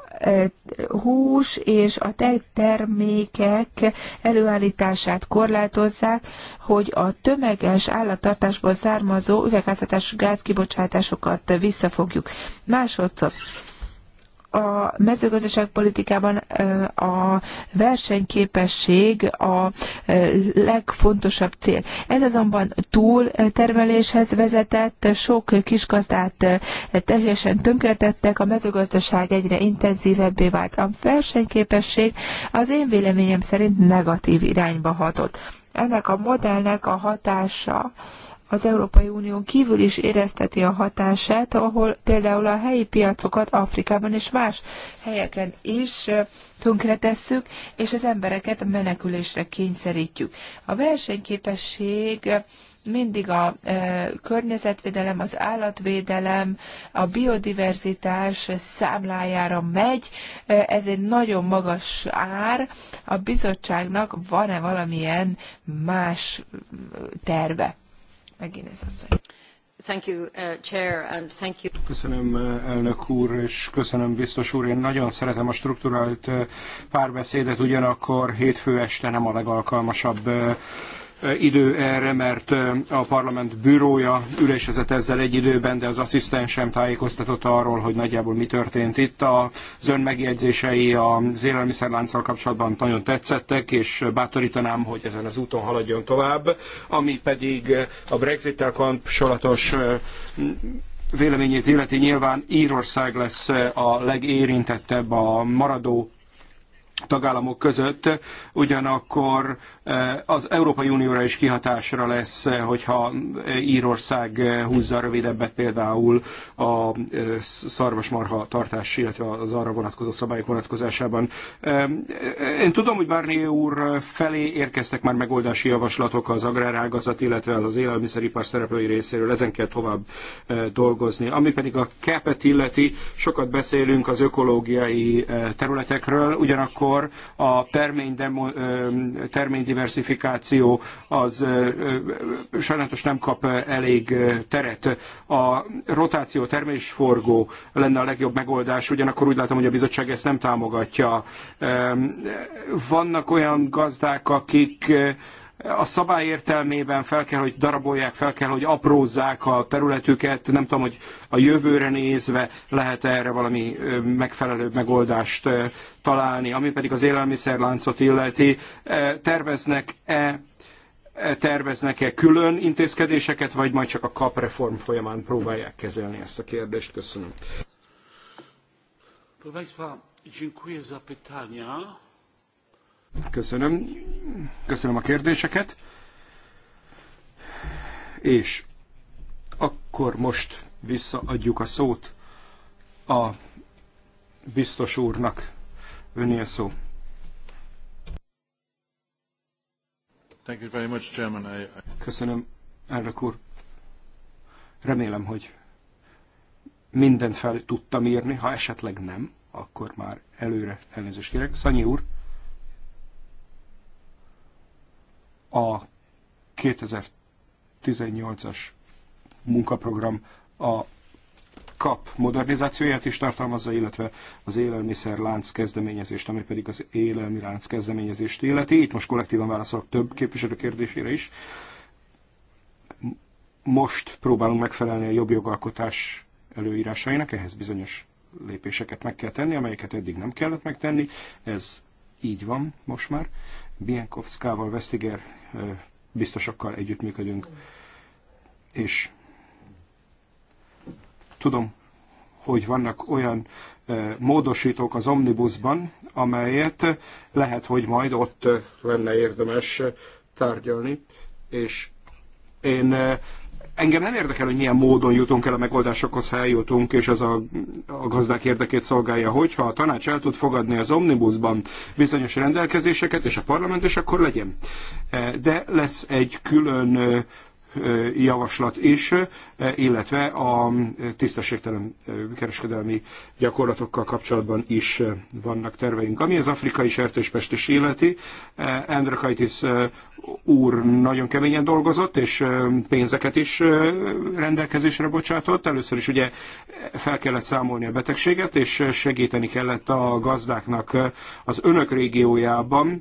hús és a tejtermékek előállítását korlátozzák, hogy a tömeges állattartásból származó üvegházhatású gázkibocsátásokat visszafogjuk. Másodszor, a mezőgazdaságpolitikában a versenyképesség a legfontosabb cél. Ez azonban túltermeléshez vezetett, sok kisgazdát teljesen tönkretettek, a mezőgazdaság egyre intenzívebbé vált. A versenyképesség az én véleményem szerint negatív irányba hatott. Ennek a modellnek a hatása az Európai Unión kívül is érezteti a hatását, ahol például a helyi piacokat Afrikában és más helyeken is tönkretesszük, és az embereket menekülésre kényszerítjük. A versenyképesség mindig a e, környezetvédelem, az állatvédelem, a biodiverzitás számlájára megy. Ez egy nagyon magas ár. A bizottságnak van-e valamilyen más terve? McGuinness asszony. Uh, köszönöm uh, elnök úr, és köszönöm biztos úr. Én nagyon szeretem a strukturált uh, párbeszédet, ugyanakkor hétfő este nem a legalkalmasabb uh, idő erre, mert a parlament bürója ülésezett ezzel egy időben, de az asszisztensem tájékoztatott arról, hogy nagyjából mi történt itt. Az ön megjegyzései az élelmiszerlánccal kapcsolatban nagyon tetszettek, és bátorítanám, hogy ezen az úton haladjon tovább, ami pedig a Brexit-tel kapcsolatos véleményét illeti nyilván Írország lesz a legérintettebb a maradó tagállamok között, ugyanakkor eh, az Európai Unióra is kihatásra lesz, eh, hogyha eh, Írország húzza rövidebbet például a szarvasmarha tartás, illetve az arra vonatkozó szabályok vonatkozásában. Én tudom, hogy Barnier úr felé érkeztek már megoldási javaslatok az agrárágazat, illetve az élelmiszeripar szereplői részéről, ezen kell tovább dolgozni. Ami pedig a capet illeti, sokat beszélünk az ökológiai területekről, ugyanakkor akkor a terménydiversifikáció az sajnálatos nem kap elég teret. A rotáció termésforgó lenne a legjobb megoldás, ugyanakkor úgy látom, hogy a bizottság ezt nem támogatja. Vannak olyan gazdák, akik a szabály értelmében fel kell, hogy darabolják, fel kell, hogy aprózzák a területüket, nem tudom, hogy a jövőre nézve lehet -e erre valami megfelelő megoldást találni, ami pedig az élelmiszerláncot illeti. Terveznek-e terveznek-e külön intézkedéseket, vagy majd csak a kapreform folyamán próbálják kezelni ezt a kérdést? Köszönöm. Proszę Państwa, dziękuję za pytania. Köszönöm. Köszönöm a kérdéseket. És akkor most visszaadjuk a szót a biztos úrnak. Önél szó. Thank you very much, Chairman. I, I... Köszönöm, elnök úr. Remélem, hogy mindent fel tudtam írni, ha esetleg nem, akkor már előre elnézést kérek. Szanyi úr. a 2018-as munkaprogram a kap modernizációját is tartalmazza, illetve az élelmiszerlánc kezdeményezést, ami pedig az élelmi lánc kezdeményezést illeti. Itt most kollektívan válaszolok több képviselő kérdésére is. Most próbálunk megfelelni a jobb jogalkotás előírásainak, ehhez bizonyos lépéseket meg kell tenni, amelyeket eddig nem kellett megtenni. Ez így van, most már. Bienkovszkával, Vestiger biztosakkal együttműködünk, és tudom, hogy vannak olyan módosítók az omnibusban, amelyet lehet, hogy majd ott lenne érdemes tárgyalni, és én engem nem érdekel, hogy milyen módon jutunk el a megoldásokhoz, ha eljutunk, és ez a, a gazdák érdekét szolgálja, hogyha a tanács el tud fogadni az omnibusban bizonyos rendelkezéseket, és a parlament, és akkor legyen. De lesz egy külön javaslat is, illetve a tisztességtelen kereskedelmi gyakorlatokkal kapcsolatban is vannak terveink. Ami az afrikai sertéspest is illeti, kajtis úr nagyon keményen dolgozott, és pénzeket is rendelkezésre bocsátott. Először is ugye fel kellett számolni a betegséget, és segíteni kellett a gazdáknak az önök régiójában.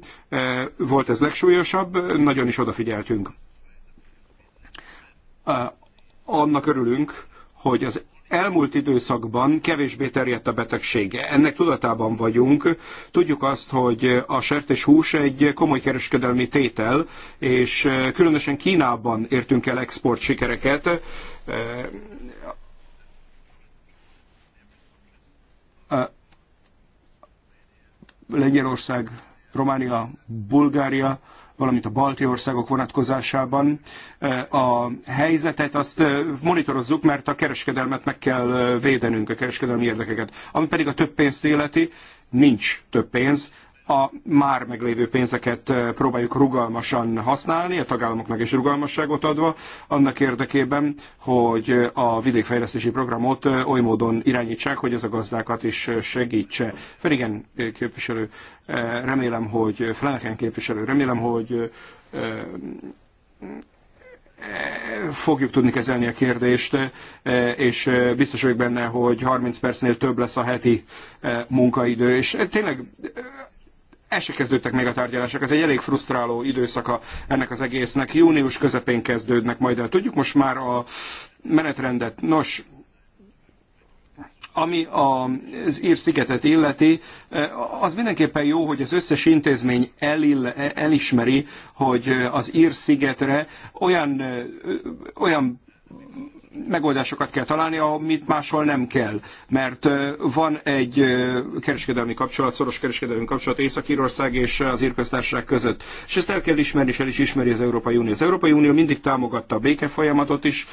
Volt ez legsúlyosabb, nagyon is odafigyeltünk annak örülünk, hogy az elmúlt időszakban kevésbé terjedt a betegség. Ennek tudatában vagyunk. Tudjuk azt, hogy a hús egy komoly kereskedelmi tétel, és különösen Kínában értünk el export sikereket. Lengyelország, Románia, Bulgária valamint a balti országok vonatkozásában. A helyzetet azt monitorozzuk, mert a kereskedelmet meg kell védenünk, a kereskedelmi érdekeket. Ami pedig a több pénzt életi, nincs több pénz, a már meglévő pénzeket próbáljuk rugalmasan használni, a tagállamoknak is rugalmasságot adva, annak érdekében, hogy a vidékfejlesztési programot oly módon irányítsák, hogy ez a gazdákat is segítse. Ferigen képviselő, remélem, hogy Flanagan képviselő, remélem, hogy fogjuk tudni kezelni a kérdést, és biztos vagyok benne, hogy 30 percnél több lesz a heti munkaidő. És tényleg el se kezdődtek még a tárgyalások. Ez egy elég frusztráló időszaka ennek az egésznek. Június közepén kezdődnek majd el. Tudjuk most már a menetrendet. Nos, ami az Ír-szigetet illeti, az mindenképpen jó, hogy az összes intézmény elill, elismeri, hogy az Ír-szigetre olyan, olyan megoldásokat kell találni, amit máshol nem kell. Mert van egy kereskedelmi kapcsolat, szoros kereskedelmi kapcsolat Észak-Írország és az Írköztársaság között. És ezt el kell ismerni, és el is ismeri az Európai Unió. Az Európai Unió mindig támogatta a békefolyamatot is,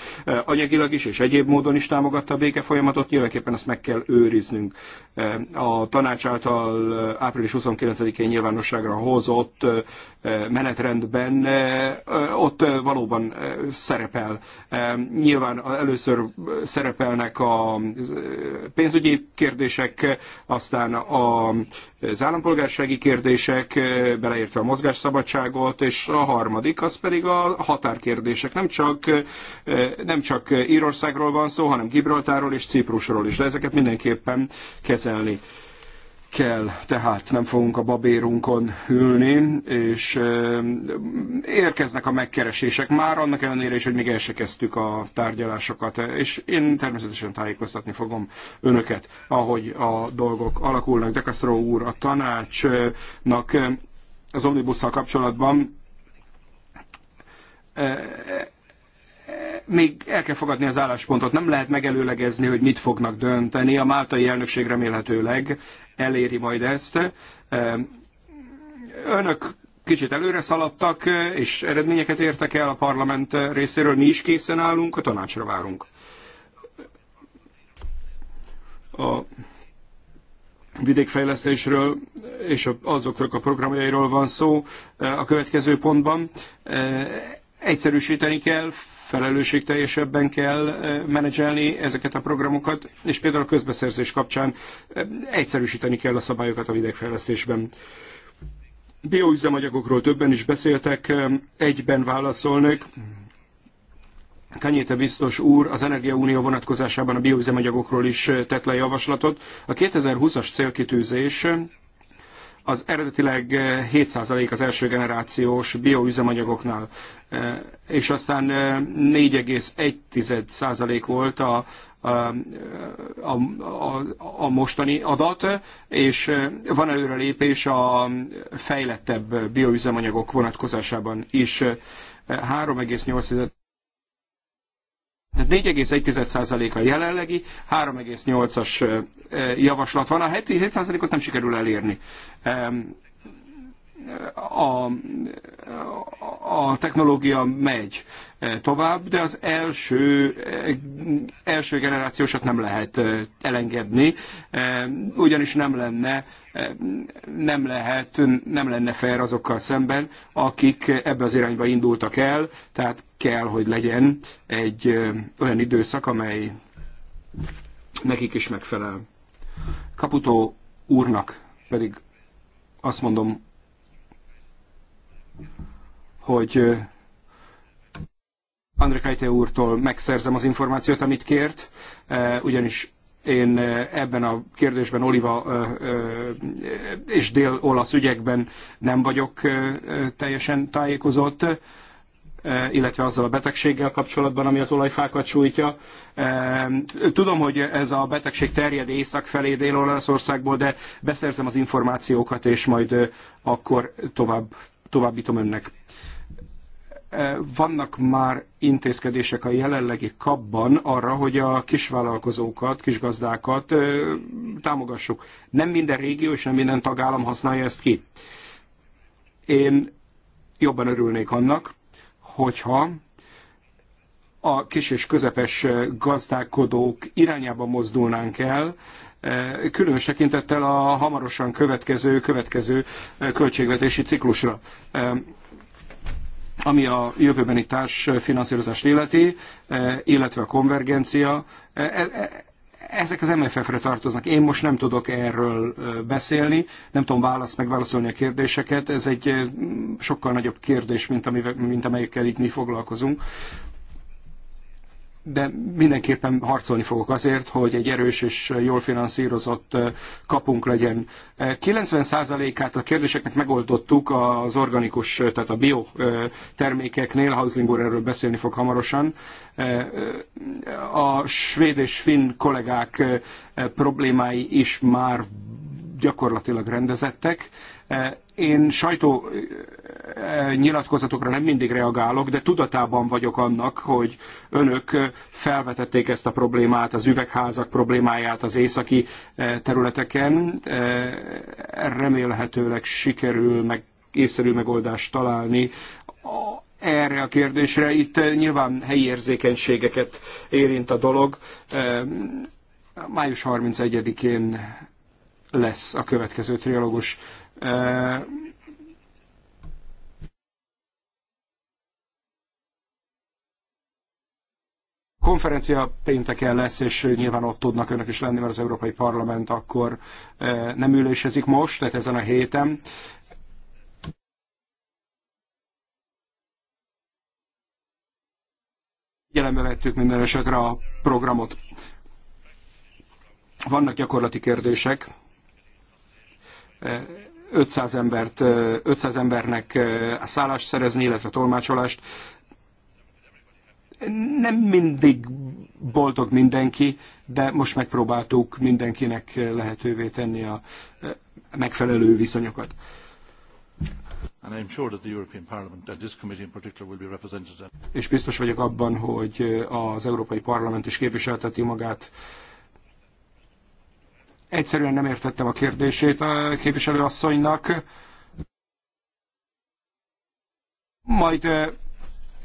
anyagilag is, és egyéb módon is támogatta a békefolyamatot, nyilvánképpen ezt meg kell őriznünk. A tanács által április 29-én nyilvánosságra hozott menetrendben ott valóban szerepel. Nyilván először szerepelnek a pénzügyi kérdések, aztán a, az állampolgársági kérdések, beleértve a mozgásszabadságot, és a harmadik az pedig a határkérdések. Nem csak, nem csak Írországról van szó, hanem Gibraltárról és Ciprusról is, de ezeket mindenképpen kezelni kell, tehát nem fogunk a babérunkon hűlni, és érkeznek a megkeresések már, annak ellenére is, hogy még el se kezdtük a tárgyalásokat, és én természetesen tájékoztatni fogom önöket, ahogy a dolgok alakulnak. De Castro úr, a tanácsnak az omnibusszal kapcsolatban még el kell fogadni az álláspontot, nem lehet megelőlegezni, hogy mit fognak dönteni. A máltai elnökség remélhetőleg eléri majd ezt. Önök kicsit előre szaladtak, és eredményeket értek el a parlament részéről. Mi is készen állunk, a tanácsra várunk. A vidékfejlesztésről és azokról a programjairól van szó eh, a következő pontban. Eh, egyszerűsíteni kell, felelősségteljesebben kell eh, menedzselni ezeket a programokat, és például a közbeszerzés kapcsán eh, egyszerűsíteni kell a szabályokat a vidékfejlesztésben. Bioüzemanyagokról többen is beszéltek, eh, egyben válaszolnék. Kanyéte biztos úr az Energiaunió vonatkozásában a bioüzemanyagokról is tett le javaslatot. A 2020-as célkitűzés az eredetileg 7% eh, az első generációs bioüzemanyagoknál, eh, és aztán 4,1% eh, volt a, a, a, a mostani adat, és van előrelépés a fejlettebb bioüzemanyagok vonatkozásában is. 3,8 4,1% a jelenlegi, 3,8-as javaslat van. A 7%-ot nem sikerül elérni a, a technológia megy tovább, de az első, első generációsat nem lehet elengedni, ugyanis nem lenne, nem lehet, nem lenne fair azokkal szemben, akik ebbe az irányba indultak el, tehát kell, hogy legyen egy olyan időszak, amely nekik is megfelel. Kaputó úrnak pedig azt mondom, hogy André Kajté úrtól megszerzem az információt, amit kért, ugyanis én ebben a kérdésben Oliva és dél-olasz ügyekben nem vagyok teljesen tájékozott, illetve azzal a betegséggel kapcsolatban, ami az olajfákat sújtja. Tudom, hogy ez a betegség terjed észak felé Dél-Olaszországból, de beszerzem az információkat, és majd akkor tovább továbbítom önnek. E, vannak már intézkedések a jelenlegi kapban arra, hogy a kisvállalkozókat, kisgazdákat e, támogassuk. Nem minden régió és nem minden tagállam használja ezt ki. Én jobban örülnék annak, hogyha a kis és közepes gazdálkodók irányába mozdulnánk el, Eh, különös tekintettel a hamarosan következő, következő eh, költségvetési ciklusra eh, ami a jövőbeni társfinanszírozást illeti, illetve a konvergencia. Ezek az MFF-re tartoznak. Én most nem tudok erről beszélni, nem tudom válasz, megválaszolni a kérdéseket. Ez egy sokkal nagyobb kérdés, mint, amivel, mint amelyekkel itt mi foglalkozunk de mindenképpen harcolni fogok azért, hogy egy erős és jól finanszírozott kapunk legyen. 90%-át a kérdéseknek megoldottuk az organikus, tehát a bio termékeknél, Hausling úr erről beszélni fog hamarosan. A svéd és finn kollégák problémái is már gyakorlatilag rendezettek. E, én sajtó e, nyilatkozatokra nem mindig reagálok, de tudatában vagyok annak, hogy önök felvetették ezt a problémát, az üvegházak problémáját az északi e, területeken. Remélhetőleg sikerül meg észszerű megoldást találni erre a kérdésre. Itt nyilván helyi érzékenységeket érint a dolog. Május 31-én lesz a következő trialógus. konferencia pénteken lesz, és nyilván ott tudnak önök is lenni, mert az Európai Parlament akkor nem ülésezik most, tehát ezen a héten. Figyelembe vettük minden esetre a programot. Vannak gyakorlati kérdések, 500, embert, 500 embernek szállást szerezni, illetve tolmácsolást. Nem mindig boldog mindenki, de most megpróbáltuk mindenkinek lehetővé tenni a megfelelő viszonyokat. És biztos vagyok abban, hogy az Európai Parlament is képviselteti magát Egyszerűen nem értettem a kérdését a képviselőasszonynak. Majd,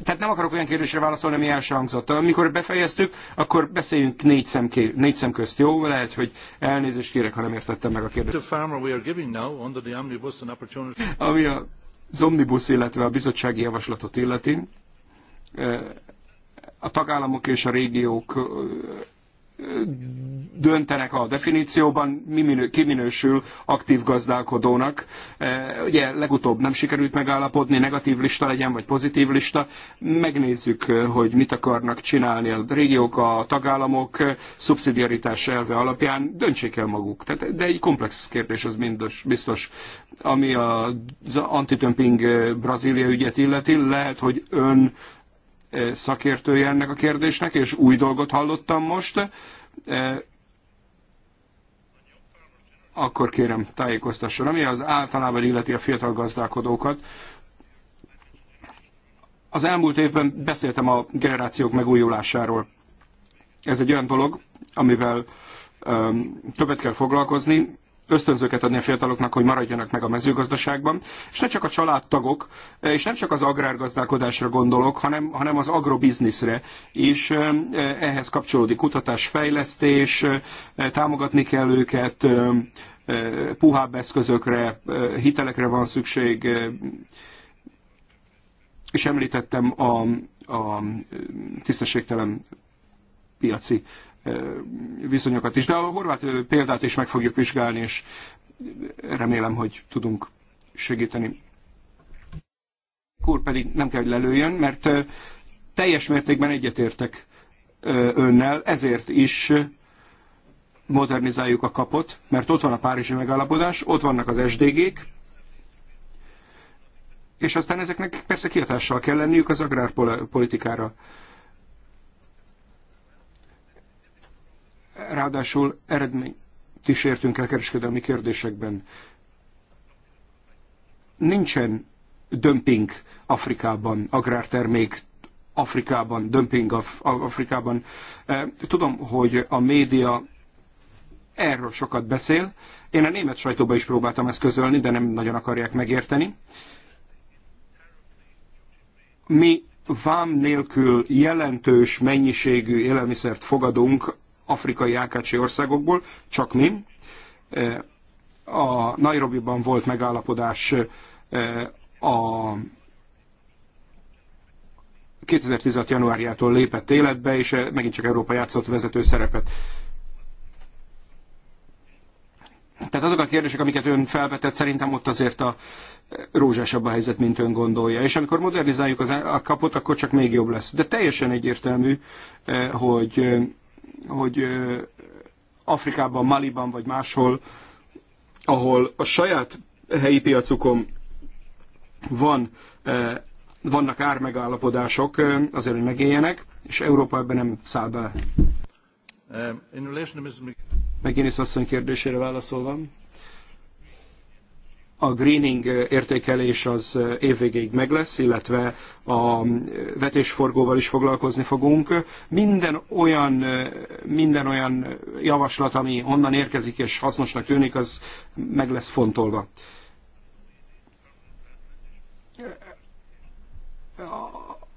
tehát nem akarok olyan kérdésre válaszolni, ami hangzott. Amikor befejeztük, akkor beszéljünk négy szem, ké, négy szem közt, jó? Lehet, hogy elnézést kérek, ha nem értettem meg a kérdést. Ami a az omnibus, illetve a bizottsági javaslatot illeti, a tagállamok és a régiók döntenek a definícióban, mi minő, ki minősül aktív gazdálkodónak. E, ugye legutóbb nem sikerült megállapodni, negatív lista legyen, vagy pozitív lista. Megnézzük, e, hogy mit akarnak csinálni a régiók, a tagállamok e, szubszidiaritás elve alapján. Döntsék el maguk. Tehát, de egy komplex kérdés az mindos, biztos. Ami az antitömping Brazília ügyet illeti, lehet, hogy ön szakértője ennek a kérdésnek, és új dolgot hallottam most. Akkor kérem tájékoztasson, ami az általában illeti a fiatal gazdálkodókat. Az elmúlt évben beszéltem a generációk megújulásáról. Ez egy olyan dolog, amivel többet kell foglalkozni, ösztönzőket adni a fiataloknak, hogy maradjanak meg a mezőgazdaságban, és ne csak a családtagok, és nem csak az agrárgazdálkodásra gondolok, hanem, hanem az agrobizniszre is ehhez kapcsolódik kutatás, fejlesztés, támogatni kell őket, puhább eszközökre, hitelekre van szükség, és említettem a, a tisztességtelen piaci viszonyokat is. De a horvát példát is meg fogjuk vizsgálni, és remélem, hogy tudunk segíteni. Kúr pedig nem kell, hogy lelőjön, mert teljes mértékben egyetértek önnel, ezért is modernizáljuk a kapot, mert ott van a Párizsi megállapodás, ott vannak az SDG-k, és aztán ezeknek persze kihatással kell lenniük az agrárpolitikára. Ráadásul eredményt is értünk el kereskedelmi kérdésekben. Nincsen dömping Afrikában, agrártermék Afrikában, dömping Af Afrikában. E, tudom, hogy a média erről sokat beszél. Én a német sajtóba is próbáltam ezt közölni, de nem nagyon akarják megérteni. Mi vám nélkül jelentős mennyiségű élelmiszert fogadunk afrikai AKC országokból, csak mi. A Nairobiban volt megállapodás a 2016. januárjától lépett életbe, és megint csak Európa játszott vezető szerepet. Tehát azok a kérdések, amiket ön felvetett, szerintem ott azért a rózsásabb a helyzet, mint ön gondolja. És amikor modernizáljuk a kapot, akkor csak még jobb lesz. De teljesen egyértelmű, hogy hogy Afrikában, Maliban vagy máshol, ahol a saját helyi piacukon van, vannak ármegállapodások azért, hogy megéljenek, és Európa ebben nem száll bele. Um, Megint is asszony kérdésére válaszolva a greening értékelés az évvégéig meg lesz, illetve a vetésforgóval is foglalkozni fogunk. Minden olyan, minden olyan javaslat, ami onnan érkezik és hasznosnak tűnik, az meg lesz fontolva.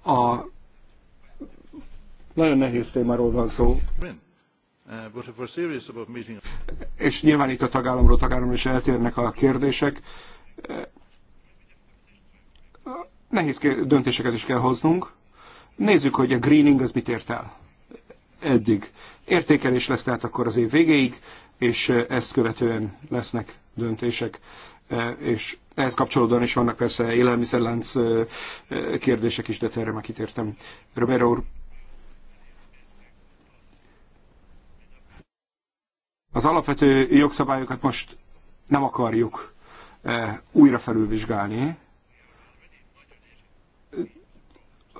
A, a nagyon nehéz témáról van szó. Uh, és nyilván itt a tagállamról tagállamra is eltérnek a kérdések. Uh, nehéz döntéseket is kell hoznunk. Nézzük, hogy a greening az mit ért el eddig. Értékelés lesz tehát akkor az év végéig, és uh, ezt követően lesznek döntések. És ehhez kapcsolódóan is vannak persze élelmiszerlánc kérdések is, de erre már kitértem. Romero úr Az alapvető jogszabályokat most nem akarjuk eh, újra felülvizsgálni,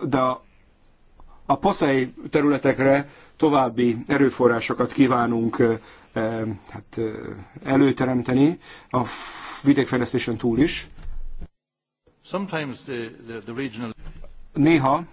de a poszai területekre további erőforrásokat kívánunk eh, eh, hát, előteremteni a vidékfejlesztésen túl is. Néha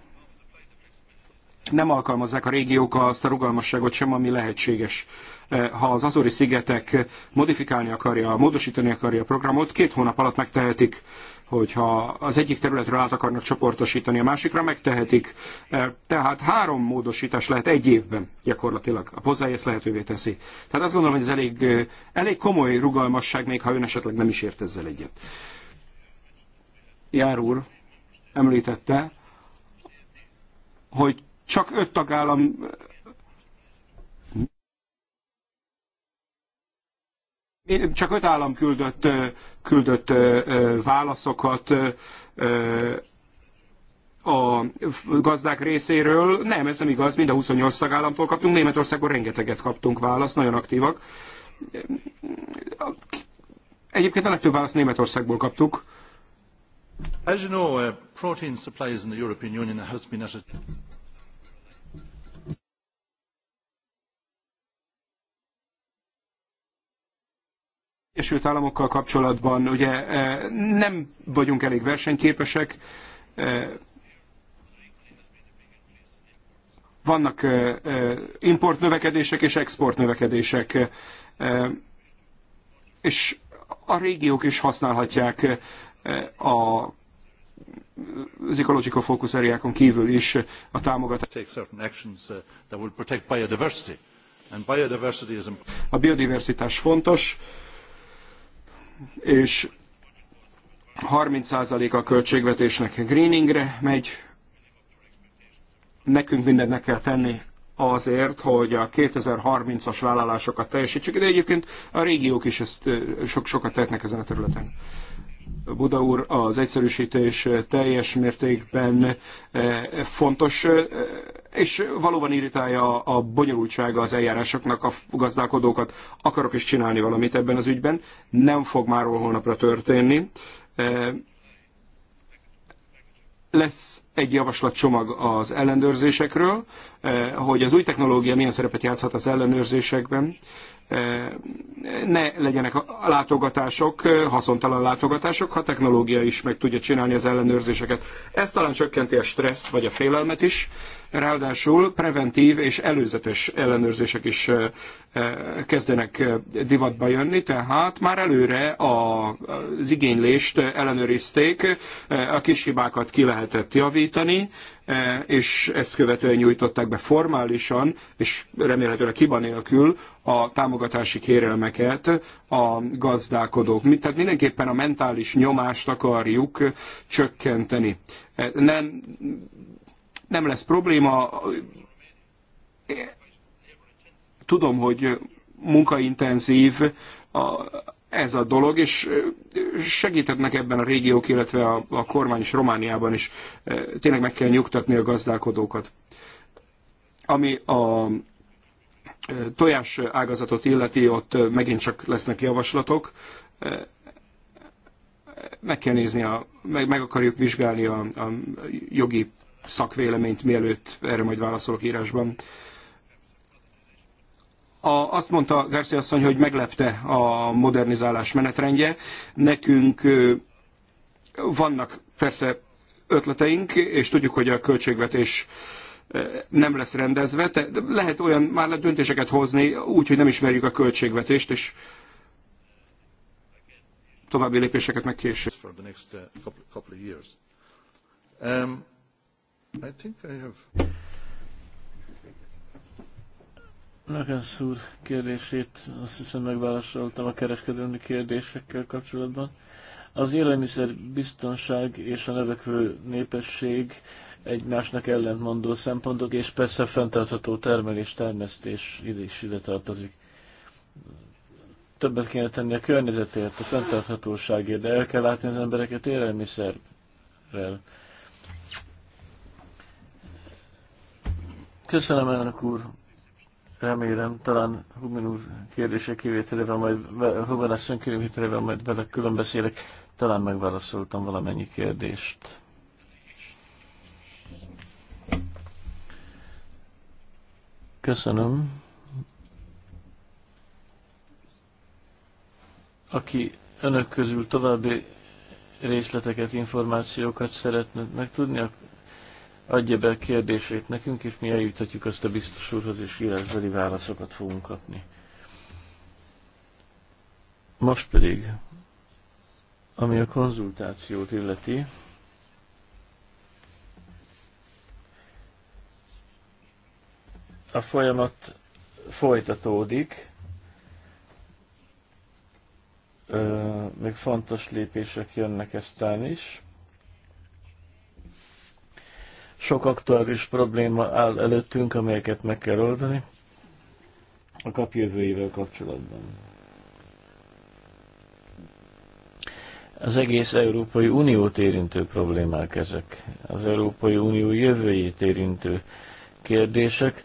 nem alkalmazzák a régiók azt a rugalmasságot sem, ami lehetséges. Eh, ha az Azori szigetek modifikálni akarja, módosítani akarja a programot, két hónap alatt megtehetik, hogyha az egyik területről át akarnak csoportosítani, a másikra megtehetik. Eh, tehát három módosítás lehet egy évben gyakorlatilag. A hozzáj ezt lehetővé teszi. Tehát azt gondolom, hogy ez elég, eh, elég komoly rugalmasság, még ha ön esetleg nem is ért ezzel egyet. Jár úr említette, hogy csak öt tagállam csak öt állam küldött, küldött válaszokat a gazdák részéről. Nem, ez nem igaz, mind a 28 tagállamtól kaptunk. Németországból rengeteget kaptunk választ, nagyon aktívak. Egyébként a legtöbb választ Németországból kaptuk. As you know, uh, protein supplies in the European Union has been at a Egyesült Államokkal kapcsolatban ugye e, nem vagyunk elég versenyképesek, e, vannak e, importnövekedések és exportnövekedések, és a régiók is használhatják a az ecological focus areákon kívül is a támogatást. Uh, a biodiversitás fontos, és 30% a költségvetésnek greeningre megy. Nekünk mindent meg kell tenni azért, hogy a 2030-as vállalásokat teljesítsük, de egyébként a régiók is ezt sok sokat tehetnek ezen a területen. Buda úr, az egyszerűsítés teljes mértékben fontos és valóban irritálja a a bonyolultsága az eljárásoknak a gazdálkodókat. Akarok is csinálni valamit ebben az ügyben, nem fog már holnapra történni. E, lesz egy javaslatcsomag az ellenőrzésekről, e, hogy az új technológia milyen szerepet játszhat az ellenőrzésekben, e, ne legyenek látogatások, haszontalan látogatások, ha technológia is meg tudja csinálni az ellenőrzéseket. Ez talán csökkenti a stresszt vagy a félelmet is, Ráadásul preventív és előzetes ellenőrzések is eh, eh, kezdenek eh, divatba jönni, tehát már előre az igénylést ellenőrizték, a kis hibákat ki lehetett javítani, és ezt követően nyújtották be formálisan, és remélhetőleg hiba nélkül a támogatási kérelmeket a gazdálkodók. Tehát mindenképpen a mentális nyomást akarjuk csökkenteni. Nem nem lesz probléma. Tudom, hogy munkaintenzív a, ez a dolog, és segítetnek ebben a régiók, illetve a, a kormány is Romániában is. Tényleg meg kell nyugtatni a gazdálkodókat. Ami a e, tojás ágazatot illeti, ott megint csak lesznek javaslatok. E, meg kell nézni, a, meg, meg akarjuk vizsgálni a, a jogi szakvéleményt, mielőtt erre majd válaszolok írásban. A, azt mondta García asszony, hogy meglepte a modernizálás menetrendje. Nekünk vannak persze ötleteink, és tudjuk, hogy a költségvetés nem lesz rendezve. De lehet olyan, már lehet döntéseket hozni úgy, hogy nem ismerjük a költségvetést, és további lépéseket meg később. I think I have... úr kérdését azt hiszem megválaszoltam a kereskedelmi kérdésekkel kapcsolatban. Az élelmiszer biztonság és a növekvő népesség egymásnak ellentmondó szempontok, és persze a fenntartható termelés, termesztés is ide tartozik. Többet kéne tenni a környezetért, a fenntarthatóságért, de el kell látni az embereket élelmiszerrel. Köszönöm, elnök úr. Remélem, talán Hubin úr kérdése kivételével, majd Hubin asszony kivételével, majd vele külön beszélek. Talán megválaszoltam valamennyi kérdést. Köszönöm. Aki önök közül további részleteket, információkat szeretne megtudni, adja be kérdését nekünk, és mi eljutatjuk azt a biztos úrhoz, és írásbeli válaszokat fogunk kapni. Most pedig, ami a konzultációt illeti, a folyamat folytatódik, még fontos lépések jönnek eztán is. Sok aktuális probléma áll előttünk, amelyeket meg kell oldani a kap jövőjével kapcsolatban. Az egész Európai Uniót érintő problémák ezek, az Európai Unió jövőjét érintő kérdések.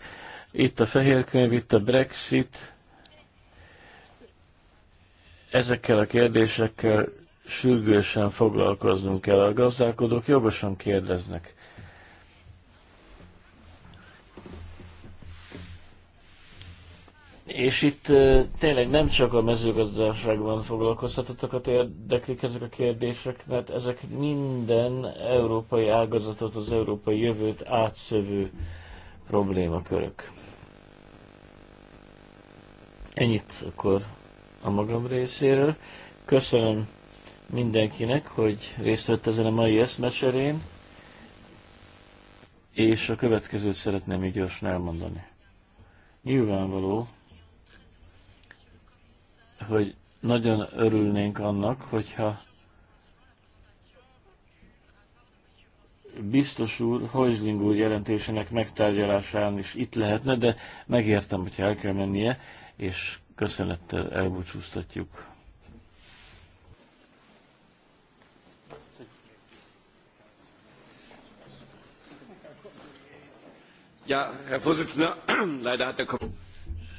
Itt a fehér könyv, itt a Brexit, ezekkel a kérdésekkel sürgősen foglalkoznunk kell. A gazdálkodók jogosan kérdeznek És itt tényleg nem csak a mezőgazdaságban foglalkoztatottakat érdeklik ezek a kérdések, mert ezek minden európai ágazatot, az európai jövőt átszövő problémakörök. Ennyit akkor a magam részéről. Köszönöm mindenkinek, hogy részt vett ezen a mai eszmecserén, és a következőt szeretném így gyorsan elmondani. Nyilvánvaló, hogy nagyon örülnénk annak, hogyha biztos úr, Hojzling úr jelentésének megtárgyalásán is itt lehetne, de megértem, hogy el kell mennie, és köszönettel elbúcsúztatjuk. Ja, Herr Vorsitzender, leider hat der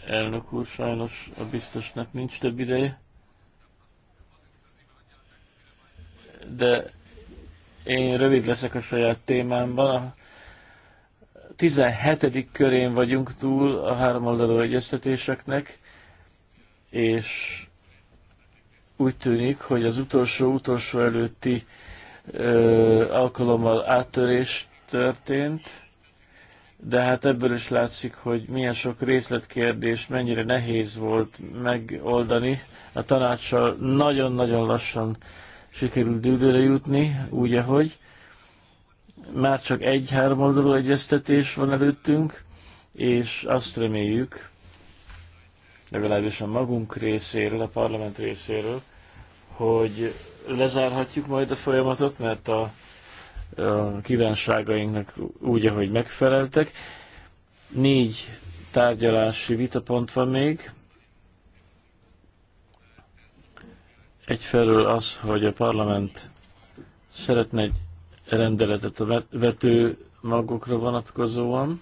elnök úr, sajnos a biztosnak nincs több ideje. De én rövid leszek a saját témámban. A 17. körén vagyunk túl a háromoldalú egyeztetéseknek, és úgy tűnik, hogy az utolsó-utolsó előtti ö, alkalommal áttörés történt de hát ebből is látszik, hogy milyen sok részletkérdés, mennyire nehéz volt megoldani. A tanácssal nagyon-nagyon lassan sikerült időre jutni, úgy ahogy. Már csak egy háromoldalú egyeztetés van előttünk, és azt reméljük, legalábbis a magunk részéről, a parlament részéről, hogy lezárhatjuk majd a folyamatot, mert a a kívánságainknak úgy, ahogy megfeleltek. Négy tárgyalási vitapont van még. Egyfelől az, hogy a parlament szeretne egy rendeletet a vető magokra vonatkozóan.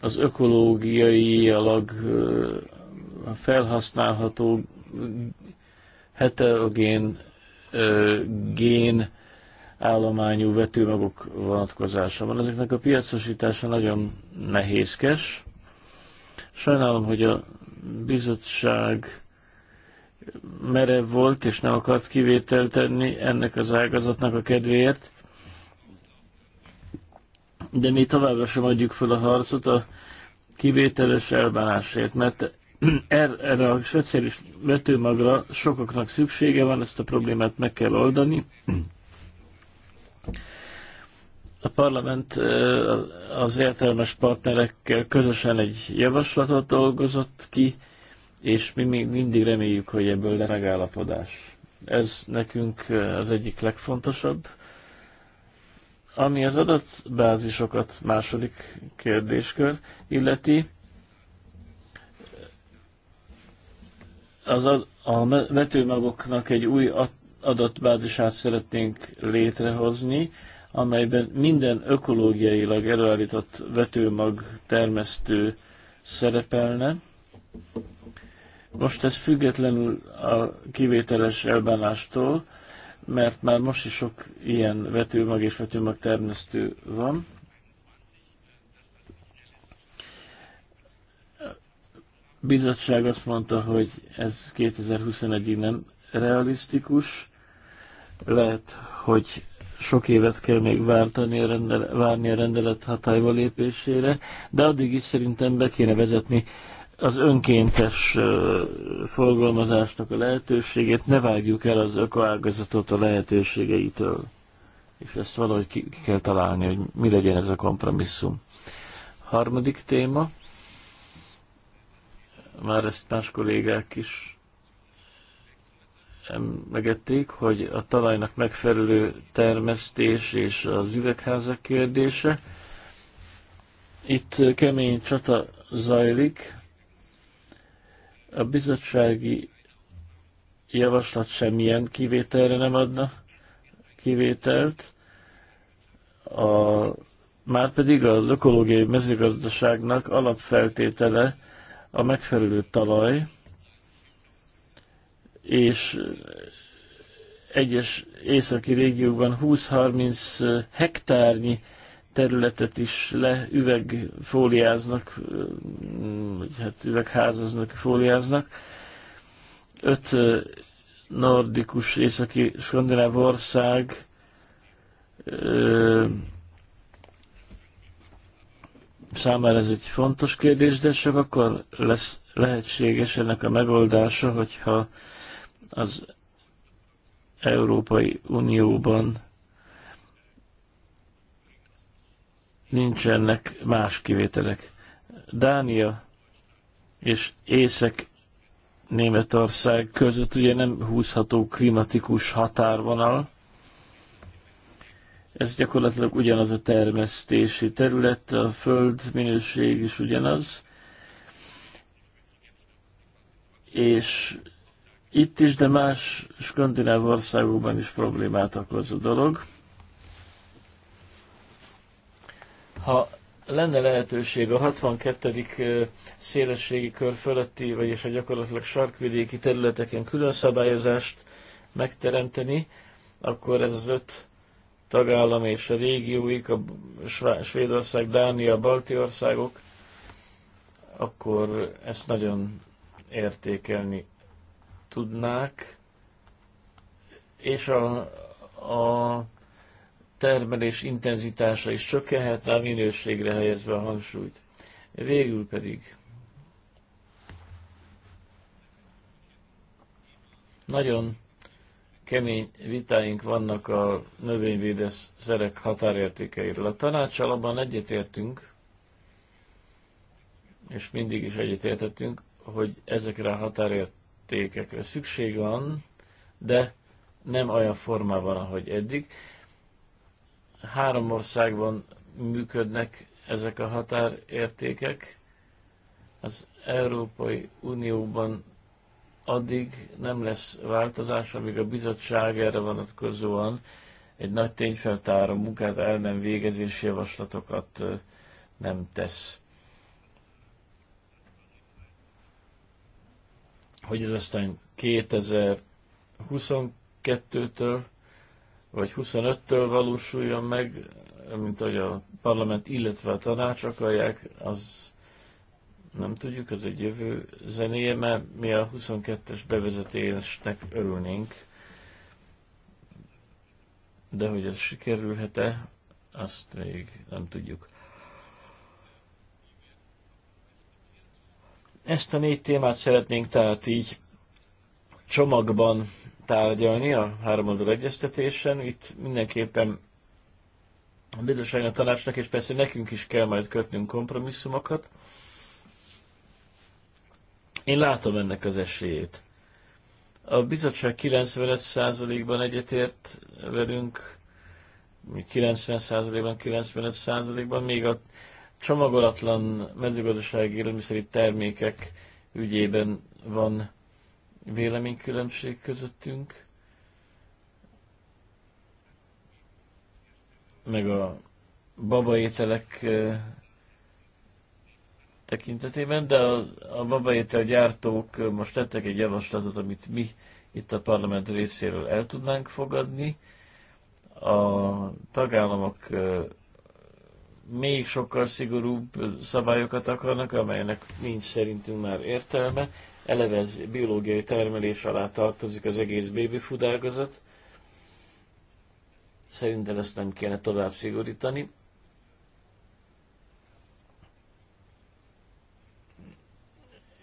Az ökológiai alag felhasználható heterogén gén állományú vetőmagok vonatkozásában. Ezeknek a piacosítása nagyon nehézkes. Sajnálom, hogy a bizottság merev volt, és nem akart kivételt tenni ennek az ágazatnak a kedvéért. De mi továbbra sem adjuk fel a harcot a kivételes elbánásért, mert Er-, erre a speciális vetőmagra sokaknak szüksége van, ezt a problémát meg kell oldani. A parlament eh, az értelmes partnerekkel közösen egy javaslatot dolgozott ki, és mi még mindig reméljük, hogy ebből le megállapodás. Ez nekünk eh, az egyik legfontosabb. Ami az adatbázisokat, második kérdéskör illeti, az a, a vetőmagoknak egy új adatbázisát szeretnénk létrehozni, amelyben minden ökológiailag előállított vetőmag termesztő szerepelne. Most ez függetlenül a kivételes elbánástól, mert már most is sok ilyen vetőmag és vetőmag termesztő van. bizottság azt mondta, hogy ez 2021-ig nem realisztikus. Lehet, hogy sok évet kell még vártani a rendel- várni a rendelet hatályba lépésére, de addig is szerintem be kéne vezetni az önkéntes forgalmazásnak a lehetőségét, ne vágjuk el az ökoágazatot a lehetőségeitől. És ezt valahogy ki, ki kell találni, hogy mi legyen ez a kompromisszum. Harmadik téma már ezt más kollégák is emlegették, hogy a talajnak megfelelő termesztés és az üvegházak kérdése. Itt kemény csata zajlik. A bizottsági javaslat semmilyen kivételre nem adna kivételt. A, már pedig az ökológiai mezőgazdaságnak alapfeltétele a megfelelő talaj, és egyes északi régiókban 20-30 hektárnyi területet is leüvegfóliáznak, vagy hát üvegházaznak, fóliáznak. Öt nordikus északi skandináv ország számára ez egy fontos kérdés, de csak akkor lesz lehetséges ennek a megoldása, hogyha az Európai Unióban nincsenek más kivételek. Dánia és Észak Németország között ugye nem húzható klimatikus határvonal, ez gyakorlatilag ugyanaz a termesztési terület, a föld minőség is ugyanaz, és itt is, de más skandináv országokban is problémát okoz a dolog. Ha lenne lehetőség a 62. szélességi kör fölötti, vagyis a gyakorlatilag sarkvidéki területeken külön szabályozást megteremteni, akkor ez az öt tagállam és a régióik, a Svédország, Dánia, Balti országok, akkor ezt nagyon értékelni tudnák, és a, a termelés intenzitása is csökkenhet a minőségre helyezve a hangsúlyt. Végül pedig nagyon kemény vitáink vannak a szerek határértékeiről. A tanácsal abban egyetértünk, és mindig is egyetértettünk, hogy ezekre a határértékekre szükség van, de nem olyan formában, ahogy eddig. Három országban működnek ezek a határértékek. Az Európai Unióban addig nem lesz változás, amíg a bizottság erre vonatkozóan egy nagy tényfeltáró munkát el nem végezési javaslatokat nem tesz. Hogy ez aztán 2022-től vagy 25-től valósuljon meg, mint ahogy a parlament, illetve a tanács akarják, az nem tudjuk, az egy jövő zenéje, mert mi a 22-es bevezetésnek örülnénk, de hogy ez sikerülhet-e, azt még nem tudjuk. Ezt a négy témát szeretnénk tehát így csomagban tárgyalni a háromadó egyeztetésen. Itt mindenképpen a bizottságnak, tanácsnak, és persze nekünk is kell majd kötnünk kompromisszumokat. Én látom ennek az esélyét. A bizottság 95%-ban egyetért velünk, 90%-ban, 95%-ban, még a csomagolatlan mezőgazdasági élelmiszeri termékek ügyében van véleménykülönbség közöttünk, meg a babaételek eh, tekintetében, de a, a babaétel gyártók most tettek egy javaslatot, amit mi itt a parlament részéről el tudnánk fogadni. A tagállamok még sokkal szigorúbb szabályokat akarnak, amelynek nincs szerintünk már értelme. Eleve ez biológiai termelés alá tartozik az egész babyfood ágazat. Szerintem ezt nem kéne tovább szigorítani.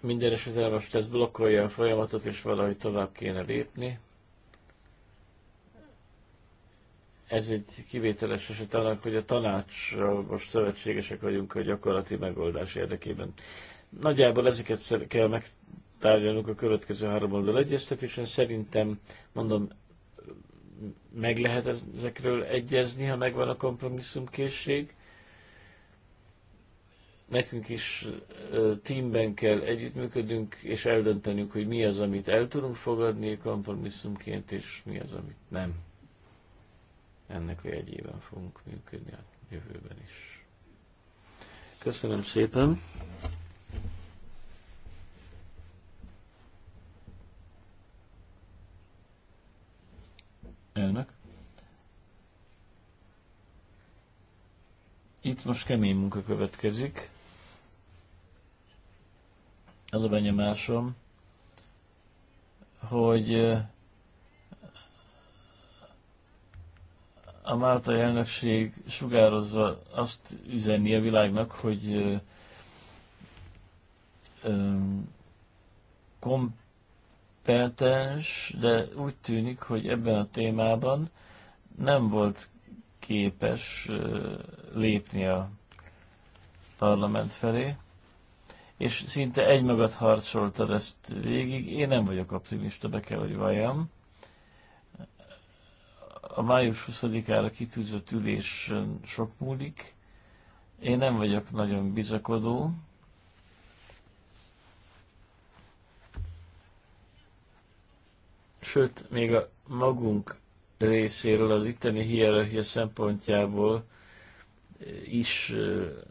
Minden esetre most ez blokkolja a folyamatot, és valahogy tovább kéne lépni. Ez egy kivételes eset annak, hogy a tanácsra most szövetségesek vagyunk a gyakorlati megoldás érdekében. Nagyjából ezeket kell megtárgyalnunk a következő három oldal egyeztetésen. Szerintem, mondom, meg lehet ezekről egyezni, ha megvan a kompromisszumkészség nekünk is teamben kell együttműködünk, és eldöntenünk, hogy mi az, amit el tudunk fogadni kompromisszumként, és mi az, amit nem. Ennek a jegyében fogunk működni a jövőben is. Köszönöm szépen! Elnök. Itt most kemény munka következik. Ez a benyomásom, hogy a Málta elnökség sugározva azt üzeni a világnak, hogy kompetens, de úgy tűnik, hogy ebben a témában nem volt képes lépni a parlament felé és szinte egymagad harcoltad ezt végig. Én nem vagyok optimista, be kell, hogy valljam. A május 20-ára kitűzött ülés sok múlik. Én nem vagyok nagyon bizakodó. Sőt, még a magunk részéről az itteni hierarchia szempontjából is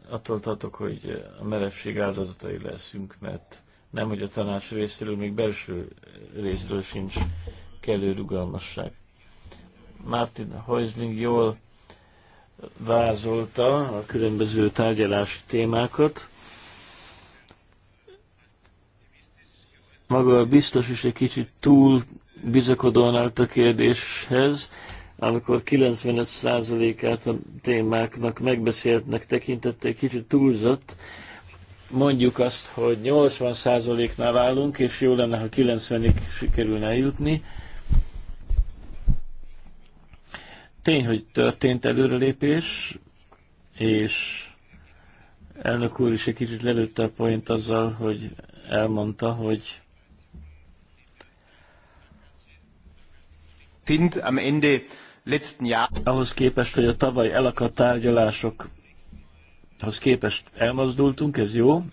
attól tartok, hogy a merevség áldozatai leszünk, mert nem, hogy a tanács részéről, még belső részről sincs kellő rugalmasság. Martin Heusling jól vázolta a különböző tárgyalási témákat. Maga biztos is egy kicsit túl bizakodóan állt a kérdéshez amikor 95%-át a témáknak megbeszéltnek tekintették, kicsit túlzott, mondjuk azt, hogy 80%-nál állunk, és jó lenne, ha 90-ig sikerülne eljutni. Tény, hogy történt előrelépés, és elnök úr is egy kicsit lelőtte a point azzal, hogy elmondta, hogy sind am Ende letzten Jahr. Ahhoz képest, hogy a tavaly elakadt tárgyalásokhoz képest elmozdultunk, ez jó.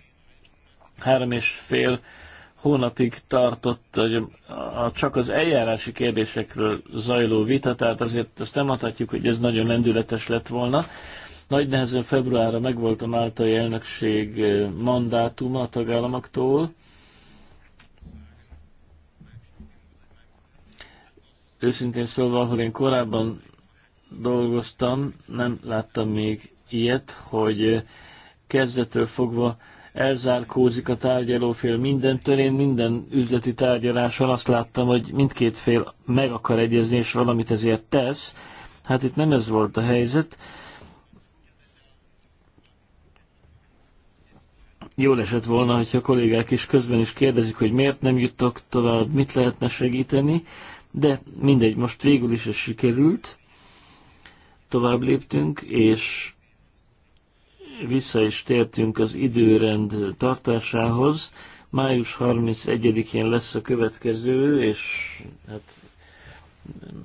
Három és fél hónapig tartott hogy a, a, csak az eljárási kérdésekről zajló vita, tehát azért azt nem adhatjuk, hogy ez nagyon lendületes lett volna. Nagy nehezen februárra megvolt a máltai elnökség eh, mandátuma a tagállamoktól, Őszintén szólva, ahol én korábban dolgoztam, nem láttam még ilyet, hogy kezdetől fogva elzárkózik a tárgyalófél mindentől. Én minden üzleti tárgyaláson azt láttam, hogy mindkét fél meg akar egyezni, és valamit ezért tesz. Hát itt nem ez volt a helyzet. Jól esett volna, hogyha a kollégák is közben is kérdezik, hogy miért nem jutok tovább, mit lehetne segíteni, de mindegy, most végül is ez sikerült, tovább léptünk, és vissza is tértünk az időrend tartásához. Május 31-én lesz a következő, és hát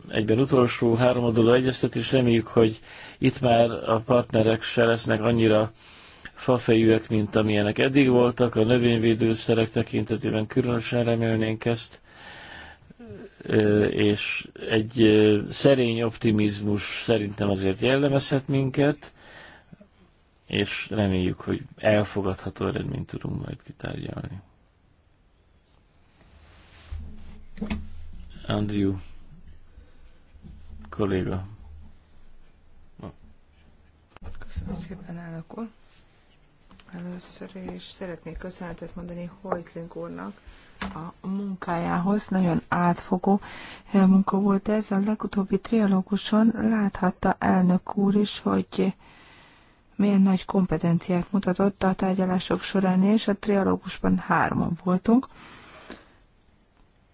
egyben utolsó háromadoló egyeztetés. Reméljük, hogy itt már a partnerek se lesznek annyira fafejűek, mint amilyenek eddig voltak. A növényvédőszerek tekintetében különösen remélnénk ezt és egy szerény optimizmus szerintem azért jellemezhet minket, és reméljük, hogy elfogadható eredményt tudunk majd kitárgyalni. Andrew kolléga. Köszönöm szépen, elnök úr. Először is szeretnék köszönetet mondani Hojzling úrnak a munkájához. Nagyon átfogó eh, munka volt ez. A legutóbbi trialóguson láthatta elnök úr is, hogy milyen nagy kompetenciát mutatott a tárgyalások során, és a trialógusban hárman voltunk.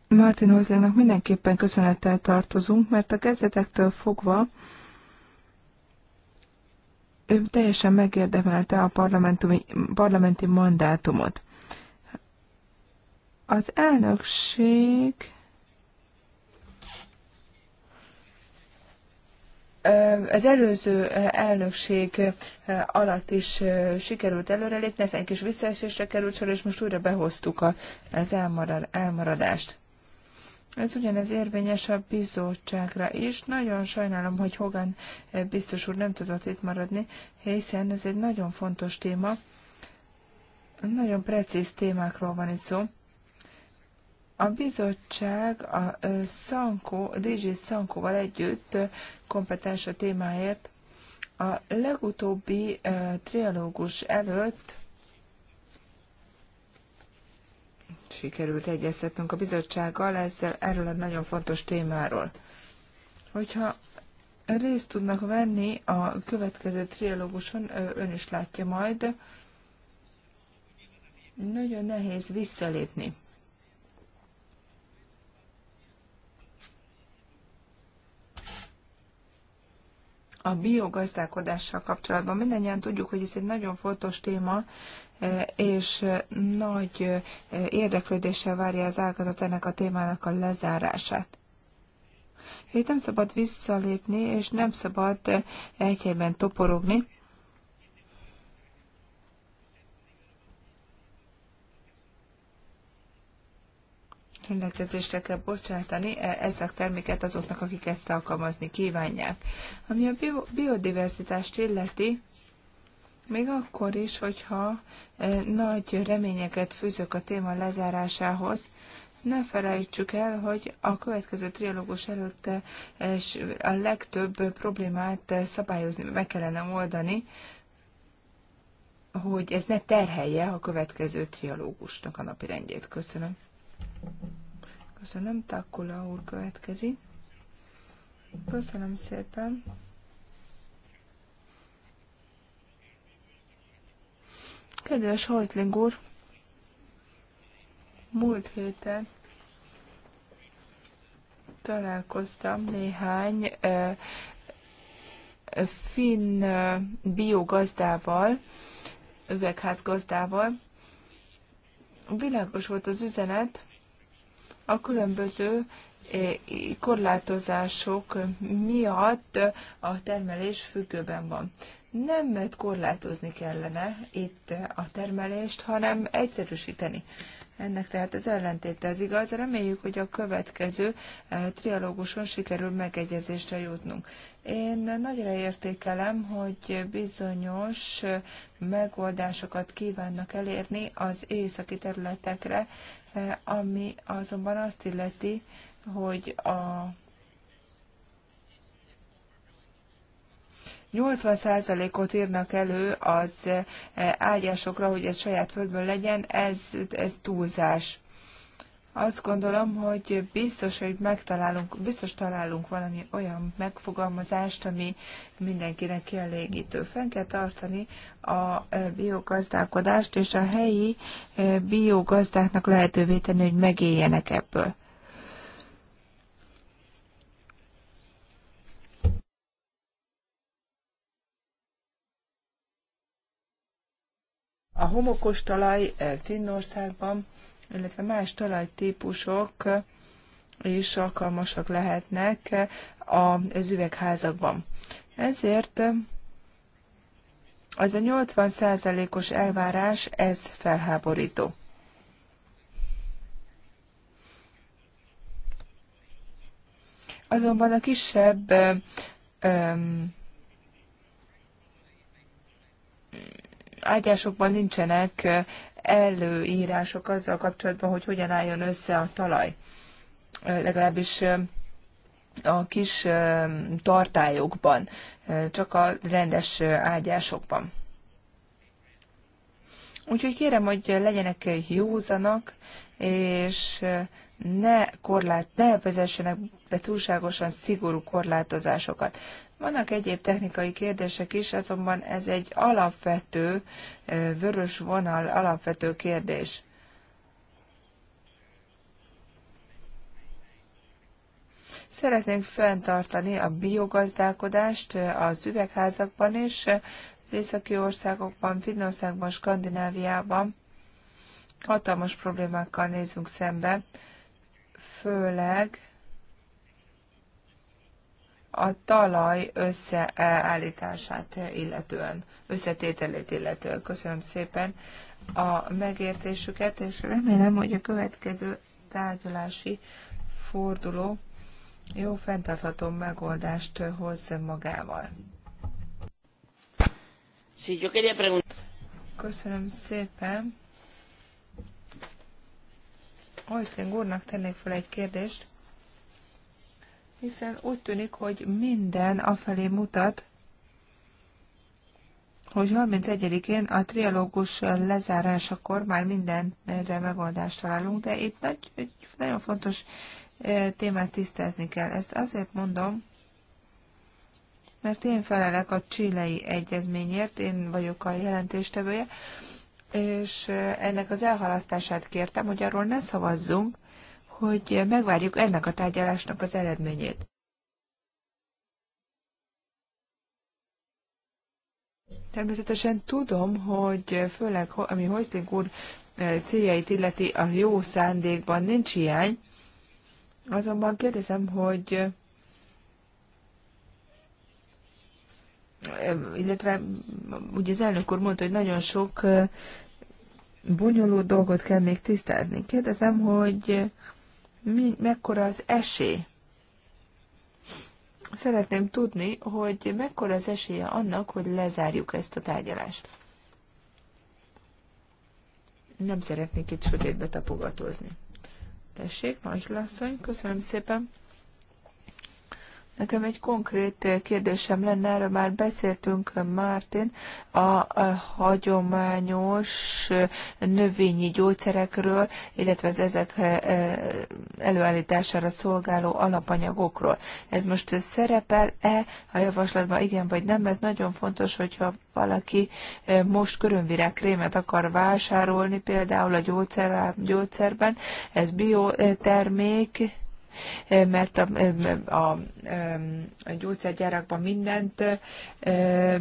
Martin Hozlának mindenképpen köszönettel tartozunk, mert a kezdetektől fogva ő teljesen megérdemelte a parlamentumi, parlamenti mandátumot. Az elnökség az előző elnökség alatt is sikerült előrelépni, egy kis visszaesésre került sor, és most újra behoztuk az elmaradást. Ez ugyanez érvényes a bizottságra is. Nagyon sajnálom, hogy Hogan biztos úr nem tudott itt maradni, hiszen ez egy nagyon fontos téma. Nagyon precíz témákról van itt szó. A bizottság a Szankó, DG Szankóval együtt kompetens a témáért. A legutóbbi trialógus előtt sikerült egyeztetnünk a bizottsággal ezzel erről a nagyon fontos témáról. Hogyha részt tudnak venni a következő trialóguson, ön is látja majd, nagyon nehéz visszalépni. a biogazdálkodással kapcsolatban. Mindennyian tudjuk, hogy ez egy nagyon fontos téma, e, és nagy e, érdeklődéssel várja az ágazat ennek a témának a lezárását. Itt nem szabad visszalépni, és nem szabad e, egy helyben toporogni. rendelkezésre kell bocsátani e, ezek terméket azoknak, akik ezt alkalmazni kívánják. Ami a biodiverzitást illeti, még akkor is, hogyha e, nagy reményeket fűzök a téma lezárásához, ne felejtsük el, hogy a következő trialógus előtt e, a legtöbb problémát szabályozni, meg kellene oldani, hogy ez ne terhelje a következő trialógusnak a rendjét. Köszönöm. Köszönöm, Takula úr következik. Köszönöm szépen. Kedves Hozling úr, múlt héten találkoztam néhány ö, finn eh, biogazdával, üvegházgazdával. Világos volt az üzenet, a különböző eh, korlátozások miatt a termelés függőben van. Nem mert korlátozni kellene itt a termelést, hanem egyszerűsíteni. Ennek tehát az ellentéte az igaz. Reméljük, hogy a következő eh, trialóguson sikerül megegyezésre jutnunk. Én nagyra értékelem, hogy bizonyos eh, megoldásokat kívánnak elérni az északi területekre, ami azonban azt illeti, hogy a 80%-ot írnak elő az ágyásokra, hogy ez saját földből legyen, ez, ez túlzás. Azt gondolom, hogy biztos, hogy megtalálunk, biztos találunk valami olyan megfogalmazást, ami mindenkinek kielégítő. Fenn kell tartani a e, biogazdálkodást, és a helyi e, biogazdáknak lehetővé tenni, hogy megéljenek ebből. A homokos talaj e, Finnországban illetve más talajtípusok is alkalmasak lehetnek az üvegházakban. Ezért az a 80%-os elvárás, ez felháborító. Azonban a kisebb öm, ágyásokban nincsenek előírások azzal kapcsolatban, hogy hogyan álljon össze a talaj. Legalábbis a kis tartályokban, csak a rendes ágyásokban. Úgyhogy kérem, hogy legyenek józanak, és ne, korlát, ne vezessenek be túlságosan szigorú korlátozásokat. Vannak egyéb technikai kérdések is, azonban ez egy alapvető, vörös vonal, alapvető kérdés. Szeretnénk fenntartani a biogazdálkodást az üvegházakban is, az északi országokban, Finnországban, Skandináviában. Hatalmas problémákkal nézünk szembe főleg a talaj összeállítását illetően, összetételét illetően. Köszönöm szépen a megértésüket, és remélem, hogy a következő tárgyalási forduló jó fenntartható megoldást hoz magával. Köszönöm szépen. Oisling úrnak tennék fel egy kérdést, hiszen úgy tűnik, hogy minden afelé mutat, hogy 31-én a trialógus lezárásakor már mindenre megoldást találunk, de itt nagy, egy nagyon fontos e, témát tisztázni kell. Ezt azért mondom, mert én felelek a csilei egyezményért, én vagyok a jelentéstevője, és eh, ennek az elhalasztását kértem, hogy arról ne szavazzunk, hogy megvárjuk ennek a tárgyalásnak az eredményét. Természetesen tudom, hogy főleg, ami Hoisling úr eh, céljait illeti, a jó szándékban nincs hiány, azonban kérdezem, hogy eh, illetve ugye az elnök úr mondta, hogy nagyon sok bonyolult dolgot kell még tisztázni. Kérdezem, hogy mi, mekkora az esély? Szeretném tudni, hogy mekkora az esélye annak, hogy lezárjuk ezt a tárgyalást. Nem szeretnék itt sötétbe tapogatózni. Tessék, nagy lasszony, köszönöm szépen. Nekem egy konkrét kérdésem lenne, erről már beszéltünk, Martin, a hagyományos növényi gyógyszerekről, illetve az ezek e, e, előállítására szolgáló alapanyagokról. Ez most szerepel-e a javaslatban, igen vagy nem? Ez nagyon fontos, hogyha valaki e, most körönvirágkrémet akar vásárolni, például a gyógyszer, gyógyszerben, ez biotermék, Eh, mert a, eh, a, a, eh, a gyógyszergyárakban mindent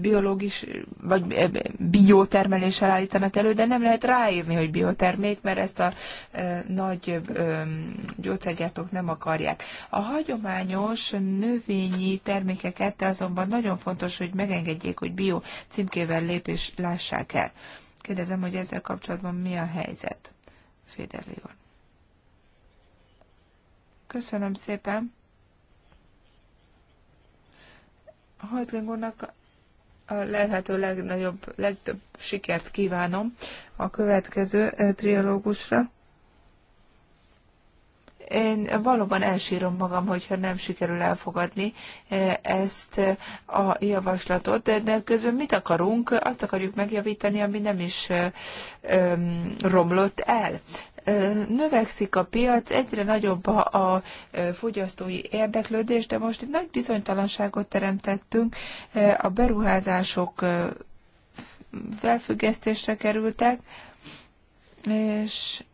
biológis vagy biotermeléssel állítanak elő, de nem lehet ráírni, hogy biotermék, mert ezt a nagy gyógyszergyártók nem akarják. A hagyományos növényi termékeket azonban nagyon fontos, hogy megengedjék, hogy bio címkével lépés lássák el. Kérdezem, hogy ezzel kapcsolatban mi a helyzet? Féderli úr. Köszönöm szépen. Hajtling úrnak a lehető legnagyobb, legtöbb sikert kívánom a következő triológusra. Én valóban elsírom magam, hogyha nem sikerül elfogadni ezt a javaslatot, de közben mit akarunk? Azt akarjuk megjavítani, ami nem is romlott el növekszik a piac, egyre nagyobb a, a fogyasztói érdeklődés, de most egy nagy bizonytalanságot teremtettünk, a beruházások felfüggesztésre kerültek, és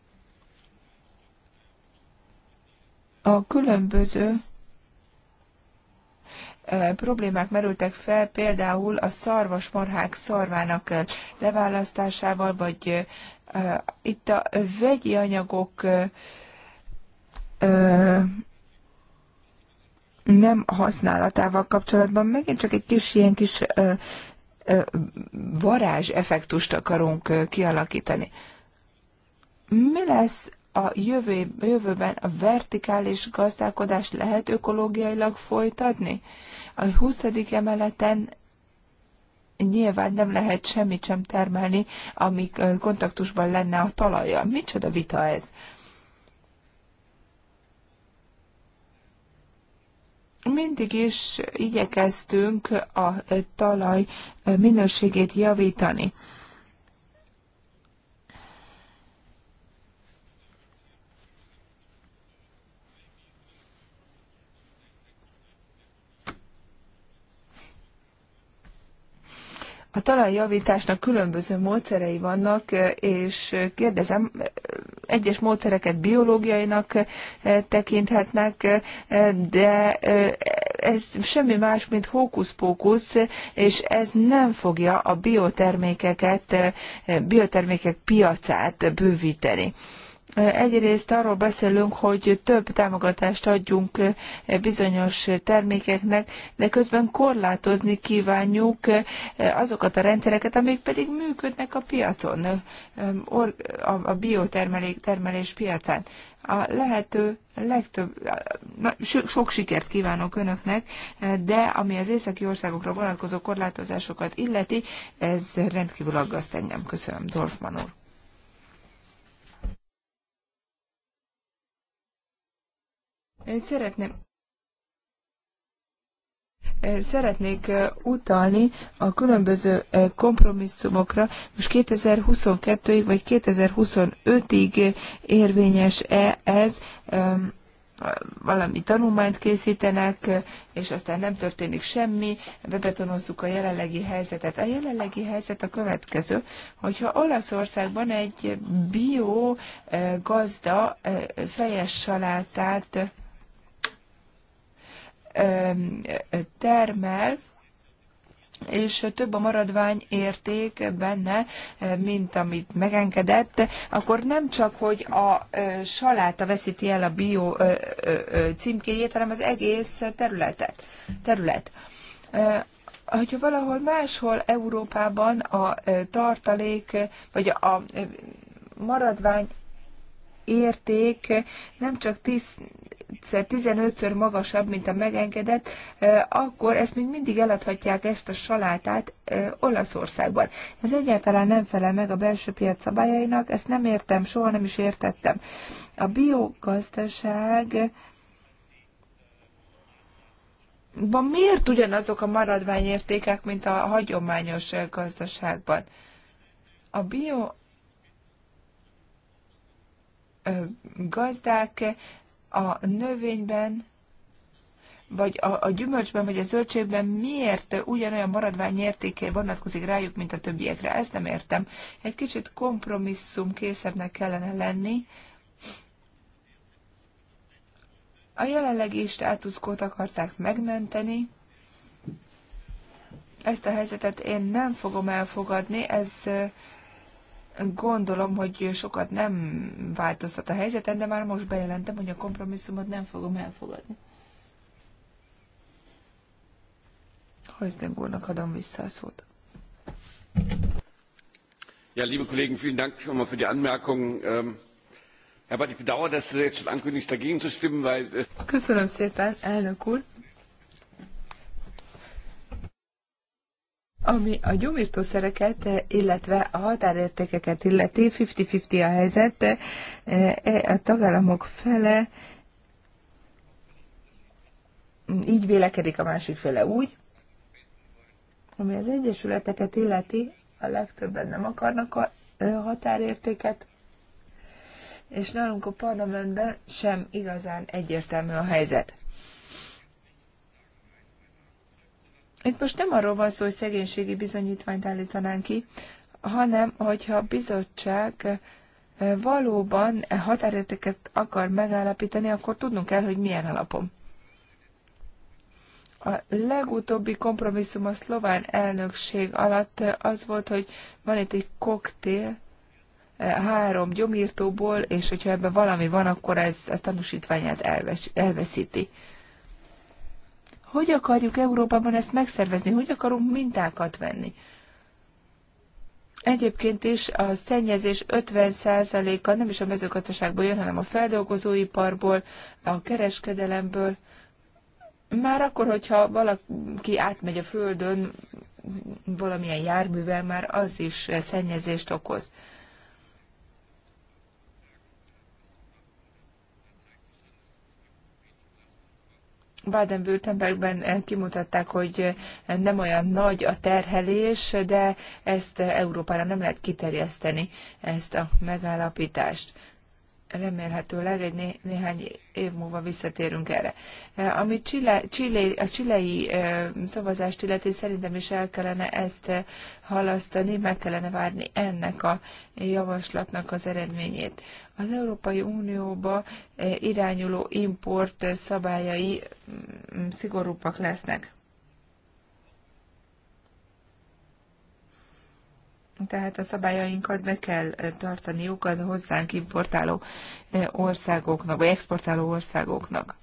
a különböző problémák merültek fel, például a szarvasmarhák szarvának leválasztásával, vagy itt a vegyi anyagok nem használatával kapcsolatban megint csak egy kis ilyen kis varázs effektust akarunk kialakítani. Mi lesz a jövő, jövőben a vertikális gazdálkodást lehet ökológiailag folytatni? A 20. emeleten nyilván nem lehet semmit sem termelni, ami kontaktusban lenne a talaja. Micsoda vita ez? Mindig is igyekeztünk a talaj minőségét javítani. A talajjavításnak különböző módszerei vannak, e, és kérdezem, e, egyes módszereket biológiainak e, tekinthetnek, de ez semmi más, mint hókusz-pókusz, és ez nem fogja a biotermékeket, biotermékek piacát bővíteni. Egyrészt arról beszélünk, hogy több támogatást adjunk eh, bizonyos termékeknek, de közben korlátozni kívánjuk eh, azokat a rendszereket, amik pedig működnek a piacon, eh, a biotermelés piacán. A lehető legtöbb, sok sikert kívánok önöknek, de ami az északi országokra vonatkozó korlátozásokat illeti, ez rendkívül aggaszt engem. Köszönöm, Dorfman úr. Én szeretném Szeretnék utalni a különböző kompromisszumokra, most 2022-ig vagy 2025-ig érvényes-e ez, valami tanulmányt készítenek, és aztán nem történik semmi, bebetonozzuk a jelenlegi helyzetet. A jelenlegi helyzet a következő, hogyha Olaszországban egy bio gazda fejes salátát termel, és több a maradvány érték benne, mint amit megengedett, akkor nem csak, hogy a saláta veszíti el a bio címkéjét, hanem az egész területet. terület hogyha valahol máshol Európában a tartalék, vagy a maradvány érték nem csak 10, 15-ször magasabb, mint a megengedett, akkor ezt még mindig eladhatják ezt a salátát Olaszországban. Ez egyáltalán nem felel meg a belső piac szabályainak, ezt nem értem, soha nem is értettem. A biogazdaság Ban miért ugyanazok a maradványértékek, mint a hagyományos gazdaságban? A bio gazdák a növényben, vagy a, a gyümölcsben, vagy a zöldségben miért ugyanolyan maradvány értéke vonatkozik rájuk, mint a többiekre. Ezt nem értem. Egy kicsit kompromisszum készebbnek kellene lenni. A jelenlegi státuszkót akarták megmenteni. Ezt a helyzetet én nem fogom elfogadni, ez Gondolom, hogy sokat nem változtat a helyzeten, de már most bejelentem, hogy a kompromisszumot nem fogom elfogadni. Hajszling úrnak adom vissza a szót. Ja, liebe Kollegen, vielen Dank nochmal für die Anmerkung. Ähm, Herr Bad, ich bedauere, dass Sie jetzt schon ankündigst, dagegen zu stimmen, weil... Äh, Köszönöm szépen, elnök úr. Ami a gyomírtószereket, illetve a határértékeket illeti, 50-50 a helyzet, e, e, a tagállamok fele így vélekedik, a másik fele úgy. Ami az egyesületeket illeti, a legtöbben nem akarnak a e, határértéket, és nálunk a parlamentben sem igazán egyértelmű a helyzet. Itt most nem arról van szó, hogy szegénységi bizonyítványt állítanánk ki, hanem hogyha a bizottság eh, valóban határértéket akar megállapítani, akkor tudnunk kell, hogy milyen alapon. A legutóbbi kompromisszum a szlován elnökség alatt eh, az volt, hogy van itt egy koktél, eh, három gyomírtóból, és hogyha ebben valami van, akkor ez a tanúsítványát elves, elveszíti. Hogy akarjuk Európában ezt megszervezni? Hogy akarunk mintákat venni? Egyébként is a szennyezés 50%-a nem is a mezőgazdaságból jön, hanem a feldolgozóiparból, a kereskedelemből. Már akkor, hogyha valaki átmegy a földön valamilyen járművel, már az is szennyezést okoz. Baden-Württembergben eh, kimutatták, hogy eh, nem olyan nagy a terhelés, de ezt eh, Európára nem lehet kiterjeszteni, ezt a megállapítást. Remélhetőleg egy né- néhány év múlva visszatérünk erre. Ami Chile, Chile, a csilei szavazást illeti, szerintem is el kellene ezt halasztani, meg kellene várni ennek a javaslatnak az eredményét az Európai Unióba eh, irányuló import szabályai mm, szigorúbbak lesznek. Tehát a szabályainkat be kell eh, tartaniuk a hozzánk importáló eh, országoknak, vagy exportáló országoknak.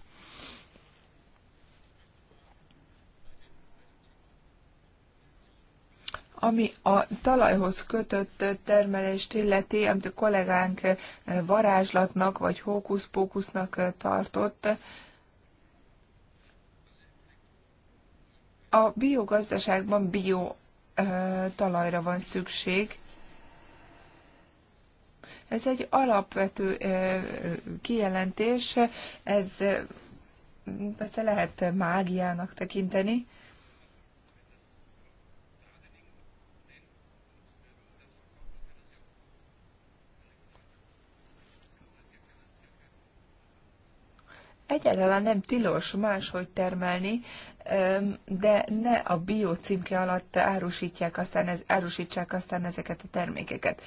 Ami a talajhoz kötött termelést illeti, amit a kollégánk eh, varázslatnak vagy hókuszpókusznak eh, tartott, a biogazdaságban bio eh, talajra van szükség. Ez egy alapvető kijelentés, ez persze lehet mágiának tekinteni, egyáltalán nem tilos máshogy termelni, de ne a bio címke alatt árusítják aztán, ez, árusítsák aztán ezeket a termékeket.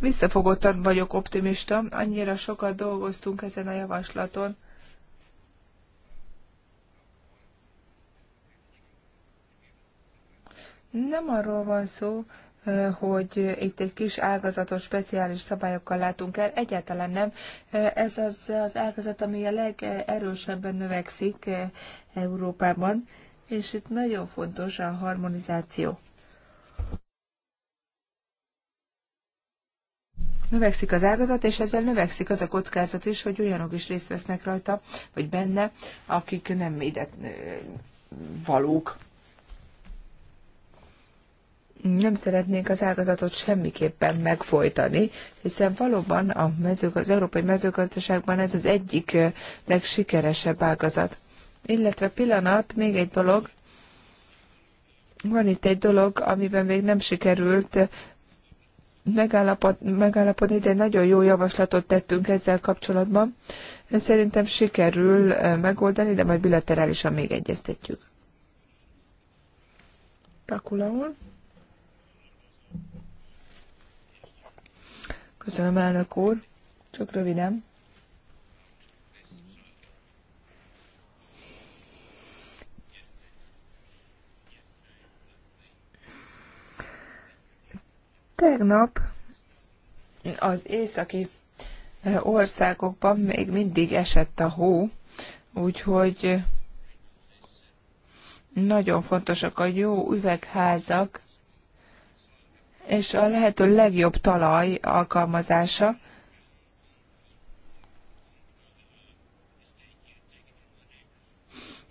Visszafogottan vagyok optimista, annyira sokat dolgoztunk ezen a javaslaton, Nem arról van szó, hogy itt egy kis ágazatot speciális szabályokkal látunk el, egyáltalán nem. Ez az, az ágazat, ami a legerősebben növekszik Európában, és itt nagyon fontos a harmonizáció. növekszik az ágazat, és ezzel növekszik az a kockázat is, hogy olyanok is részt vesznek rajta, vagy benne, akik nem ide valók nem szeretnénk az ágazatot semmiképpen megfojtani, hiszen valóban a mezők, az európai mezőgazdaságban ez az egyik legsikeresebb ágazat. Illetve pillanat, még egy dolog, van itt egy dolog, amiben még nem sikerült megállapod, megállapodni, de nagyon jó javaslatot tettünk ezzel kapcsolatban. Szerintem sikerül megoldani, de majd bilaterálisan még egyeztetjük. Takula úr. Köszönöm, elnök úr. Csak röviden. Tegnap az északi eh, országokban még mindig esett a hó, úgyhogy nagyon fontosak a jó üvegházak, és a lehető legjobb talaj alkalmazása.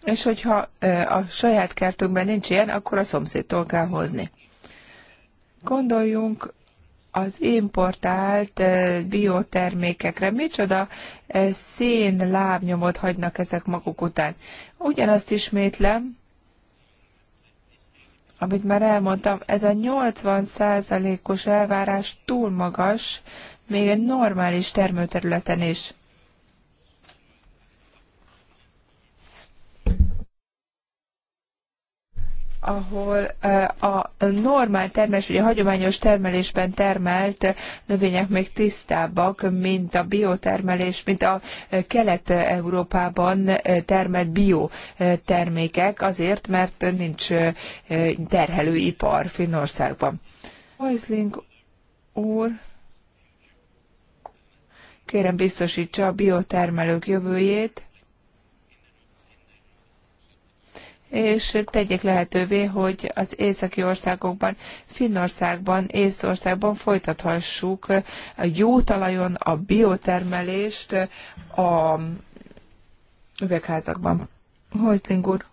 És hogyha a saját kertünkben nincs ilyen, akkor a szomszédtól kell hozni. Gondoljunk az importált biotermékekre. Micsoda szén lábnyomot hagynak ezek maguk után. Ugyanazt ismétlem, amit már elmondtam, ez a 80%-os elvárás túl magas, még egy normális termőterületen is. ahol eh, a normál termelés, vagy a hagyományos termelésben termelt növények még tisztábbak, mint a biotermelés, mint a eh, Kelet-Európában eh, termelt biotermékek, azért, mert nincs terhelő ipar Finnországban. Heusling úr, kérem biztosítsa a biotermelők jövőjét és tegyék lehetővé, hogy az északi országokban, Finnországban, Észországban folytathassuk a jó talajon a biotermelést a üvegházakban. Hozling úr.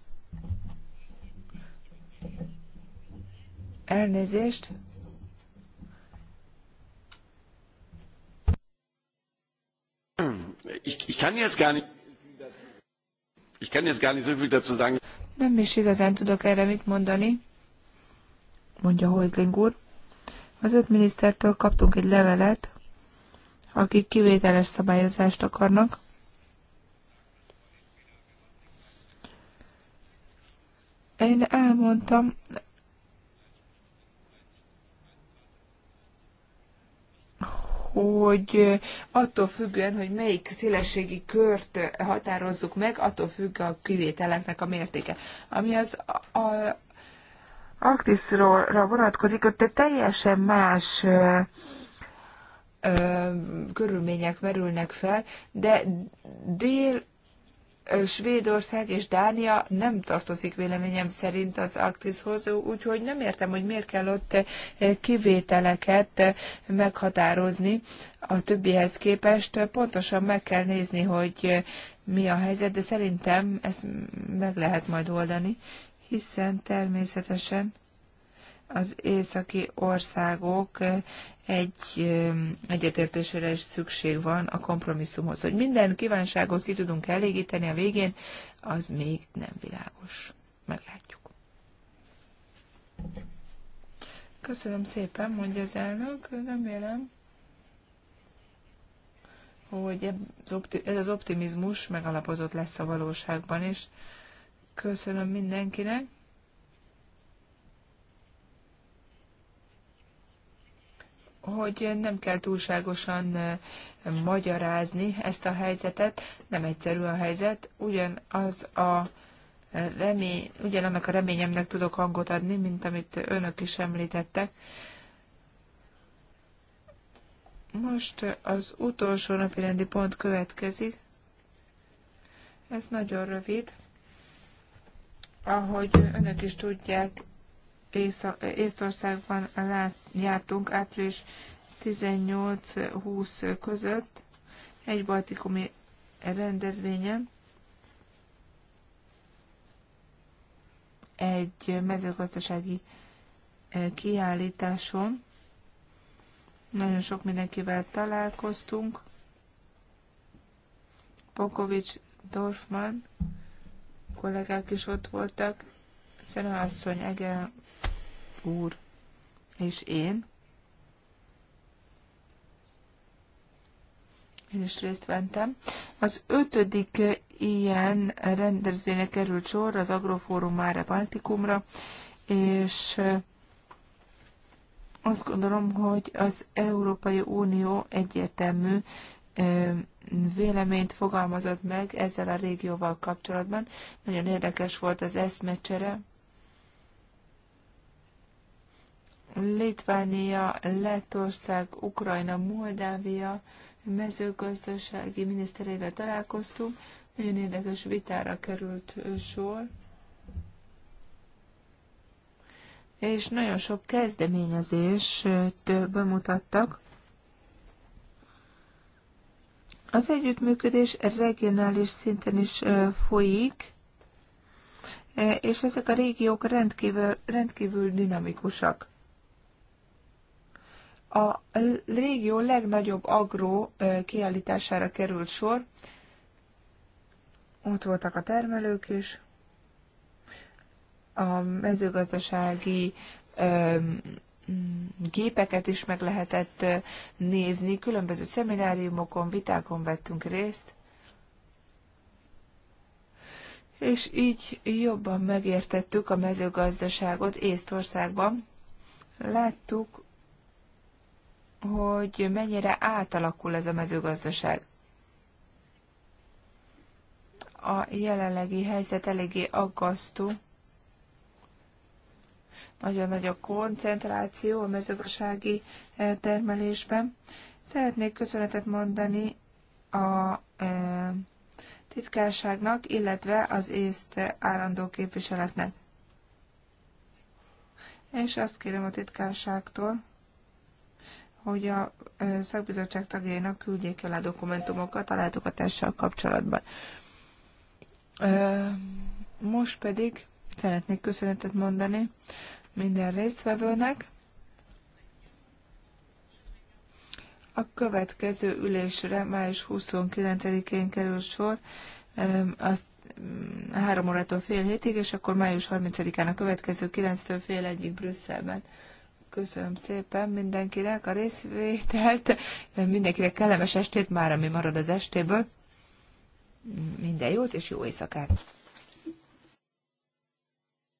Elnézést. Ich, ich kann jetzt gar nicht, ich kann jetzt gar nicht so viel dazu sagen. Nem is igazán tudok erre mit mondani, mondja Hozling úr. Az öt minisztertől kaptunk egy levelet, akik kivételes szabályozást akarnak. Én elmondtam hogy attól függően, hogy melyik szélességi kört határozzuk meg, attól függ a kivételeknek a mértéke. Ami az a, a Actisra vonatkozik, ott teljesen más ö, ö, körülmények merülnek fel, de dél Svédország és Dánia nem tartozik véleményem szerint az Arktiszhoz, úgyhogy nem értem, hogy miért kell ott eh, kivételeket eh, meghatározni a többihez képest. Pontosan meg kell nézni, hogy eh, mi a helyzet, de szerintem ezt meg lehet majd oldani, hiszen természetesen az északi országok egy egyetértésére is szükség van a kompromisszumhoz. Hogy minden kívánságot ki tudunk elégíteni a végén, az még nem világos. Meglátjuk. Köszönöm szépen, mondja az elnök. Remélem, hogy ez az optimizmus megalapozott lesz a valóságban is. Köszönöm mindenkinek. hogy nem kell túlságosan magyarázni ezt a helyzetet, nem egyszerű a helyzet, ugyanaz a remény, ugyanannak a reményemnek tudok hangot adni, mint amit önök is említettek. Most az utolsó napi rendi pont következik. Ez nagyon rövid. Ahogy önök is tudják, Észtországban jártunk április 18-20 között egy baltikumi rendezvényen. egy mezőgazdasági e, kiállításon. Nagyon sok mindenkivel találkoztunk. Pokovics, Dorfman kollégák is ott voltak. Szene asszony, úr és én. Én is részt vettem. Az ötödik ilyen rendezvényre került sor az Agroforum Mára Baltikumra, és azt gondolom, hogy az Európai Unió egyértelmű véleményt fogalmazott meg ezzel a régióval kapcsolatban. Nagyon érdekes volt az eszmecsere, Litvánia, Lettország, Ukrajna, Moldávia mezőgazdasági miniszterével találkoztunk. Nagyon érdekes vitára került sor. És nagyon sok kezdeményezést bemutattak. Az együttműködés regionális szinten is folyik, és ezek a régiók rendkívül, rendkívül dinamikusak a régió legnagyobb agró kiállítására került sor. Ott voltak a termelők is, a mezőgazdasági gépeket is meg lehetett nézni, különböző szemináriumokon, vitákon vettünk részt, és így jobban megértettük a mezőgazdaságot Észtországban. Láttuk, hogy mennyire átalakul ez a mezőgazdaság. A jelenlegi helyzet eléggé aggasztó. Nagyon nagy a koncentráció a mezőgazdasági eh, termelésben. Szeretnék köszönetet mondani a eh, titkárságnak, illetve az észt állandó képviseletnek. És azt kérem a titkárságtól, hogy a szakbizottság tagjainak küldjék el a dokumentumokat a látogatással kapcsolatban. Most pedig szeretnék köszönetet mondani minden résztvevőnek. A következő ülésre május 29-én kerül sor, azt mm, három órától fél hétig, és akkor május 30-án a következő 9-től fél egyik Brüsszelben köszönöm szépen mindenkinek a részvételt, mindenkinek kellemes estét, már ami marad az estéből. Minden jót és jó éjszakát!